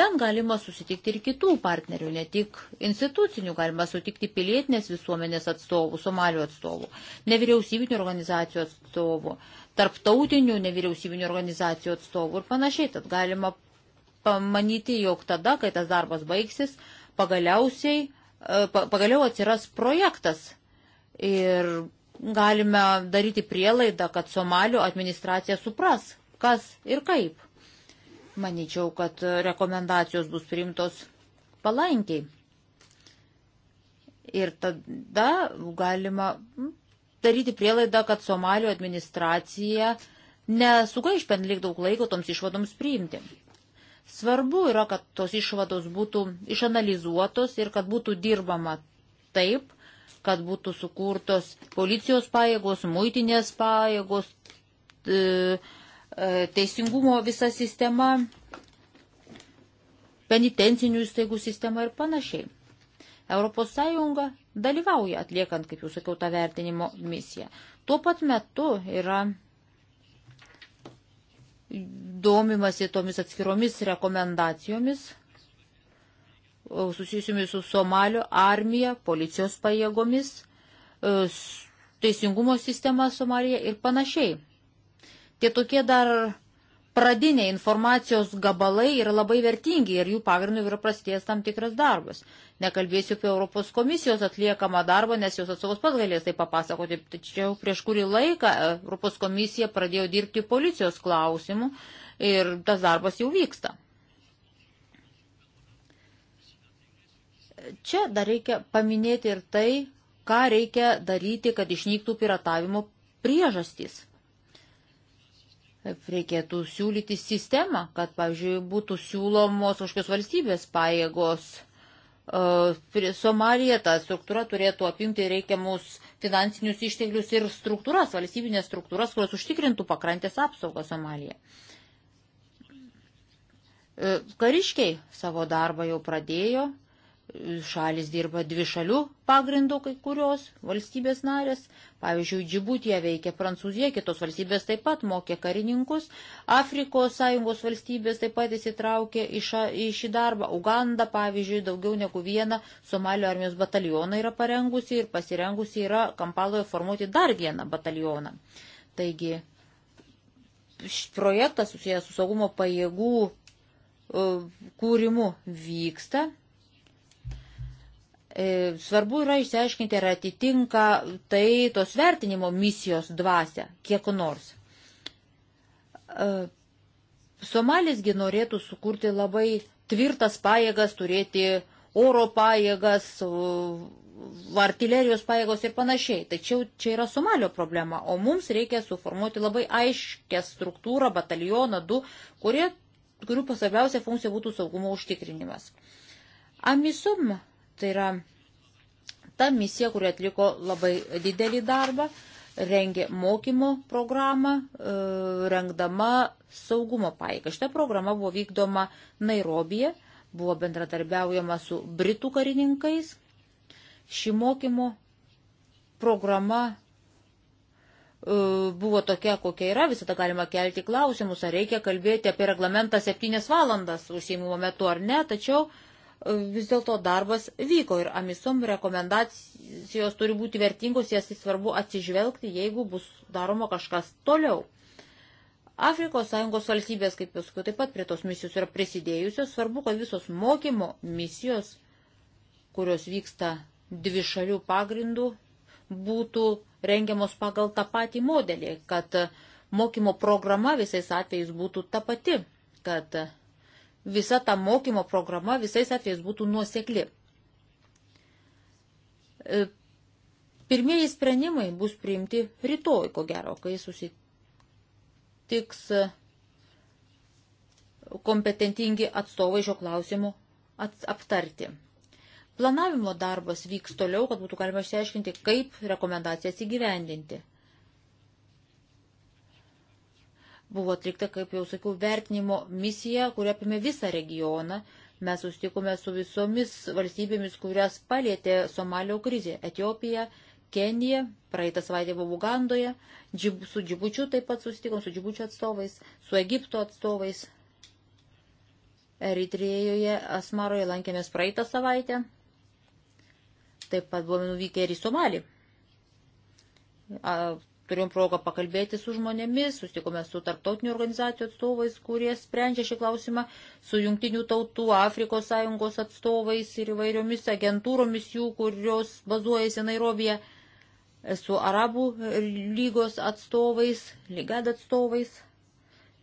Ten galima susitikti ir kitų partnerių, ne tik institucinių, galima sutikti pilietinės visuomenės atstovų, Somalio atstovų, nevyriausybinių organizacijų atstovų, tarptautinių nevyriausybinių organizacijų atstovų ir panašiai. Tad galima pamanyti, jog tada, kai tas darbas baigsis, pagaliausiai, e, pagaliau atsiras projektas Ir galime daryti prielaidą, kad Somalio administracija supras, kas ir kaip. Maničiau, kad rekomendacijos bus priimtos palankiai. Ir tada galima daryti prielaidą, kad Somalio administracija nesugaiš penlik daug laiko toms išvadoms priimti. Svarbu yra, kad tos išvados būtų išanalizuotos ir kad būtų dirbama taip, kad būtų sukurtos policijos pajėgos, muitinės pajėgos, e, e, teisingumo visa sistema, penitencinių įstaigų sistema ir panašiai. ES dalyvauja atliekant, kaip jau sakiau, tą vertinimo misiją. Tuo pat metu yra domimasi tomis atskiromis rekomendacijomis susijusiamis su Somalio armija, policijos pajėgomis, e, teisingumo sistema Somalija ir panašiai. Tie tokie dar pradiniai informacijos gabalai yra labai vertingi ir jų pagrindu yra prasidėjęs tam tikras darbas. Nekalbėsiu apie Europos komisijos atliekamą darbą, nes jos atsovas pats galės tai papasakoti. Tačiau prieš kurį laiką e, Europos komisija pradėjo dirbti policijos klausimų ir tas darbas jau vyksta. Čia dar reikia paminėti ir tai, ką reikia daryti, kad išnyktų piratavimo priežastys. Reikėtų siūlyti sistemą, kad, pavyzdžiui, būtų siūlomos kažkokios valstybės pajėgos. E, Somalija ta struktūra turėtų apimti reikiamus finansinius išteklius ir struktūras, valstybinės struktūras, kurios užtikrintų pakrantės apsaugą Somalija. E, kariškiai savo darbą jau pradėjo, Šalis dirba dvi šalių pagrindų kai kurios valstybės narės. Pavyzdžiui, Džibutija veikia Prancūzija, kitos valstybės taip pat mokė karininkus. Afrikos sąjungos valstybės taip pat įsitraukė į, ša, į šį darbą. Uganda, pavyzdžiui, daugiau negu vieną Somalio armijos batalioną yra parengusi ir pasirengusi yra Kampaloje formuoti dar vieną batalioną. Taigi, projektas susijęs su saugumo pajėgų e, kūrimu vyksta E, svarbu yra išsiaiškinti, ar atitinka tai tos vertinimo misijos dvasia, kiek nors. E, Somalisgi norėtų sukurti labai tvirtas pajėgas, turėti oro pajėgas, artilerijos pajėgos ir panašiai. Tačiau čia yra Somalio problema, o mums reikia suformuoti labai aiškę struktūrą, batalioną, du, kurie, kurių pasvarbiausia funkcija būtų saugumo užtikrinimas. Amisum Tai yra ta misija, kuri atliko labai didelį darbą, rengė mokymo programą, e, rengdama saugumo paėgą. Šitą programą buvo vykdoma Nairobije, buvo bendradarbiaujama su Britų karininkais. Ši mokymo programa e, buvo tokia, kokia yra, visada galima kelti klausimus, ar reikia kalbėti apie reglamentą 7 valandas užsiemimo metu ar ne, tačiau uh, vis dėlto darbas vyko ir amisom rekomendacijos turi būti vertingos, jas svarbu atsižvelgti, jeigu bus daroma kažkas toliau. Afrikos Sąjungos valstybės, kaip jau sakiau, taip pat prie tos misijos yra prisidėjusios. Svarbu, kad visos mokymo misijos, kurios vyksta dvi šalių pagrindų, būtų rengiamos pagal tą patį modelį, kad mokymo programa visais atvejais būtų ta pati, kad visa ta mokymo programa visais atvejais būtų nuosekli. E, pirmieji sprendimai bus priimti rytoj, ko gero, kai susitiks e, kompetentingi atstovai šio klausimu aptarti. Planavimo darbas vyks toliau, kad būtų galima išsiaiškinti, kaip rekomendacijas įgyvendinti. Buvo atlikta, kaip jau sakiau, vertinimo misija, kuri apimė visą regioną. Mes sustikome su visomis valstybėmis, kurias palėtė Somalio krizė - Etijopija, Kenija, praeitą savaitę buvau Ugandoje, džib, su Džibučiu taip pat susitikom, su Džibučiu atstovais, su Egipto atstovais. Eritrėjoje, Asmaroje lankėmės praeitą savaitę. Taip pat buvome nuvykę ir į Somalį. Turėjom progą pakalbėti su žmonėmis, sustikome su tarptautinių organizacijų atstovais, kurie sprendžia šį klausimą, su jungtinių tautų, Afrikos sąjungos atstovais ir įvairiomis agentūromis jų, kurios bazuojasi Nairobija, su Arabų lygos atstovais, lygad atstovais.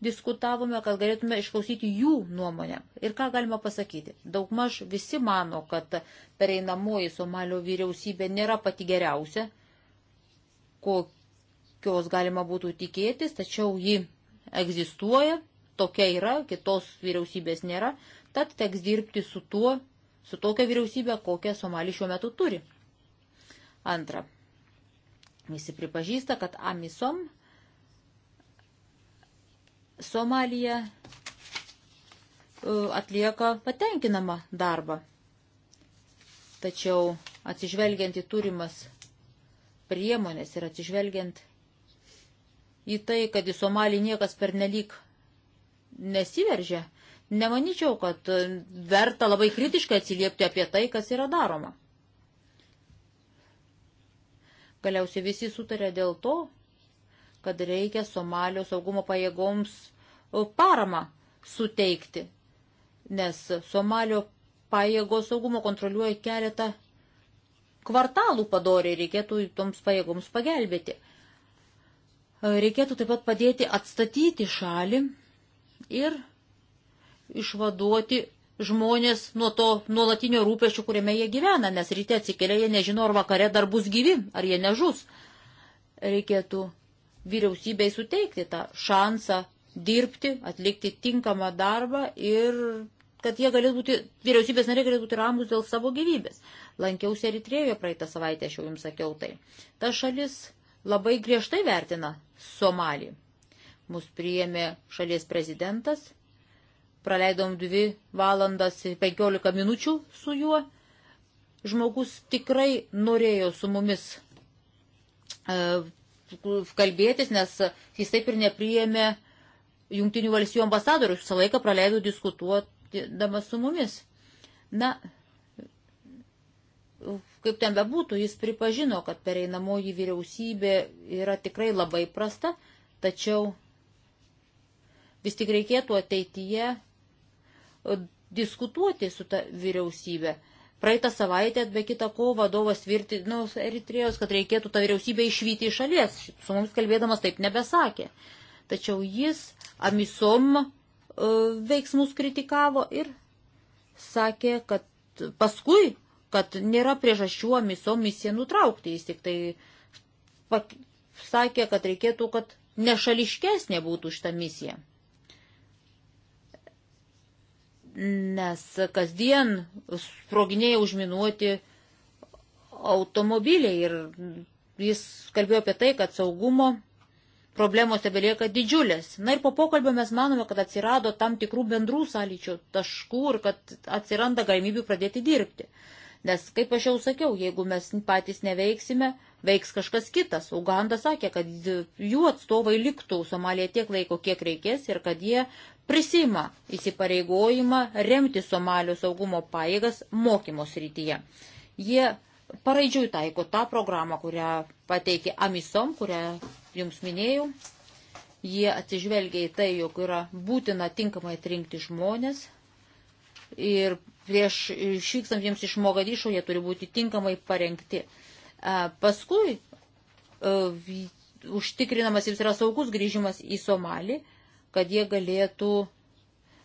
Diskutavome, kad galėtume išklausyti jų nuomonę. Ir ką galima pasakyti? Daugmaž visi mano, kad pereinamoji Somalio vyriausybė nėra pati geriausia, kokia kokios galima būtų tikėtis, tačiau ji egzistuoja, tokia yra, kitos vyriausybės nėra, tad teks dirbti su tuo, su tokia vyriausybė, kokią Somalį šiuo metu turi. Antra, visi pripažįsta, kad Amisom Somalija e, atlieka patenkinamą darbą. Tačiau atsižvelgiant į turimas priemonės ir atsižvelgiant į tai, kad į Somalį niekas pernelyg nesiveržia, nemanyčiau, kad verta labai kritiškai atsiliepti apie tai, kas yra daroma. Galiausiai visi sutarė dėl to, kad reikia Somalio saugumo pajėgoms e, paramą suteikti, nes Somalio pajėgos saugumo kontroliuoja keletą kvartalų padoriai, reikėtų toms pajėgoms pagelbėti. E, reikėtų taip pat padėti atstatyti šalį ir išvaduoti žmonės nuo to nuolatinio rūpešio, kuriame jie gyvena, nes ryte atsikelia, jie nežino, ar vakare dar bus gyvi, ar jie nežus. Reikėtų vyriausybei suteikti tą šansą dirbti, atlikti tinkamą darbą ir kad jie galėtų būti, vyriausybės nariai galėtų būti ramus dėl savo gyvybės. Lankiausi Eritrėjoje praeitą savaitę, aš jau jums sakiau tai. Ta šalis labai griežtai vertina Somalį. Mus priėmė šalies prezidentas, praleidom 2 valandas ir 15 minučių su juo. Žmogus tikrai norėjo su mumis e, kalbėtis, nes jis taip ir nepriėmė Junktinių valstybių ambasadorių, visą laiką praleido diskutuodamas su mumis. Na, kaip ten bebūtų, jis pripažino, kad pereinamoji vyriausybė yra tikrai labai prasta, tačiau vis tik reikėtų ateityje e, diskutuoti su ta vyriausybė. Praeitą savaitę, be kita ko, vadovas tvirtino nu, Eritrijos, kad reikėtų tą vyriausybę išvykti iš šalies. Su mums kalbėdamas taip nebesakė. Tačiau jis amisom e, veiksmus kritikavo ir sakė, kad paskui kad nėra priežasčių amisom misiją nutraukti. Jis tik tai sakė, kad reikėtų, kad nešališkesnė būtų šita misija. Nes kasdien sproginėja užminuoti automobiliai ir jis kalbėjo apie tai, kad saugumo problemos tebelieka didžiulės. Na ir po pokalbio mes manome, kad atsirado tam tikrų bendrų sąlyčio taškų ir kad atsiranda galimybių pradėti dirbti. Nes, kaip aš jau sakiau, jeigu mes patys neveiksime, veiks kažkas kitas. Uganda sakė, kad jų atstovai liktų Somalija tiek laiko, kiek reikės ir kad jie prisima įsipareigojimą remti Somalio saugumo paėgas mokymos rytyje. Jie paraidžiui taiko tą programą, kurią pateikė Amisom, kurią jums minėjau. Jie atsižvelgia į tai, jog yra būtina tinkamai atrinkti žmonės, ir prieš išvykstantiems iš Mogadišo jie turi būti tinkamai parengti. Paskui užtikrinamas jiems yra saugus grįžimas į Somalį, kad jie galėtų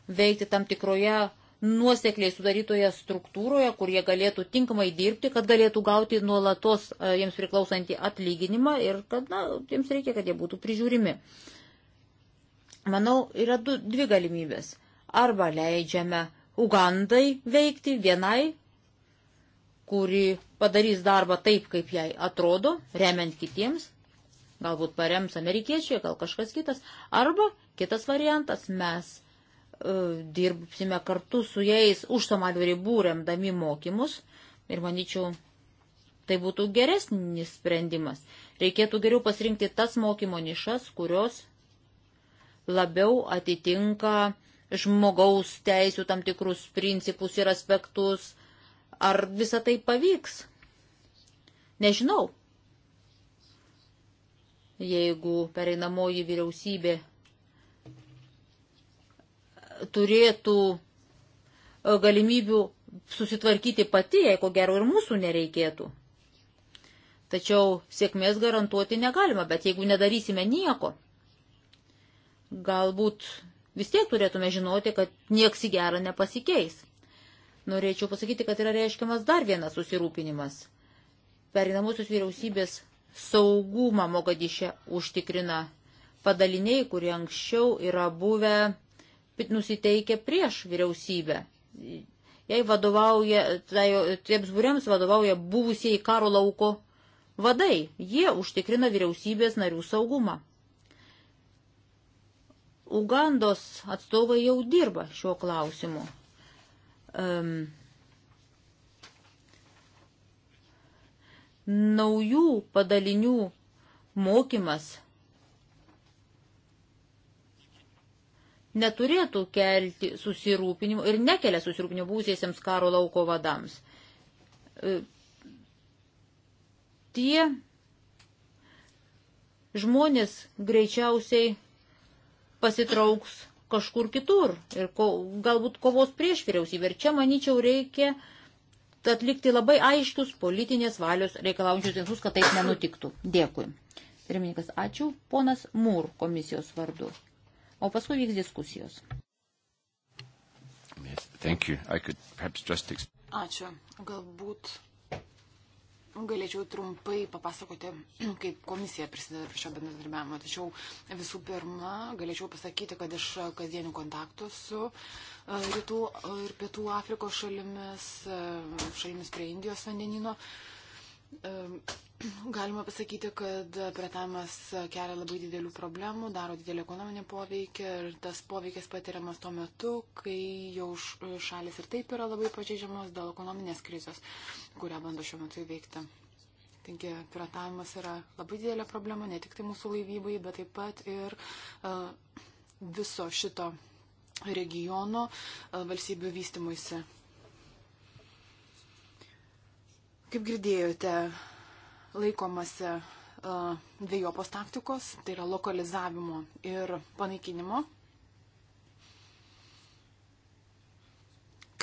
veikti tam tikroje nuosekliai sudarytoje struktūroje, kur jie galėtų tinkamai dirbti, kad galėtų gauti nuolatos jiems priklausantį atlyginimą ir kad na, jiems reikia, kad jie būtų prižiūrimi. Manau, yra du, dvi galimybės. Arba leidžiame uh, Ugandai veikti vienai, kuri padarys darbą taip, kaip jai atrodo, remiant kitiems, galbūt parems amerikiečiai, gal kažkas kitas, arba kitas variantas, mes e, dirbsime kartu su jais už Somalio ribų remdami mokymus ir manyčiau, tai būtų geresnis sprendimas. Reikėtų geriau pasirinkti tas mokymo nišas, kurios labiau atitinka žmogaus teisų tam tikrus principus ir aspektus. Ar visa tai pavyks? Nežinau. Jeigu pereinamoji vyriausybė turėtų e, galimybių susitvarkyti pati, jei ko gero ir mūsų nereikėtų. Tačiau sėkmės garantuoti negalima, bet jeigu nedarysime nieko, galbūt vis tiek turėtume žinoti, kad nieks į gerą nepasikeis. Norėčiau pasakyti, kad yra reiškiamas dar vienas susirūpinimas. Perinamosios vyriausybės saugumą Mogadišė užtikrina padaliniai, kurie anksčiau yra buvę nusiteikę prieš vyriausybę. Jei vadovauja, tai, tiems būriams vadovauja buvusiai karo lauko vadai. Jie užtikrina vyriausybės narių saugumą. Ugandos atstovai jau dirba šiuo klausimu. Um, naujų padalinių mokymas neturėtų kelti susirūpinimo ir nekelia susirūpinimo būsiesiems karo lauko vadams. E, tie žmonės greičiausiai pasitrauks kažkur kitur ir ko, galbūt kovos prieš vyriausybę. Ir čia, manyčiau, reikia atlikti labai aiškius politinės valios reikalaujančius žingsnius, kad taip nenutiktų. Dėkui. Pirmininkas, ačiū. Ponas Mūr komisijos vardu. O paskui vyks diskusijos. Yes, could... Ačiū. Galbūt Galėčiau trumpai papasakoti, kaip komisija prisideda prie šio bendradarbiavimo. Tačiau visų pirma, galėčiau pasakyti, kad iš kasdienių kontaktų su e, rytų ir pietų Afrikos šalimis, e, šalimis prie Indijos vandenino, e, Galima pasakyti, kad piratavimas kelia labai didelių problemų, daro didelį ekonominį poveikį ir tas poveikis patiriamas tuo metu, kai jau šalis ir taip yra labai pažeidžiamas dėl ekonominės krizės, kurią bando šiuo metu įveikti. Taigi piratavimas yra labai didelė problema ne tik tai mūsų laivybai, bet taip pat ir uh, viso šito regiono uh, valstybių vystimuisi. Kaip girdėjote, laikomasi e, dviejopos taktikos, tai yra lokalizavimo ir panaikinimo.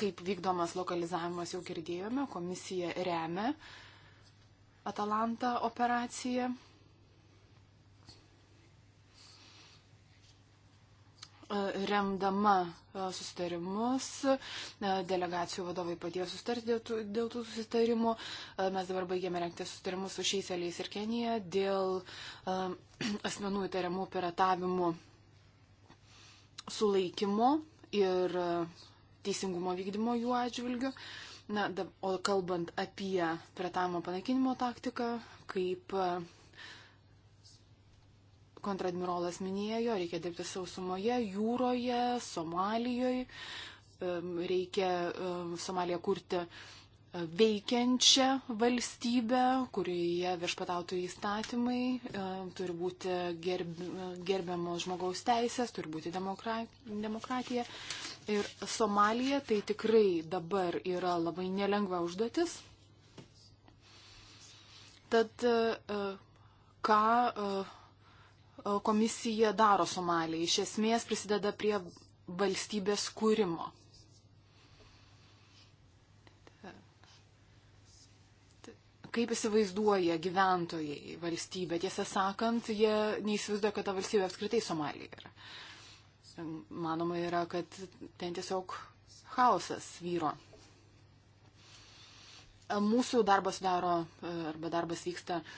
Kaip vykdomas lokalizavimas jau girdėjome, komisija remia Atalanta operaciją remdama susitarimus, delegacijų vadovai padėjo susitarti dėl tų, dėl tų susitarimų. Mes dabar baigėme renkti susitarimus su šiais eliais ir Kenija dėl asmenų įtariamų piratavimų sulaikymo ir teisingumo vykdymo jų atžvilgių. Na, o kalbant apie piratavimo panaikinimo taktiką, kaip kontradmirolas minėjo, reikia dirbti sausumoje, jūroje, Somalijoje, reikia Somaliją kurti e, veikiančią valstybę, kurioje viešpatautų įstatymai, e, turi būti gerb, e, gerbiamos žmogaus teisės, turi būti demokratija. Ir Somalija tai tikrai dabar yra labai nelengva užduotis. Tad ką E, komisija daro Somalijai. Iš esmės prisideda prie valstybės kūrimo. Kaip įsivaizduoja gyventojai valstybę? Tiesą sakant, jie neįsivaizduoja, kad ta valstybė apskritai Somalija yra. Manoma yra, kad ten tiesiog chaosas vyro. Mūsų darbas daro, e, arba darbas vyksta uh,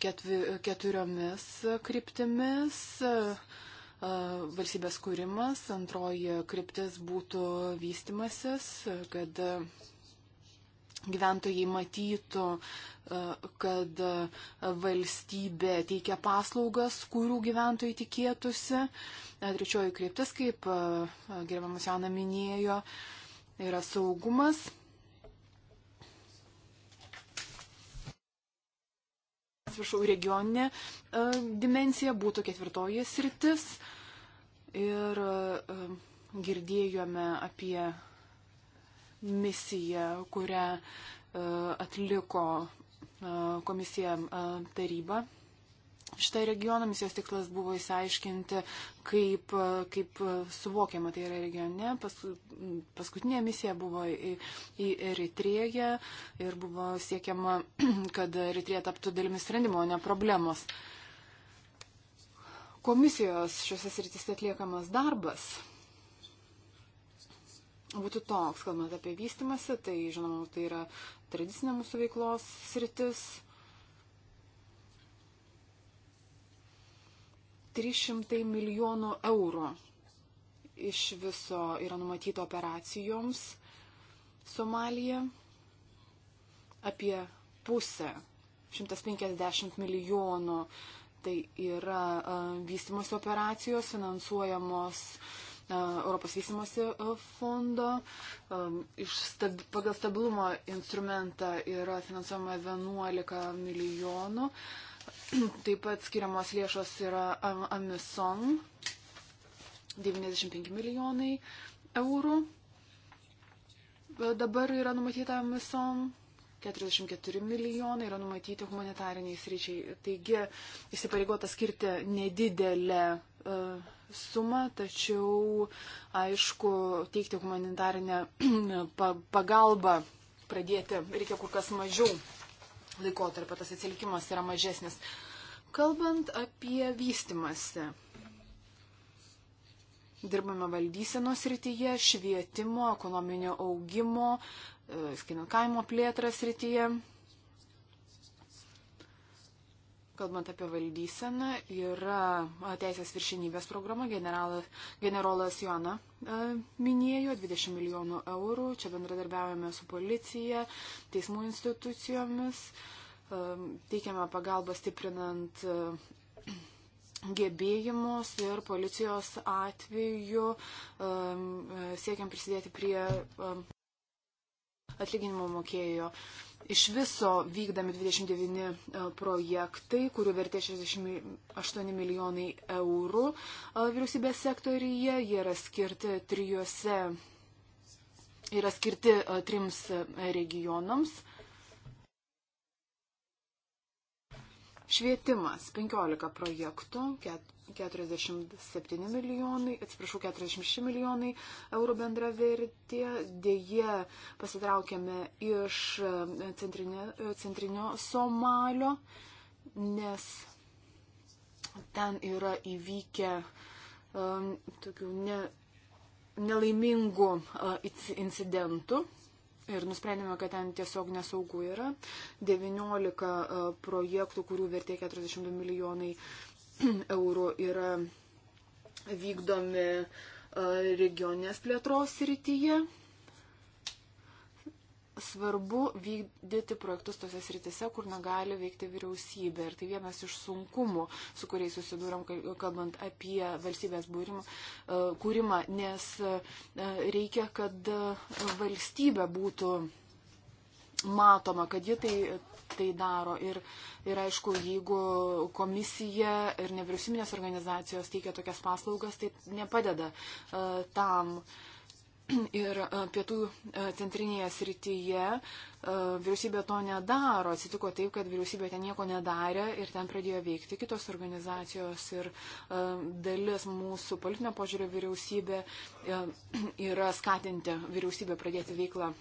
ketvi, keturiomis kryptimis. Valstybės kūrimas, antroji kryptis būtų vystimasis, kad gyventojai matytų, kad valstybė teikia paslaugas, kurių gyventojai tikėtųsi. Trečioji kryptis, kaip gerbiamas Jana minėjo, yra saugumas atsiprašau, regioninė e, dimensija būtų ketvirtoji sritis. Ir e, girdėjome apie misiją, kurią e, atliko komisija taryba šitą regioną, misijos tikslas buvo įsiaiškinti, kaip, kaip suvokiama tai yra regione. Pas, paskutinė misija buvo į, į Eritrėją ir buvo siekiama, kad Eritrėja taptų dalimi sprendimo, o ne problemos. Komisijos šiuose srityse atliekamas darbas būtų toks, kalbant apie vystimąsi, tai žinoma, tai yra tradicinė mūsų veiklos sritis 300 milijonų eurų iš viso yra numatyta operacijoms Somalija. Apie pusę, 150 milijonų, tai yra e, vystimos operacijos finansuojamos e, Europos vystimosi e, fondo. Stab, pagal stabilumo instrumentą yra finansuojama 11 milijonų. Taip pat skiriamos lėšos yra Amison 95 milijonai eurų. Dabar yra numatyta Amison 44 milijonai yra numatyti humanitariniai sryčiai. Taigi įsipareigota skirti nedidelę e, sumą, tačiau aišku, teikti humanitarinę pagalbą pradėti reikia kur kas mažiau laikotarpio tas atsilikimas yra mažesnis. Kalbant apie vystimąsi, dirbame valdysenos rytyje, švietimo, ekonominio augimo, e, skininkavimo plėtras rytyje kalbant apie valdyseną, yra teisės viršinybės programa. Generalas, generolas Joana minėjo 20 milijonų eurų. Čia bendradarbiavame su policija, teismų institucijomis, teikiame pagalbą stiprinant gebėjimus ir policijos atveju siekiam prisidėti prie atlyginimo mokėjo Iš viso vykdami 29 e, projektai, kurių vertė 68 milijonai eurų e, vyriausybės sektoriuje, jie yra skirti trijose, yra skirti e, trims regionams. Švietimas 15 projektų, 47 milijonai, atsiprašau, 46 milijonai eurų bendra vertė. Dėje pasitraukėme iš e, centrinė, e, centrinio Somalio, nes ten yra įvykę um, tokių ne, nelaimingų uh, incidentų. Ir nusprendėme, kad ten tiesiog nesaugų yra. 19 projektų, kurių vertė 42 milijonai eurų yra vykdomi regionės plėtros srityje. Svarbu vykdyti projektus tose sritise, kur negali veikti vyriausybė. Ir tai vienas iš sunkumų, su kuriais susidūrėm, kalbant apie valstybės būrimą, kūrimą, nes reikia, kad valstybė būtų matoma, kad ji tai, tai daro. Ir, ir aišku, jeigu komisija ir nevyriausybinės organizacijos teikia tokias paslaugas, tai nepadeda uh, tam. Ir e, pietų e, centrinėje srityje vyriausybė to nedaro. Atsitiko taip, kad vyriausybė ten nieko nedarė ir ten pradėjo veikti kitos organizacijos. Ir dalis mūsų politinio požiūrio vyriausybė yra skatinti vyriausybę pradėti veiklą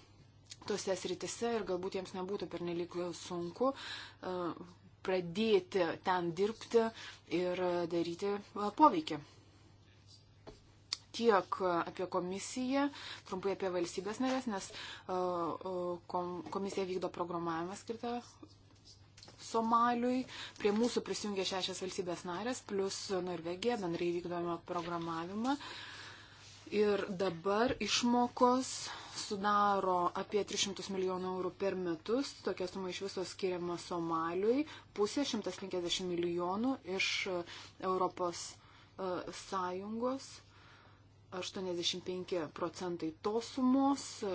tose sritise ir galbūt jiems nebūtų pernelyg sunku e, pradėti ten dirbti ir daryti e, poveikį. Tiek apie komisiją, trumpai apie valstybės narės, nes e, komisija vykdo programavimą skirtą Somaliui. Prie mūsų prisijungia šešias valstybės narės, plus Norvegija, bendrai vykdome programavimą. Ir dabar išmokos sudaro apie 300 milijonų eurų per metus. Tokia suma iš viso skiriama Somaliui. Pusė 150 milijonų iš e, Europos e, Sąjungos. 85 procentai tos sumos e,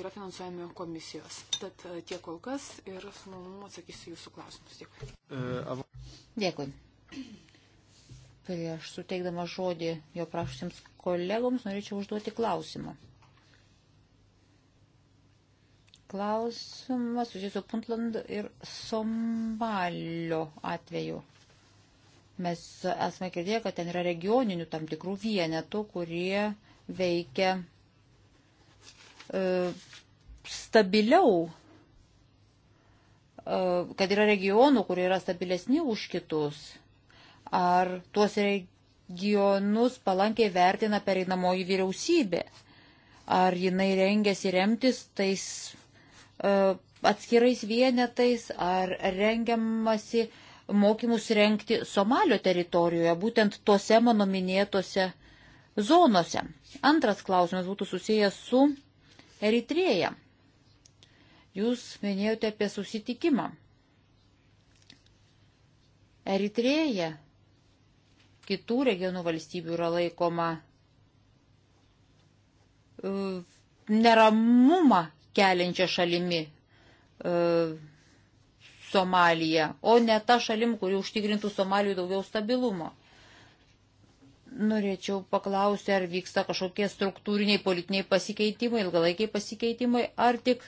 yra finansuojami komisijos. Tad tiek kol kas ir su malonumu atsakysiu jūsų klausimus. Dėkui. Dėkui. Prieš suteikdama žodį jo prašusiems kolegoms norėčiau užduoti klausimą klausimas susijęs su Puntland ir Somalio atveju. Mes esame girdėję, kad ten yra regioninių tam tikrų vienetų, kurie veikia e, stabiliau, e, kad yra regionų, kurie yra stabilesni už kitus. Ar tuos regionus palankiai vertina pereinamoji vyriausybė? Ar jinai rengiasi remtis tais E, atskirais vienetais, ar rengiamasi mokymus renkti Somalio teritorijoje, būtent tuose mano minėtose zonose. Antras klausimas būtų susijęs su Eritrėja. Jūs minėjote apie susitikimą. Eritrėja kitų regionų valstybių yra laikoma e, neramumą keliančia šalimi e, Somalija, o ne ta šalim, kuri užtikrintų Somalijų daugiau stabilumo. Norėčiau paklausti, ar vyksta kažkokie struktūriniai politiniai pasikeitimai, ilgalaikiai pasikeitimai, ar tik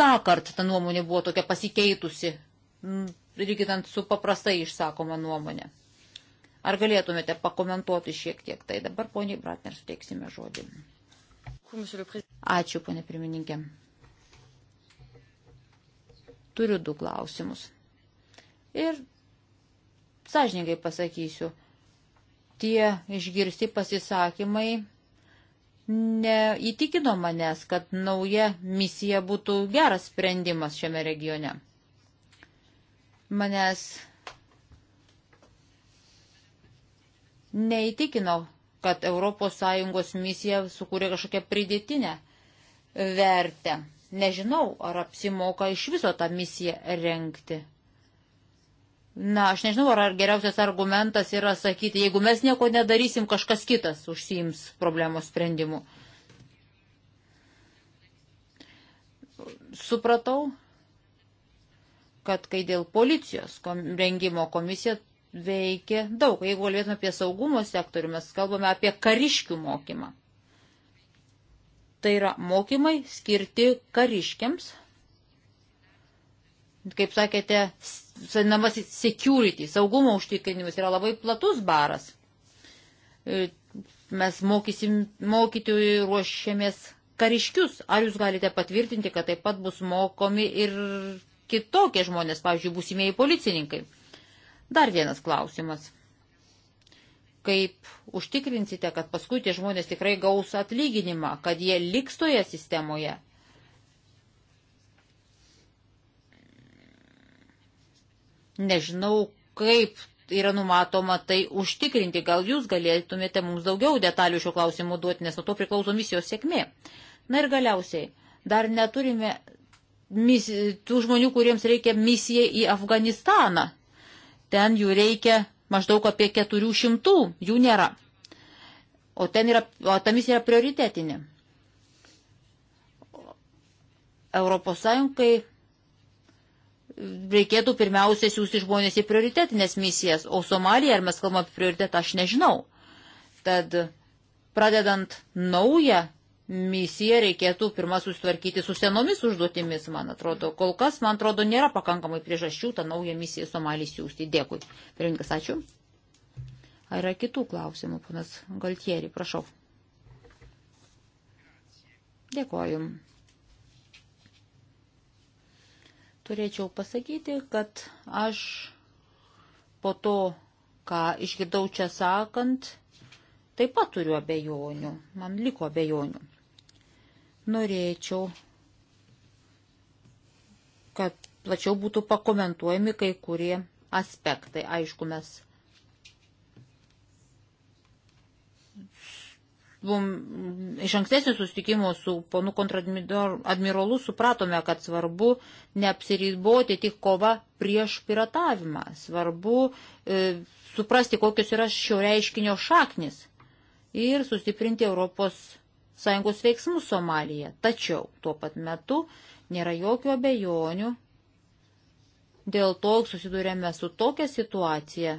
tą kartą ta nuomonė buvo tokia pasikeitusi, lyginant su paprastai išsakoma nuomonė. Ar galėtumėte pakomentuoti šiek tiek tai? Dabar poniai Bratner suteiksime žodį. Ačiū, ponė pirmininkė. Turiu du klausimus. Ir sąžininkai pasakysiu, tie išgirsti pasisakymai neįtikino manęs, kad nauja misija būtų geras sprendimas šiame regione. Manęs neįtikino kad ES misija sukūrė kažkokią pridėtinę vertę. Nežinau, ar apsimoka iš viso tą misiją renkti. Na, aš nežinau, ar, ar geriausias argumentas yra sakyti, jeigu mes nieko nedarysim, kažkas kitas užsiims problemos sprendimu. Supratau, kad kai dėl policijos kom, rengimo komisija veikia daug. Jeigu kalbėtume apie saugumo sektorių, mes kalbame apie kariškių mokymą. Tai yra mokymai skirti kariškiams, kaip sakėte, vadinamas security, saugumo užtikrinimas yra labai platus baras. E, mes mokysim, mokytojų ruošiamės kariškius. Ar jūs galite patvirtinti, kad taip pat bus mokomi ir kitokie žmonės, pavyzdžiui, būsimieji policininkai? Dar vienas klausimas. Kaip užtikrinsite, kad paskui tie žmonės tikrai gaus atlyginimą, kad jie liks toje sistemoje? Nežinau, kaip yra numatoma tai užtikrinti. Gal jūs galėtumėte mums daugiau detalių šiuo klausimu duoti, nes nuo to priklauso misijos sėkmė. Na ir galiausiai, dar neturime tų žmonių, kuriems reikia misijai į Afganistaną ten jų reikia maždaug apie 400, jų nėra. O, yra, o ta misija yra prioritetinė. Europos Sąjungai reikėtų pirmiausia siūsti žmonės į prioritetinės misijas, o Somalija, ar mes kalbame apie prioritetą, aš nežinau. Tad pradedant naują misiją reikėtų pirmą susitvarkyti su senomis užduotimis, man atrodo. Kol kas, man atrodo, nėra pakankamai priežasčių tą naują misiją Somalį siūsti. Dėkui. Pirinkas, ačiū. Ar yra kitų klausimų, ponas Galtieri, prašau. Dėkoju. Turėčiau pasakyti, kad aš po to, ką išgirdau čia sakant, taip pat turiu abejonių. Man liko abejonių norėčiau, kad plačiau būtų pakomentuojami kai kurie aspektai. Aišku, mes buvom iš ankstesnių susitikimų su ponu kontradmirolu supratome, kad svarbu neapsiriboti tik kova prieš piratavimą. Svarbu e, suprasti, kokios yra šio reiškinio šaknis ir sustiprinti Europos sąjungos veiksmų Somalija. Tačiau tuo pat metu nėra jokių abejonių dėl to susidurėme su tokia situacija,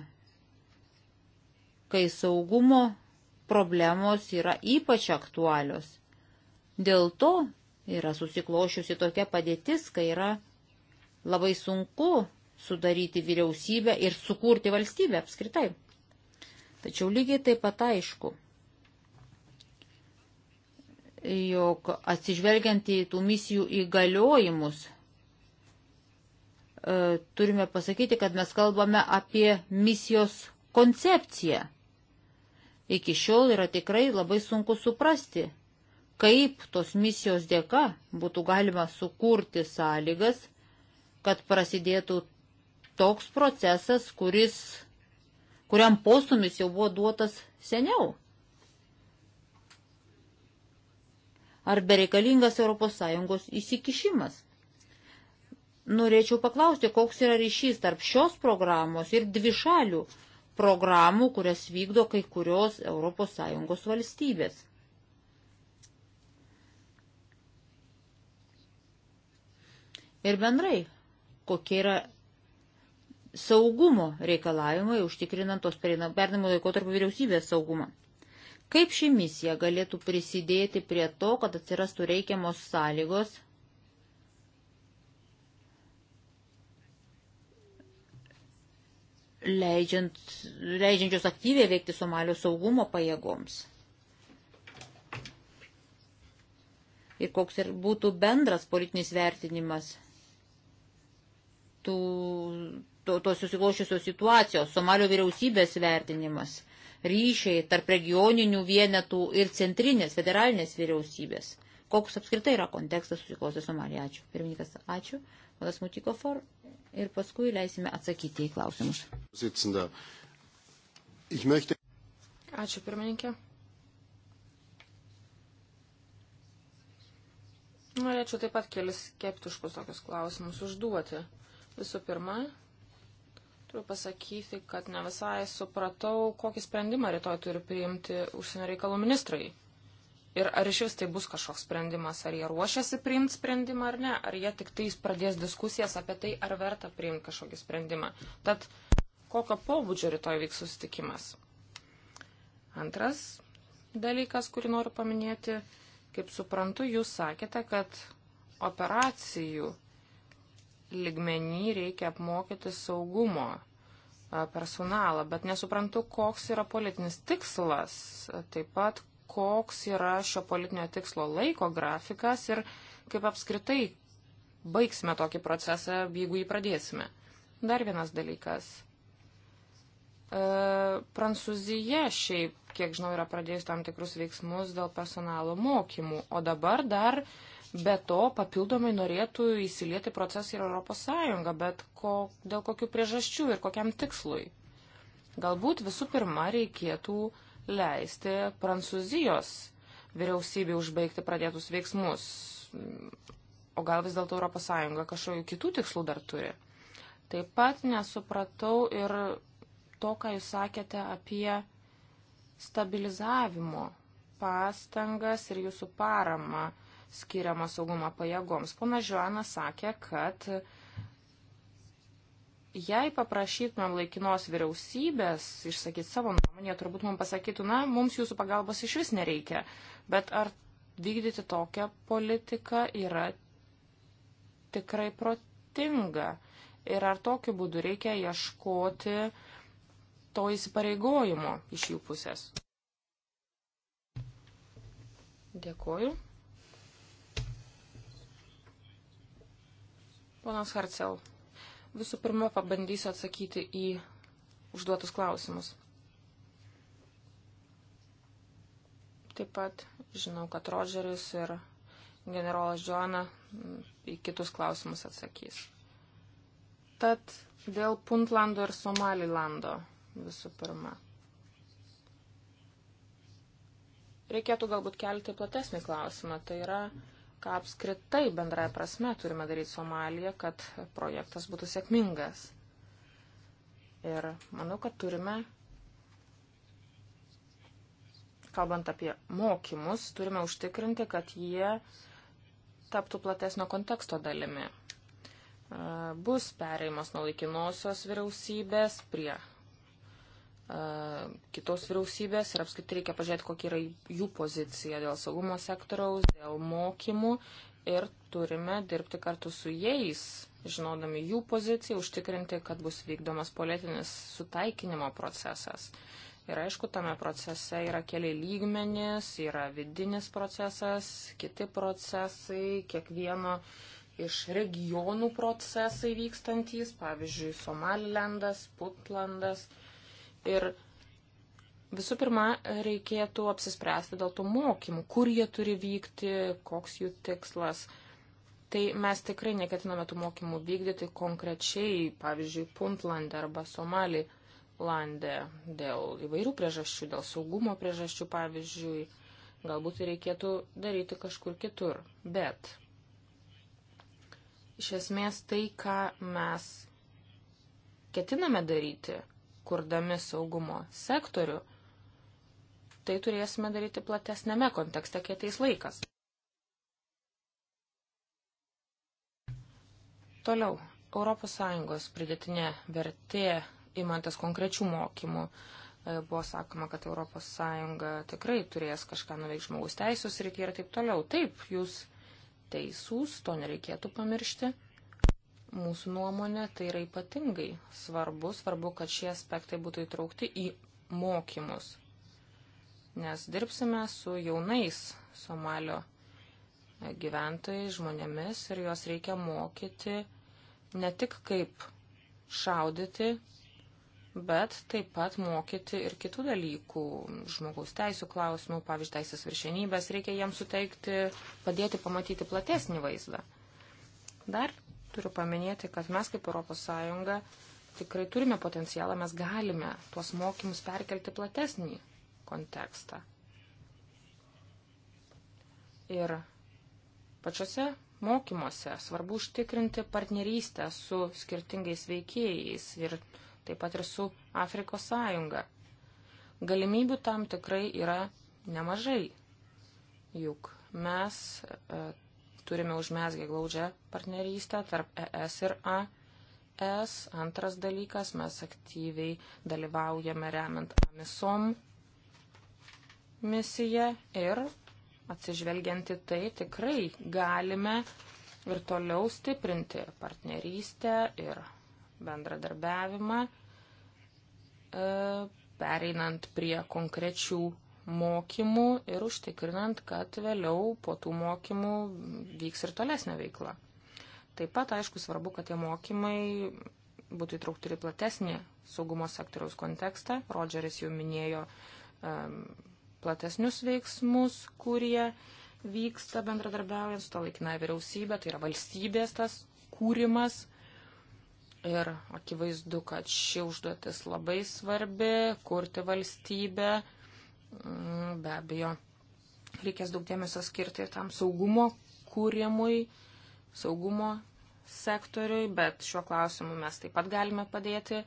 kai saugumo problemos yra ypač aktualios. Dėl to yra susiklošiusi tokia padėtis, kai yra labai sunku sudaryti vyriausybę ir sukurti valstybę apskritai. Tačiau lygiai taip pat aišku, jog atsižvelgiant į tų misijų įgaliojimus, e, turime pasakyti, kad mes kalbame apie misijos koncepciją. Iki šiol yra tikrai labai sunku suprasti, kaip tos misijos dėka būtų galima sukurti sąlygas, kad prasidėtų toks procesas, kuris, kuriam postumis jau buvo duotas seniau. Ar bereikalingas ES įsikišimas? Norėčiau paklausti, koks yra ryšys tarp šios programos ir dvišalių programų, kurias vykdo kai kurios ES valstybės. Ir bendrai, kokie yra saugumo reikalavimai užtikrinant tos perinamo laikotarpio vyriausybės saugumą. Kaip ši misija galėtų prisidėti prie to, kad atsirastų reikiamos sąlygos leidžiant, leidžiančios aktyviai veikti Somalio saugumo pajėgoms. Ir koks ir būtų bendras politinis vertinimas tų, to, tos susiklošiusios situacijos, Somalio vyriausybės vertinimas, ryšiai tarp regioninių vienetų ir centrinės federalinės vyriausybės. Koks apskritai yra kontekstas susiklausęs Somalija? Ačiū. Pirmininkas, ačiū. Vadas Mutikofor. Ir paskui leisime atsakyti į klausimus. Ačiū, pirmininkė. Norėčiau taip pat kelis skeptiškus tokius klausimus užduoti. Visų pirma, Turiu pasakyti, kad ne visai supratau, kokį sprendimą rytoj turi priimti užsienio reikalų ministrai. Ir ar iš vis tai bus kažkoks sprendimas, ar jie ruošiasi priimti sprendimą ar ne, ar jie tik tai pradės diskusijas apie tai, ar verta priimti kažkokį sprendimą. Tad kokio pobūdžio rytoj vyks susitikimas. Antras dalykas, kurį noriu paminėti, kaip suprantu, jūs sakėte, kad operacijų ligmenį reikia apmokyti saugumo e, personalą, bet nesuprantu, koks yra politinis tikslas, e, taip pat koks yra šio politinio tikslo laiko grafikas ir kaip apskritai baigsime tokį procesą, jeigu jį pradėsime. Dar vienas dalykas. E, Prancūzija šiaip, kiek žinau, yra pradėjus tam tikrus veiksmus dėl personalo mokymų, o dabar dar uh, Be to, papildomai norėtų įsilieti procesą ir Europos Sąjungą, bet ko, dėl kokių priežasčių ir kokiam tikslui. Galbūt visų pirma reikėtų leisti Prancūzijos vyriausybė užbaigti pradėtus veiksmus. O gal vis dėlto ES kažkokių kitų tikslų dar turi. Taip pat nesupratau ir to, ką jūs sakėte apie stabilizavimo pastangas ir jūsų paramą skiriamo saugumo pajėgoms. Pana Žioana sakė, kad jei paprašytumėm laikinos vyriausybės išsakyti savo nuomonę, turbūt mums pasakytų, na, mums jūsų pagalbos iš vis nereikia. Bet ar vykdyti tokią politiką yra tikrai protinga? Ir ar tokiu būdu reikia ieškoti to įsipareigojimo iš jų pusės? Dėkuoju. Ponas Harcel, visų pirma pabandysiu atsakyti į užduotus klausimus. Taip pat žinau, kad Rodžeris ir generolas Džona į kitus klausimus atsakys. Tad dėl Puntlando ir Somalilando visų pirma. Reikėtų galbūt kelti platesnį klausimą. Tai yra, ką apskritai bendraja prasme turime daryti Somaliją, kad projektas būtų sėkmingas. Ir manau, kad turime, kalbant apie mokymus, turime užtikrinti, kad jie taptų platesnio konteksto dalimi. Bus pereimas nuo laikinosios vyriausybės prie kitos vyriausybės ir apskritai reikia pažiūrėti, kokia yra jų pozicija dėl saugumo sektoriaus, dėl mokymų ir turime dirbti kartu su jais, žinodami jų poziciją, užtikrinti, kad bus vykdomas politinis sutaikinimo procesas. Ir aišku, tame procese yra keli lygmenys, yra vidinis procesas, kiti procesai, kiekvieno iš regionų procesai vykstantys, pavyzdžiui, Somalilendas, Putlandas. Ir visų pirma, reikėtų apsispręsti dėl tų mokymų, kur jie turi vykti, koks jų tikslas. Tai mes tikrai neketiname tų mokymų vykdyti konkrečiai, pavyzdžiui, Puntlandė arba Somalį. Landė dėl įvairių priežasčių, dėl saugumo priežasčių, pavyzdžiui, galbūt reikėtų daryti kažkur kitur. Bet iš esmės tai, ką mes ketiname daryti, kurdami saugumo sektorių, tai turėsime daryti platesnėme kontekste, kai ateis laikas. Toliau, ES pridėtinė vertė, imantas konkrečių mokymų, e, buvo sakoma, kad ES tikrai turės kažką nuveikti žmogus teisės ir taip toliau. Taip, jūs teisūs, to nereikėtų pamiršti mūsų nuomonė tai yra ypatingai svarbu, svarbu, kad šie aspektai būtų įtraukti į mokymus. Nes dirbsime su jaunais Somalio gyventojais, žmonėmis ir juos reikia mokyti ne tik kaip šaudyti, bet taip pat mokyti ir kitų dalykų, žmogaus teisų klausimų, pavyzdžiui, teisės viršenybės, reikia jiems suteikti, padėti pamatyti platesnį vaizdą. Dar Turiu paminėti, kad mes kaip ES tikrai turime potencialą, mes galime tuos mokymus perkelti platesnį kontekstą. Ir pačiose mokymuose svarbu užtikrinti partnerystę su skirtingais veikėjais ir taip pat ir su Afrikos sąjunga. Galimybių tam tikrai yra nemažai, juk mes e, turime užmesgę glaudžią partnerystę tarp ES ir AS. Antras dalykas, mes aktyviai dalyvaujame remiant AMISOM e misiją ir atsižvelgianti tai tikrai galime ir toliau stiprinti partnerystę ir bendradarbiavimą, e, pereinant prie konkrečių mokymų ir užtikrinant, kad vėliau po tų mokymų vyks ir tolesnė veikla. Taip pat, aišku, svarbu, kad tie mokymai būtų įtraukti ir platesnį saugumo sektoriaus kontekstą. Rodžeris jau minėjo um, platesnius veiksmus, kurie vyksta bendradarbiaujant su to laikinai vyriausybė, tai yra valstybės tas kūrimas. Ir akivaizdu, kad ši užduotis labai svarbi - kurti valstybę, uh, Mm, be abejo reikės daug dėmesio skirti tam saugumo kūrimui, saugumo sektoriui, bet šiuo klausimu mes taip pat galime padėti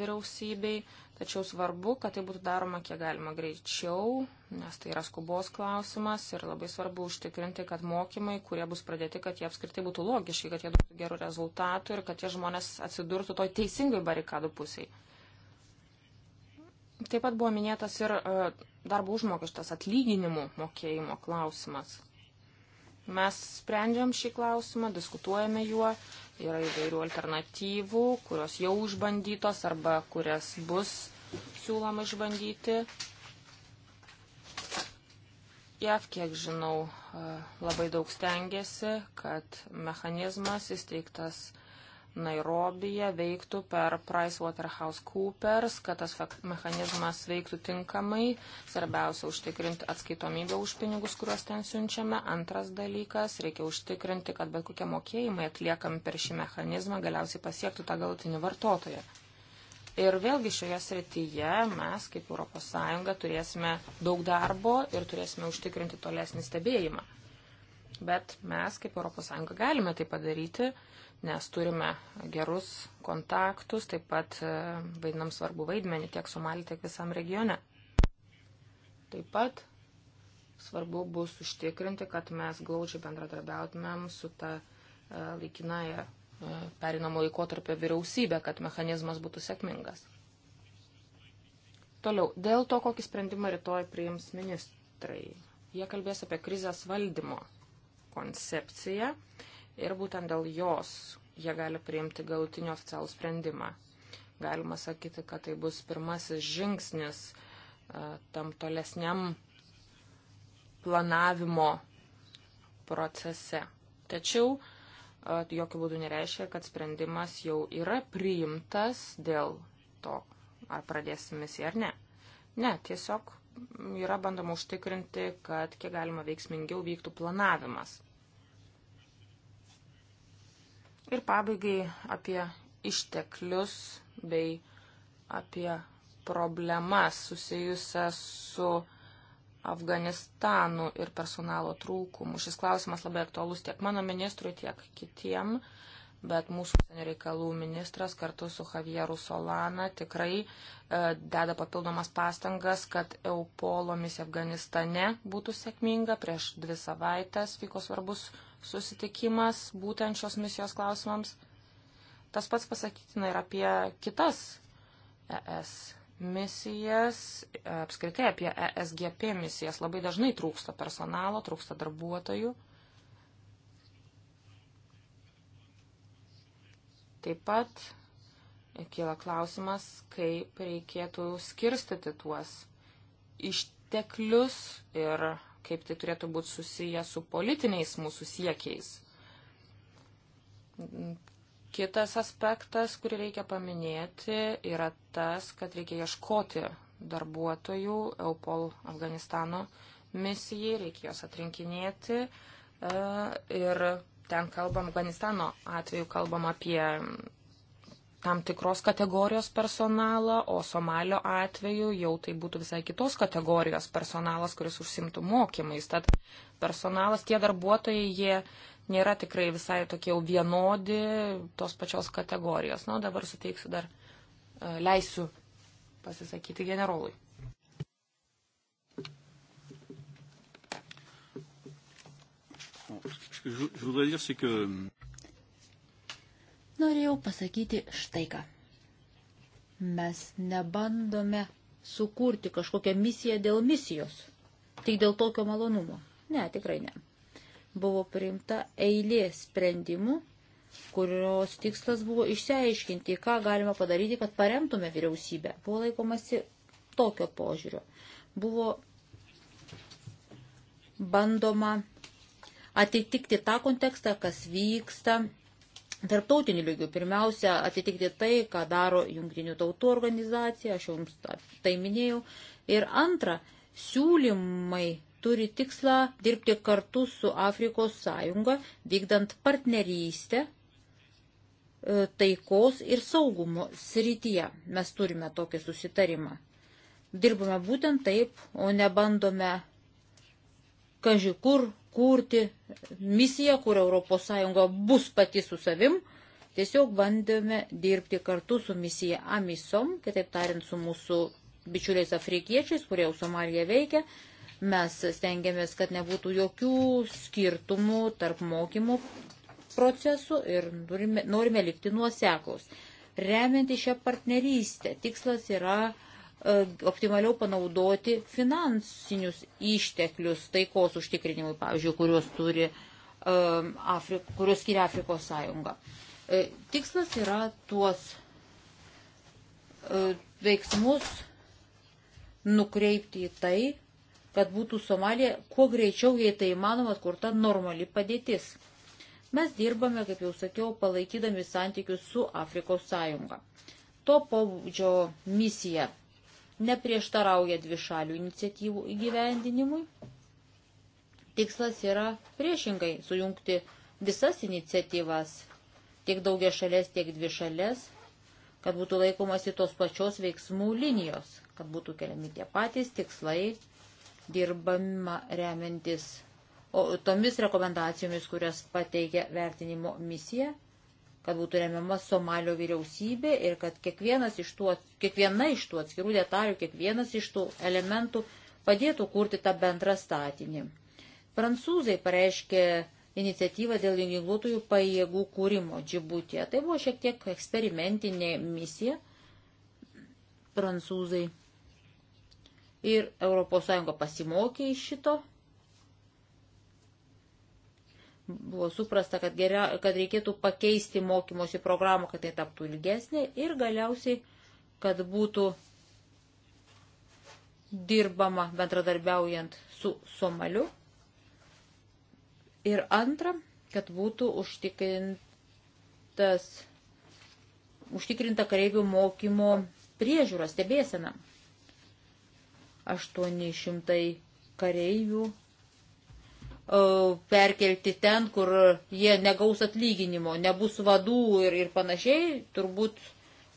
vyriausybei, tačiau svarbu, kad tai būtų daroma kiek galima greičiau, nes tai yra skubos klausimas ir labai svarbu užtikrinti, kad mokymai, kurie bus pradėti, kad jie apskritai būtų logiški, kad jie duotų gerų rezultatų ir kad tie žmonės atsidurtų toj teisingai barikadų pusiai. Taip pat buvo minėtas ir uh, darbo užmokestas atlyginimų mokėjimo klausimas. Mes sprendžiam šį klausimą, diskutuojame juo, yra įvairių alternatyvų, kurios jau išbandytos arba kurias bus siūloma išbandyti. JAV, kiek žinau, e, labai daug stengiasi, kad mechanizmas įsteigtas Nairobija veiktų per PricewaterhouseCoopers, kad tas mechanizmas veiktų tinkamai. Svarbiausia užtikrinti atskaitomybę už pinigus, kuriuos ten siunčiame. Antras dalykas, reikia užtikrinti, kad bet kokie mokėjimai atliekami per šį mechanizmą galiausiai pasiektų tą galutinį vartotoją. Ir vėlgi šioje srityje mes, kaip ES, turėsime daug darbo ir turėsime užtikrinti tolesnį stebėjimą. Bet mes, kaip ES, galime tai padaryti nes turime gerus kontaktus, taip pat e, vaidinam svarbu vaidmenį tiek Somalį, tiek visam regione. Taip pat svarbu bus užtikrinti, kad mes glaudžiai bendradarbiautumėm su ta e, laikinaja e, perinamo laikotarpio vyriausybė, kad mechanizmas būtų sėkmingas. Toliau, dėl to, kokį sprendimą rytoj priims ministrai. Jie kalbės apie krizės valdymo koncepciją. Uh, ir būtent dėl jos jie gali priimti galutinį oficialų sprendimą. Galima sakyti, kad tai bus pirmasis žingsnis e, tam tolesniam planavimo procese. Tačiau e, jokių būdų nereiškia, kad sprendimas jau yra priimtas dėl to, ar pradėsim misiją ar ne. Ne, tiesiog yra bandoma užtikrinti, kad kiek galima veiksmingiau vyktų planavimas. Ir pabaigai apie išteklius bei apie problemas susijusias su Afganistanu ir personalo trūkumu. Šis klausimas labai aktualus tiek mano ministrui, tiek kitiem, bet mūsų užsienio reikalų ministras kartu su Javieru Solana tikrai e, deda papildomas pastangas, kad Eupolo misija Afganistane būtų sėkminga. Prieš dvi savaitės vyko svarbus susitikimas būtent šios misijos klausimams. Tas pats pasakytina ir apie kitas ES misijas, apskritai apie ESGP misijas. Labai dažnai trūksta personalo, trūksta darbuotojų. Taip pat kyla klausimas, kaip reikėtų skirstyti tuos išteklius ir kaip tai turėtų būti susiję su politiniais mūsų siekiais. Kitas aspektas, kurį reikia paminėti, yra tas, kad reikia ieškoti darbuotojų EUPOL Afganistano misijai, reikia jos atrinkinėti. E, ir ten kalbam, Afganistano atveju kalbam apie tam tikros kategorijos personalą, o Somalio atveju jau tai būtų visai kitos kategorijos personalas, kuris užsimtų mokymais. Tad personalas, tie darbuotojai, jie nėra tikrai visai tokie jau vienodi tos pačios kategorijos. Na, dabar suteiksiu dar, e, leisiu pasisakyti generolui. Ce que je voudrais dire, c'est que norėjau pasakyti štai ką. Mes nebandome sukurti kažkokią misiją dėl misijos, tik dėl tokio malonumo. Ne, tikrai ne. Buvo priimta eilė sprendimų, kurios tikslas buvo išsiaiškinti, ką galima padaryti, kad paremtume vyriausybę. Buvo laikomasi tokio požiūrio. Buvo bandoma atitikti tą kontekstą, kas vyksta tarptautiniu lygiu. Pirmiausia, atitikti tai, ką daro jungtinių tautų organizacija, aš jau jums tai minėjau. Ir antra, siūlymai turi tikslą dirbti kartu su Afrikos sąjunga, vykdant partnerystę e, taikos ir saugumo srityje. Mes turime tokį susitarimą. Dirbame būtent taip, o nebandome kažkur kurti misiją, kur ES bus pati su savim. Tiesiog bandėme dirbti kartu su misija Amisom, kitaip tariant, su mūsų bičiuliais afrikiečiais, kurie jau Somalija veikia. Mes stengiamės, kad nebūtų jokių skirtumų tarp mokymų procesų ir norime, norime likti nuoseklaus. Remianti šią partnerystę, tikslas yra uh, E, optimaliau panaudoti finansinius išteklius taikos užtikrinimui, pavyzdžiui, kuriuos, turi, e, Afrik, kuriuos skiria Afrikos sąjunga. E, tikslas yra tuos veiksmus nukreipti į tai, kad būtų Somalija kuo greičiau, jei tai įmanoma, atkurta normali padėtis. Mes dirbame, kaip jau sakiau, palaikydami santykius su Afrikos sąjunga. To pobūdžio misija neprieštarauja dvišalių iniciatyvų įgyvendinimui. Tikslas yra priešingai sujungti visas iniciatyvas, tiek daugia šalės, tiek dvi šalės, kad būtų laikomasi tos pačios veiksmų linijos, kad būtų keliami tie patys tikslai, dirbama remiantis o, tomis rekomendacijomis, kurias pateikia vertinimo misija kad būtų remiama Somalio vyriausybė ir kad kiekvienas iš tų, kiekviena iš tų atskirų detalių, kiekvienas iš tų elementų padėtų kurti tą bendrą statinį. Prancūzai pareiškė iniciatyvą dėl ginkluotųjų pajėgų kūrimo Džibutėje. Tai buvo šiek tiek eksperimentinė misija prancūzai. Ir ES pasimokė iš šito buvo suprasta, kad, geria, kad reikėtų pakeisti mokymosi programą, kad tai taptų ilgesnė ir galiausiai, kad būtų dirbama bendradarbiaujant su Somaliu. Ir antra, kad būtų užtikrintas, užtikrinta kareivių mokymo priežiūra, stebėsena. 800 kareivių E, perkelti ten, kur jie negaus atlyginimo, nebus vadų ir, ir panašiai, turbūt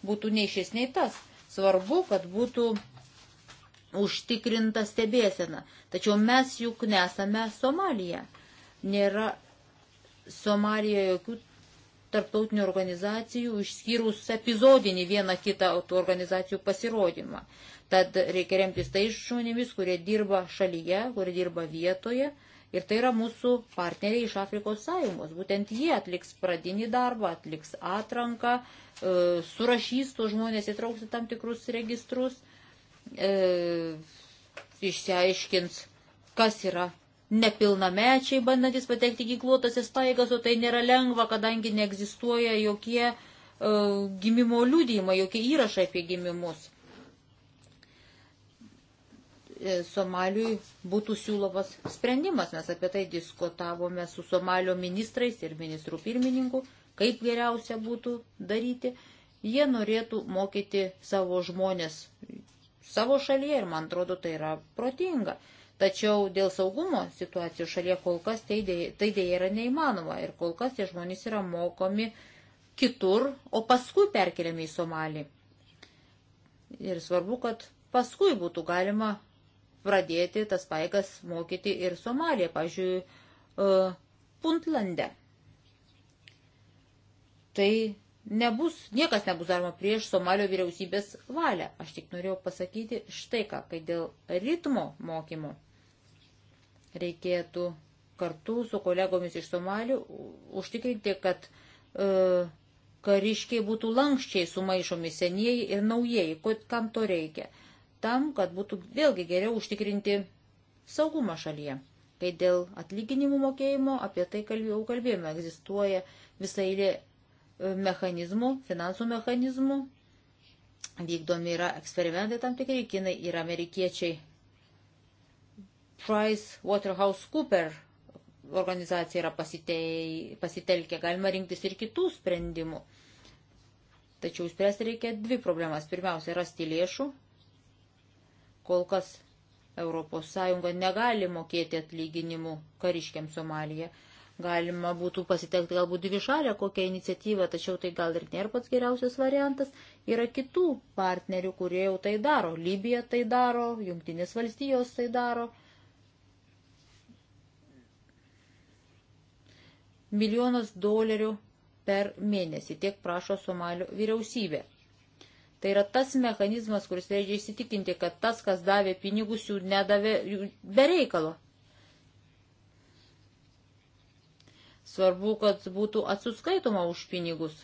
būtų neišesniai tas. Svarbu, kad būtų užtikrinta stebėsena. Tačiau mes juk nesame Somalija. Nėra Somalijoje jokių tarptautinių organizacijų, išskyrus epizodinį vieną kitą tų organizacijų pasirodymą. Tad reikia remtis tais žmonėmis, kurie dirba šalyje, kurie dirba vietoje, Ir tai yra mūsų partneriai iš Afrikos Sąjungos. Būtent jie atliks pradinį darbą, atliks atranką, e, surašys tuos žmonės, įtrauks į tam tikrus registrus, e, išsiaiškins, kas yra nepilnamečiai bandantis patekti ginkluotasias paėgas, o tai nėra lengva, kadangi neegzistuoja jokie uh, gimimo liūdėjimai, jokie įrašai apie gimimus. E, Somaliui būtų siūlomas sprendimas. Mes apie tai diskutavome su Somalio ministrais ir ministrų pirmininku, kaip geriausia būtų daryti. Jie norėtų mokyti savo žmonės savo šalyje ir man atrodo tai yra protinga. Tačiau dėl saugumo situacijų šalyje kol kas tai dėja, tai dėja yra neįmanoma ir kol kas tie žmonės yra mokomi kitur, o paskui perkeliami į Somalį. Ir svarbu, kad paskui būtų galima pradėti tas paėgas mokyti ir Somalija, pažiūrėjau, e, Puntlande. Tai nebus, niekas nebus daroma prieš Somalio vyriausybės valią. Aš tik norėjau pasakyti štai ką, kai dėl ritmo mokymo reikėtų kartu su kolegomis iš Somalių užtikrinti, kad e, kariškiai būtų lankščiai sumaišomi senieji ir naujieji, kam to reikia tam, kad būtų vėlgi geriau užtikrinti saugumą šalyje. Kai dėl atlyginimų mokėjimo, apie tai kalbėjau, kalbėjome, egzistuoja visa eilė e, mechanizmų, finansų mechanizmų, vykdomi yra eksperimentai tam tikrai, kinai ir amerikiečiai. Price Waterhouse Cooper organizacija yra pasitei, pasitelkė, galima rinktis ir kitų sprendimų. Tačiau spręsti reikia dvi problemas. Pirmiausia, rasti lėšų Kol kas ES negali mokėti atlyginimų kariškiam Somalija. Galima būtų pasitelkti galbūt dvišalę kokią iniciatyvą, tačiau tai gal ir nėra pats geriausias variantas. Yra kitų partnerių, kurie jau tai daro. Libija tai daro, Junktinės valstijos tai daro. Milijonas dolerių per mėnesį tiek prašo Somalio vyriausybė. Tai yra tas mechanizmas, kuris leidžia įsitikinti, kad tas, kas davė pinigus, jų nedavė jų be reikalo. Svarbu, kad būtų atsuskaitoma už pinigus,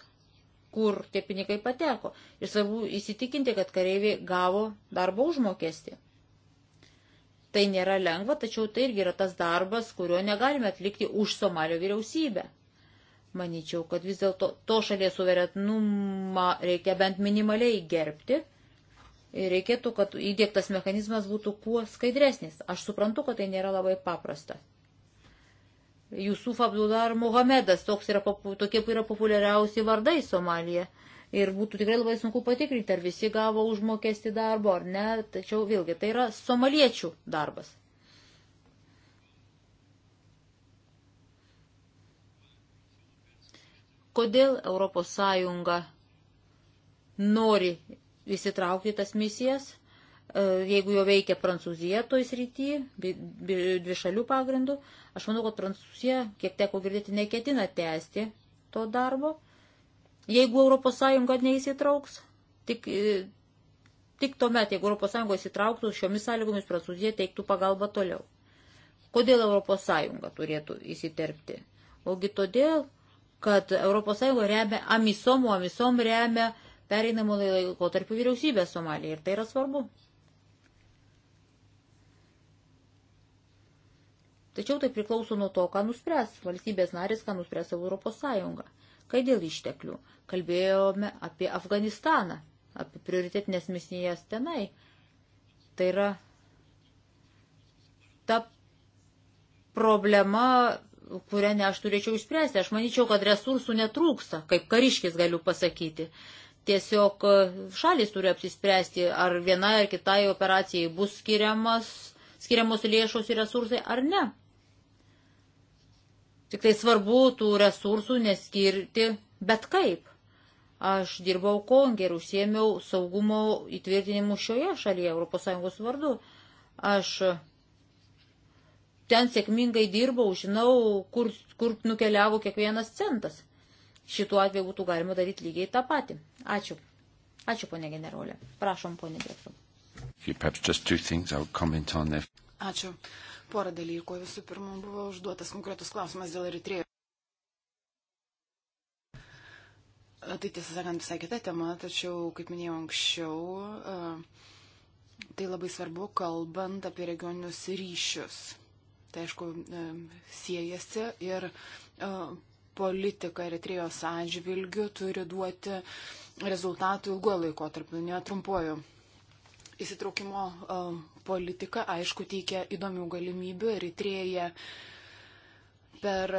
kur tie pinigai pateko. Ir svarbu įsitikinti, kad kareiviai gavo darbo užmokestį. Tai nėra lengva, tačiau tai irgi yra tas darbas, kurio negalime atlikti už Somalio vyriausybę. Maničiau, kad vis dėlto to šalies suverenumą reikia bent minimaliai gerbti ir reikėtų, kad įdėktas mechanizmas būtų kuo skaidresnis. Aš suprantu, kad tai nėra labai paprasta. Jusuf Abdullah ir Mohamedas, toks yra, tokie yra populiariausi vardai Somalija. Ir būtų tikrai labai sunku patikrinti, ar visi gavo užmokesti darbo ar ne, tačiau vėlgi tai yra somaliečių darbas. kodėl ES nori įsitraukti tas misijas, e, jeigu jo veikia Prancūzija toj srity, dvišalių pagrindų. Aš manau, kad Prancūzija, kiek teko girdėti, neketina tęsti to darbo. Jeigu ES neįsitrauks, tik, e, tik tuomet, jeigu ES įsitrauktų, šiomis sąlygomis Prancūzija teiktų pagalbą toliau. Kodėl ES turėtų įsiterpti? Ogi todėl, kad ES remia amisom, o amisom remia pereinamo laiko tarp vyriausybės Somalija. Ir tai yra svarbu. Tačiau tai priklauso nuo to, ką nuspręs valstybės narės, ką nuspręs ES. Kai dėl išteklių kalbėjome apie Afganistaną, apie prioritetinės misijas tenai, tai yra ta problema kurią ne aš turėčiau išspręsti. Aš manyčiau, kad resursų netrūksta, kaip kariškis galiu pasakyti. Tiesiog e, šalis turi apsispręsti, ar viena ar kitai operacijai bus skiriamas, skiriamos lėšos ir resursai ar ne. Tik tai svarbu tų resursų neskirti bet kaip. Aš dirbau Kongė ir užsiemiau saugumo įtvirtinimu šioje šalyje, ES vardu. Aš ten sėkmingai dirbau, žinau, kur, kur nukeliavo kiekvienas centas. Šituo atveju būtų galima daryti lygiai tą patį. Ačiū. Ačiū, ponė generolė. Prašom, ponė direktorė. Ačiū. Porą dalykų. Visų pirma, buvo užduotas konkretus klausimas dėl Eritrėjo. Tai tiesą sakant, visai kita tema, tačiau, kaip minėjau anksčiau, e, tai labai svarbu, kalbant apie regioninius ryšius Tai aišku, e, siejasi ir e, politika Eritrijos atžvilgių turi duoti rezultatų ilguo laiko tarp, netrumpuoju. Įsitraukimo e, politika, aišku, teikia įdomių galimybių Eritrėje per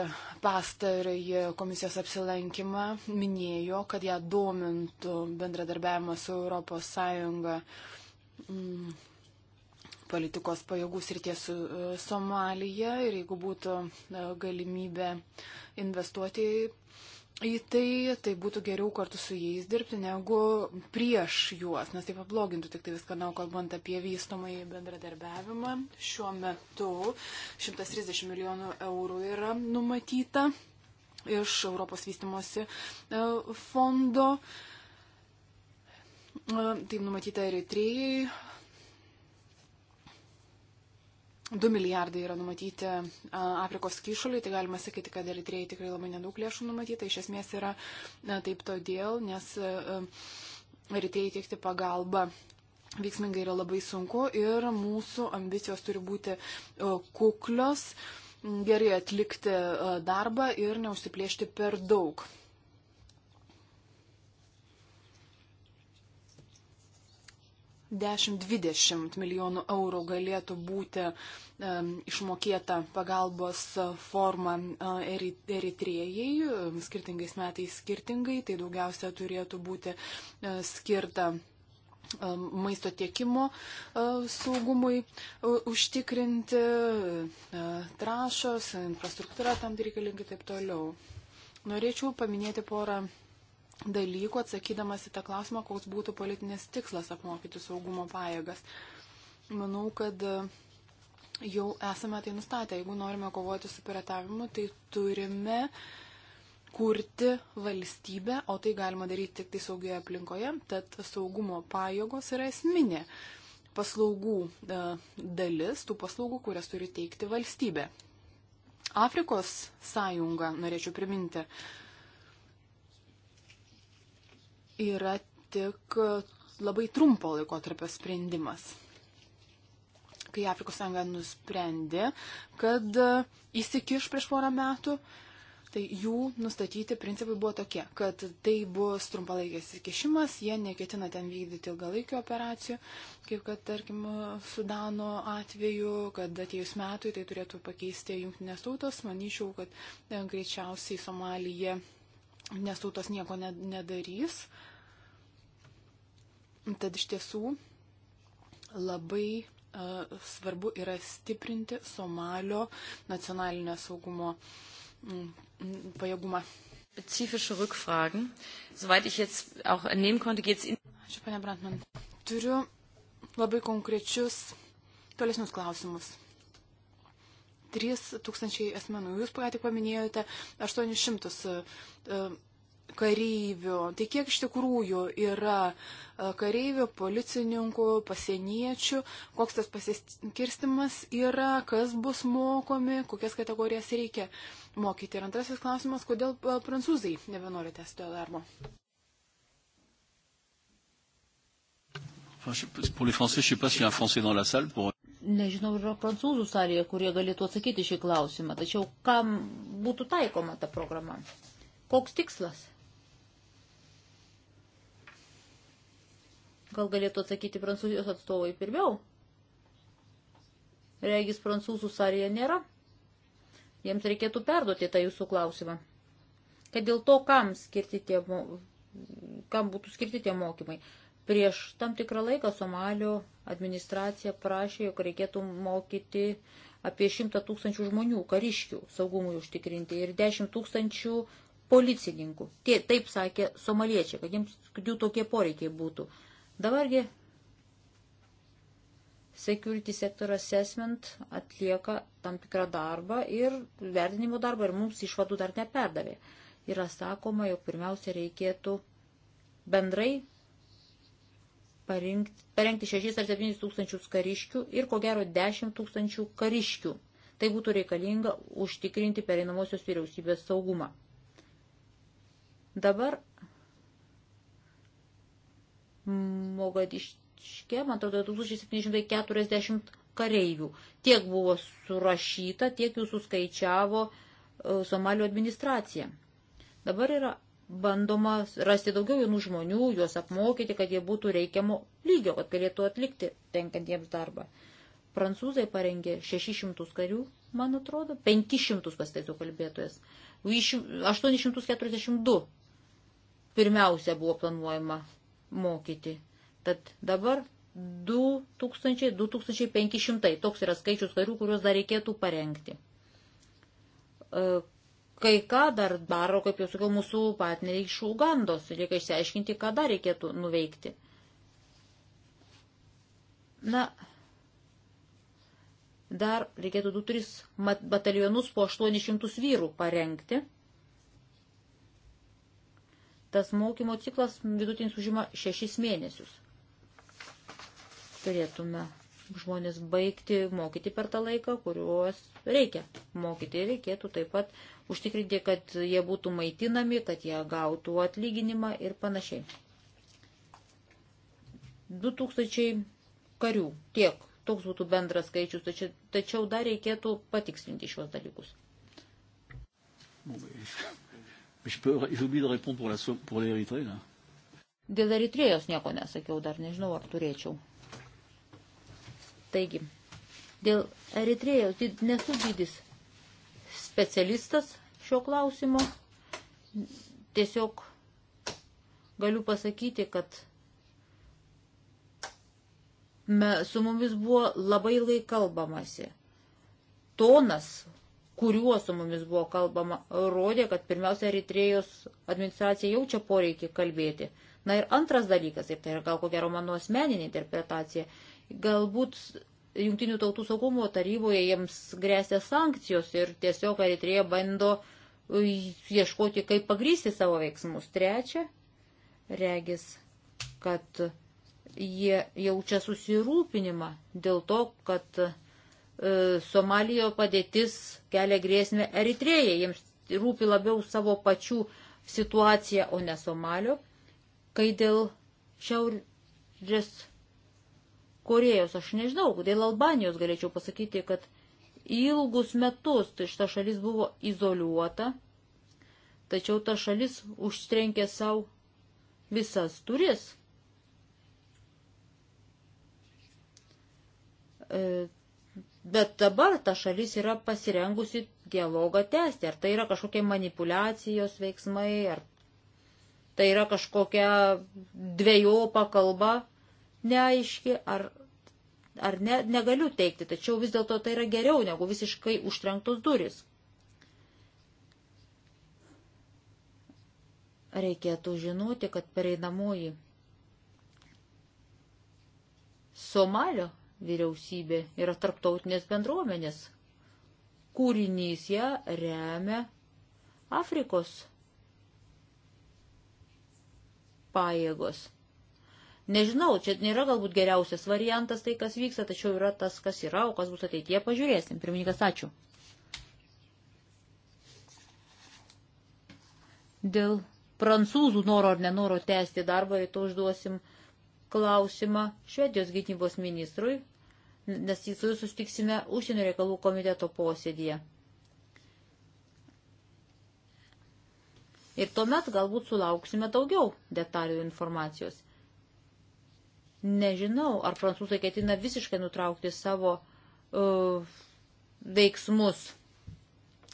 pastarąjį komisijos apsilankimą minėjo, kad ją domintų bendradarbiavimas su ES politikos pajėgų srities su e, Somalija ir jeigu būtų e, galimybė investuoti į tai, tai būtų geriau kartu su jais dirbti negu prieš juos, nes tai pablogintų tik tai viską, na, kalbant apie vystomąjį bendradarbiavimą. Šiuo metu 130 milijonų eurų yra numatyta iš Europos vystimosi e, fondo. Taip numatyta Eritrėjai, 2 milijardai yra numatyti Afrikos kyšuliui, tai galima sakyti, kad Eritrėjai tikrai labai nedaug lėšų numatyta. Iš esmės yra na, taip todėl, nes Eritrėjai teikti pagalbą. Veiksmingai yra labai sunku ir mūsų ambicijos turi būti kuklios, gerai atlikti darbą ir neužsiplėšti per daug. 10-20 milijonų eurų galėtų būti um, išmokėta pagalbos forma uh, Eritrėjai, skirtingais metais skirtingai, tai daugiausia turėtų būti uh, skirta um, maisto tiekimo uh, saugumui uh, užtikrinti, uh, e, trašos, infrastruktūra tam reikalingi taip toliau. Norėčiau paminėti porą dalykų, atsakydamas į tą klausimą, koks būtų politinės tikslas apmokyti saugumo pajėgas. Manau, kad e, jau esame tai nustatę. Jeigu norime kovoti su piratavimu, tai turime kurti valstybę, o tai galima daryti tik tai saugioje aplinkoje, tad saugumo pajėgos yra esminė paslaugų e, dalis, tų paslaugų, kurias turi teikti valstybė. Afrikos sąjunga, norėčiau priminti, uh, yra tik labai trumpo laiko tarp sprendimas. Kai Afrikos sąjunga nusprendė, kad įsikiš prieš porą metų, tai jų nustatyti principai buvo tokie, kad tai bus trumpalaikis įsikišimas, jie neketina ten vykdyti ilgalaikio operacijų, kaip kad, tarkim, Sudano atveju, kad atėjus metui tai turėtų pakeisti jungtinės tautos, manyčiau, kad e, greičiausiai Somalija nes tautos nieko nedarys. Uh, Tad iš tiesų labai e, svarbu yra stiprinti Somalio nacionalinę saugumo pajėgumą. Spezifische Rückfragen. Soweit ich jetzt auch entnehmen konnte, geht es Ihnen. Ačiū, pane Brantman. Turiu labai konkrečius tolesnius klausimus. 3000 asmenų, jūs ką tik paminėjote 800 kareivių. Tai kiek iš tikrųjų yra e, kareivių, policininkų, pasieniečių, koks tas pasiskirstimas yra, kas bus mokomi, kokias kategorijas reikia mokyti. Ir antrasis klausimas, kodėl e, prancūzai nebenori tęsti to darbo. Nežinau, yra prancūzų salėje, kurie galėtų atsakyti šį klausimą, tačiau kam būtų taikoma ta programa? Koks tikslas? Gal galėtų atsakyti prancūzijos atstovai pirmiau? Regis prancūzų sarėje nėra. Jiems reikėtų perduoti tą jūsų klausimą. Kad dėl to, kam, skirti tie, kam būtų skirti tie mokymai. Prieš tam tikrą laiką Somalio administracija prašė, jog reikėtų mokyti apie 100 tūkstančių žmonių, kariškių saugumui užtikrinti ir 10 tūkstančių policininkų. Tie, taip sakė somaliečiai, kad jiems kad jų tokie poreikiai būtų. Dabargi security sector assessment atlieka tam tikrą darbą ir vertinimo darbą ir mums išvadų dar neperdavė. Yra sakoma, jog pirmiausia reikėtų bendrai parinkti, parengti 6 ar 7 tūkstančius kariškių ir ko gero 10 tūkstančių kariškių. Tai būtų reikalinga užtikrinti pereinamosios vyriausybės saugumą. Dabar Mogadiške, man atrodo, 2740 kareivių. Tiek buvo surašyta, tiek jų suskaičiavo e, Somalio administracija. Dabar yra bandoma rasti daugiau jaunų žmonių, juos apmokyti, kad jie būtų reikiamo lygio, kad galėtų atlikti tenkantiems darbą. Prancūzai parengė 600 karių, man atrodo, 500 pasitaisų kalbėtojas, 842 pirmiausia buvo planuojama mokyti. Tad dabar 2000-2500 toks yra skaičius karių, kuriuos dar reikėtų parengti. E, kai ką dar daro, kaip jau sakiau, mūsų partneriai iš Ugandos, reikia išsiaiškinti, ką dar reikėtų nuveikti. Na, dar reikėtų 2-3 batalionus po 800 vyrų parengti Tas mokymo ciklas vidutinis užima šešis mėnesius. Turėtume žmonės baigti mokyti per tą laiką, kuriuos reikia mokyti. Reikėtų taip pat užtikrinti, kad jie būtų maitinami, kad jie gautų atlyginimą ir panašiai. 2000 karių tiek toks būtų bendras skaičius, tačiau, tačiau dar reikėtų patikslinti šios dalykus. Je peux, j'ai oublié de répondre pour, la, pour l'Érythrée, là. Dėl Eritrėjos nieko nesakiau, dar nežinau, ar turėčiau. Taigi, dėl Eritrėjos nesu dydis specialistas šio klausimo. Tiesiog galiu pasakyti, kad me, su mumis buvo labai lai kalbamasi. Tonas kuriuo su mumis buvo kalbama, rodė, kad pirmiausia Eritrėjos administracija jaučia poreikį kalbėti. Na ir antras dalykas, ir tai yra gal ko gero mano asmeninė interpretacija, galbūt Junktinių tautų saugumo taryboje jiems grėsia sankcijos ir tiesiog Eritrėja bando ieškoti, kaip pagrysti savo veiksmus. Trečia, regis, kad jie jaučia susirūpinimą dėl to, kad E, Somalijo padėtis kelia grėsmę Eritrėjai. Jiems rūpi labiau savo pačių situacija, o ne Somalio. Kai dėl Šiaurės Korejos, aš nežinau, dėl Albanijos galėčiau pasakyti, kad ilgus metus tai šita šalis buvo izoliuota, tačiau ta šalis užtrenkė savo visas turis. E, Bet dabar ta šalis yra pasirengusi dialogą tęsti. Ar tai yra kažkokie manipulacijos veiksmai, ar tai yra kažkokia dviejopa kalba, neaiški, ar, ar ne, negaliu teikti. Tačiau vis dėlto tai yra geriau negu visiškai užtrenktos duris. Reikėtų žinoti, kad pereinamoji Somalio vyriausybė yra tarptautinės bendruomenės kūrinys, ją remia Afrikos pajėgos. Nežinau, čia nėra galbūt geriausias variantas tai, kas vyksta, tačiau yra tas, kas yra, o kas bus ateityje, pažiūrėsim. Pirmininkas, ačiū. Dėl prancūzų noro ar nenoro tęsti darbą, ryto užduosim klausimą Švedijos gynybos ministrui nes su jūs sustiksime užsienio reikalų komiteto posėdėje. Ir tuomet galbūt sulauksime daugiau detalių informacijos. Nežinau, ar prancūzai ketina visiškai nutraukti savo uh, veiksmus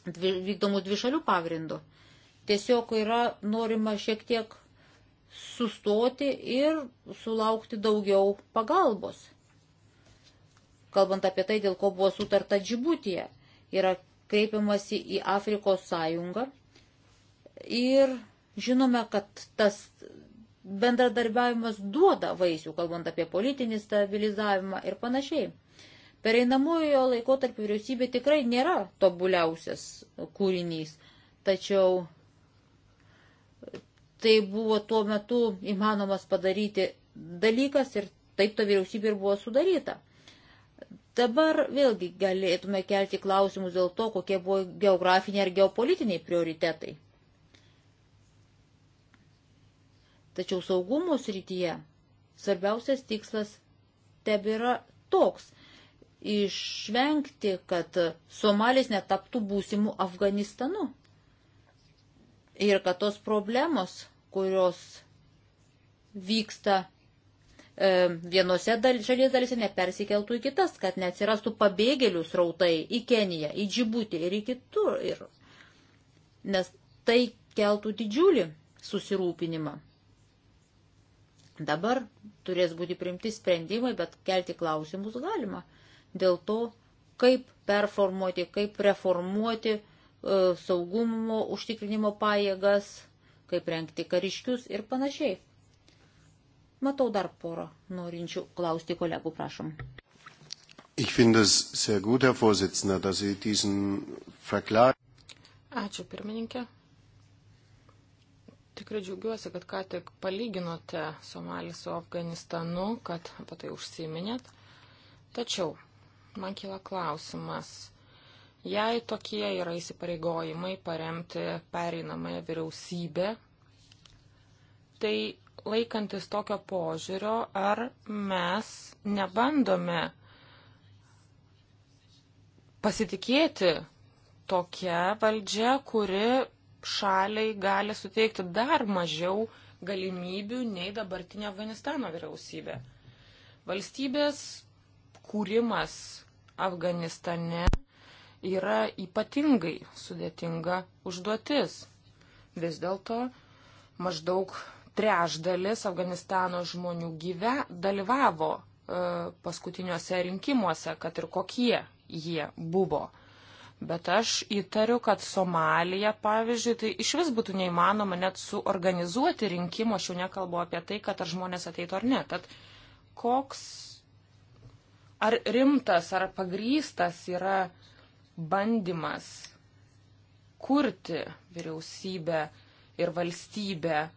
dvi, vykdomų dvišalių pagrindų. Tiesiog yra norima šiek tiek sustoti ir sulaukti daugiau pagalbos kalbant apie tai, dėl ko buvo sutarta Džibutyje, yra kreipiamasi į Afrikos sąjungą. Ir žinome, kad tas bendradarbiavimas duoda vaisių, kalbant apie politinį stabilizavimą ir panašiai. Pereinamojo laiko tarp vyriausybė tikrai nėra tobuliausias kūrinys, tačiau tai buvo tuo metu įmanomas padaryti dalykas ir taip ta vyriausybė ir buvo sudaryta. Dabar vėlgi galėtume kelti klausimus dėl to, kokie buvo geografiniai ar geopolitiniai prioritetai. Tačiau saugumo srityje svarbiausias tikslas tebėra toks - išvengti, kad Somalis netaptų būsimų Afganistanu. Ir kad tos problemos, kurios vyksta E, vienose dal, šalies dalise nepersikeltų į kitas, kad neatsirastų pabėgėlių srautai į Keniją, į Džibutį ir į kitur. Ir, nes tai keltų didžiulį susirūpinimą. Dabar turės būti primti sprendimai, bet kelti klausimus galima. Dėl to, kaip performuoti, kaip reformuoti e, saugumo užtikrinimo pajėgas, kaip renkti kariškius ir panašiai. Matau dar porą norinčių klausti kolegų, prašom. Ich finde es sehr gut, Herr Vorsitzender, dass Sie diesen Vergleich. Ačiū, pirmininkė. Tikrai džiaugiuosi, kad ką tik palyginote Somalį su Afganistanu, kad apie tai užsiminėt. Tačiau man kyla klausimas, jei tokie yra įsipareigojimai paremti pereinamąją vyriausybę, tai laikantis tokio požiūrio, ar mes nebandome pasitikėti tokia valdžia, kuri šaliai gali suteikti dar mažiau galimybių nei dabartinė Afganistano vyriausybė. Valstybės kūrimas Afganistane yra ypatingai sudėtinga užduotis. Vis dėlto maždaug trešdalis Afganistano žmonių gyve dalyvavo e, paskutiniuose rinkimuose, kad ir kokie jie buvo. Bet aš įtariu, kad Somalija, pavyzdžiui, tai iš vis būtų neįmanoma net suorganizuoti rinkimų, aš jau nekalbu apie tai, kad ar žmonės ateitų ar ne. Tad koks ar rimtas, ar pagrystas yra bandymas kurti vyriausybę ir valstybę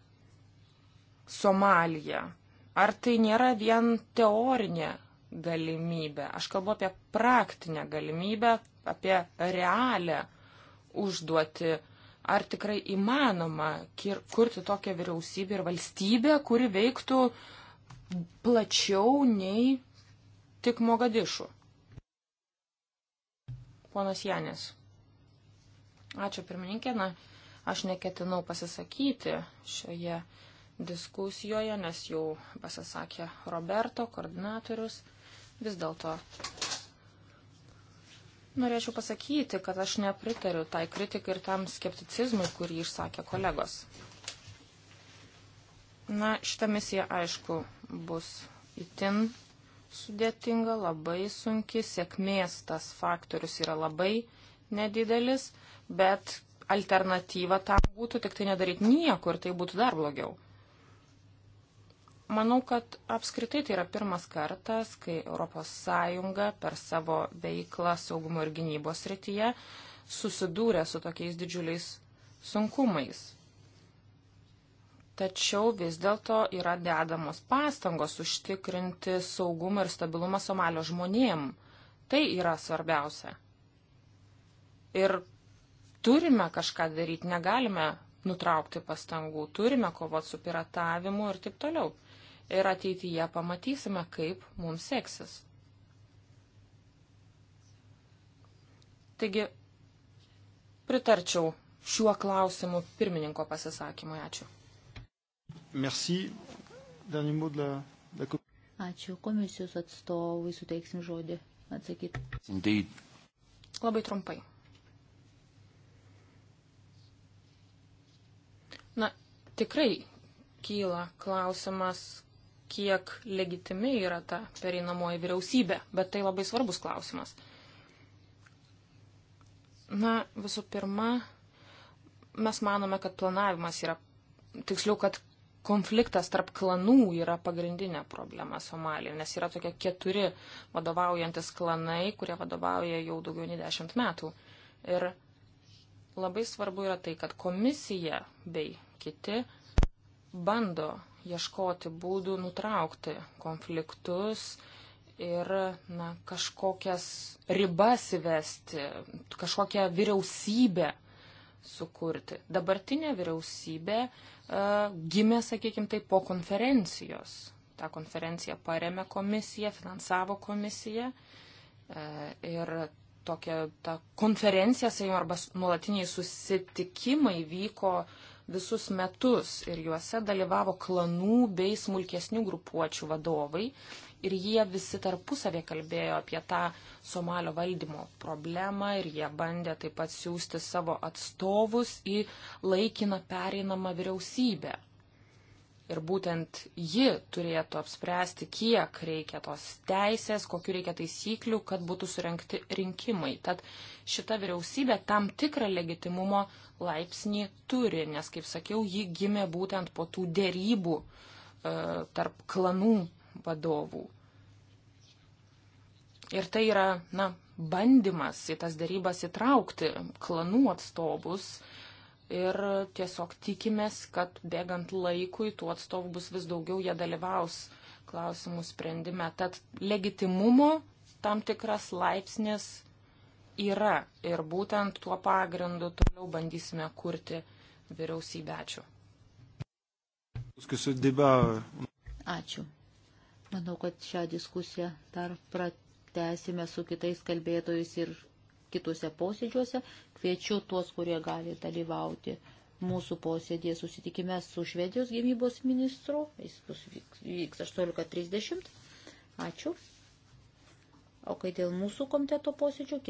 Somalija. Ar tai nėra vien teorinė galimybė? Aš kalbu apie praktinę galimybę, apie realią užduoti. Ar tikrai įmanoma kurti tokią vyriausybę ir valstybę, kuri veiktų plačiau nei tik Mogadišu? Ponas Janis. Ačiū pirmininkė, na, aš neketinau pasisakyti šioje diskusijoje, nes jau pasisakė Roberto, koordinatorius. Vis dėlto norėčiau pasakyti, kad aš nepritariu tai kritikai ir tam skepticizmui, kurį išsakė kolegos. Na, šita misija, aišku, bus itin sudėtinga, labai sunki, sėkmės tas faktorius yra labai nedidelis, bet alternatyva tam būtų tik tai nedaryti nieko ir tai būtų dar blogiau. Manau, kad apskritai tai yra pirmas kartas, kai ES per savo veiklą saugumo ir gynybos rytyje susidūrė su tokiais didžiuliais sunkumais. Tačiau vis dėlto yra dedamos pastangos užtikrinti saugumą ir stabilumą Somalio žmonėm. Tai yra svarbiausia. Ir turime kažką daryti, negalime nutraukti pastangų, turime kovoti su piratavimu ir taip toliau ir ateityje pamatysime, kaip mums seksis. Taigi, pritarčiau šiuo klausimu pirmininko pasisakymui. Ačiū. Merci. Ačiū komisijos atstovui, suteiksim žodį atsakyti. Indeed. Labai trumpai. Na, tikrai kyla klausimas, kiek legitimi yra ta pereinamoji vyriausybė, bet tai labai svarbus klausimas. Na, visų pirma, mes manome, kad planavimas yra, tiksliau, kad konfliktas tarp klanų yra pagrindinė problema Somalijoje, nes yra tokie keturi vadovaujantis klanai, kurie vadovauja jau daugiau nei dešimt metų. Ir labai svarbu yra tai, kad komisija bei kiti bando ieškoti būdų nutraukti konfliktus ir na, kažkokias ribas įvesti, kažkokią vyriausybę sukurti. Dabartinė vyriausybė e, gimė, sakykime, tai po konferencijos. Ta konferencija paremė komisiją, finansavo komisiją e, ir tokia ta konferencija, sakykime, arba nuolatiniai susitikimai vyko e, visus metus ir juose dalyvavo klanų bei smulkesnių grupuočių vadovai ir jie visi tarpusavė kalbėjo apie tą Somalio valdymo problemą ir jie bandė taip pat siūsti savo atstovus į laikiną pereinamą vyriausybę. Ir būtent ji turėtų apspręsti, kiek reikia tos teisės, kokiu reikia taisyklių, kad būtų surenkti rinkimai. Tad šita vyriausybė tam tikrą legitimumo laipsnį turi, nes, kaip sakiau, ji gimė būtent po tų dėrybų e, tarp klanų vadovų. Ir tai yra, na, bandymas į tas dėrybas įtraukti klanų atstovus ir tiesiog tikimės, kad bėgant laikui tų atstovų bus vis daugiau, jie dalyvaus klausimų sprendime. Tad legitimumo tam tikras laipsnis yra ir būtent tuo pagrindu toliau bandysime kurti vyriausybę. Ačiū. Ačiū. Manau, kad šią diskusiją dar pratesime su kitais kalbėtojais ir kitose posėdžiuose. Kviečiu tuos, kurie gali dalyvauti mūsų posėdėje susitikime su Švedijos gynybos ministru. Jis vyks 18.30. Ačiū. O kai dėl mūsų komiteto posėdžio,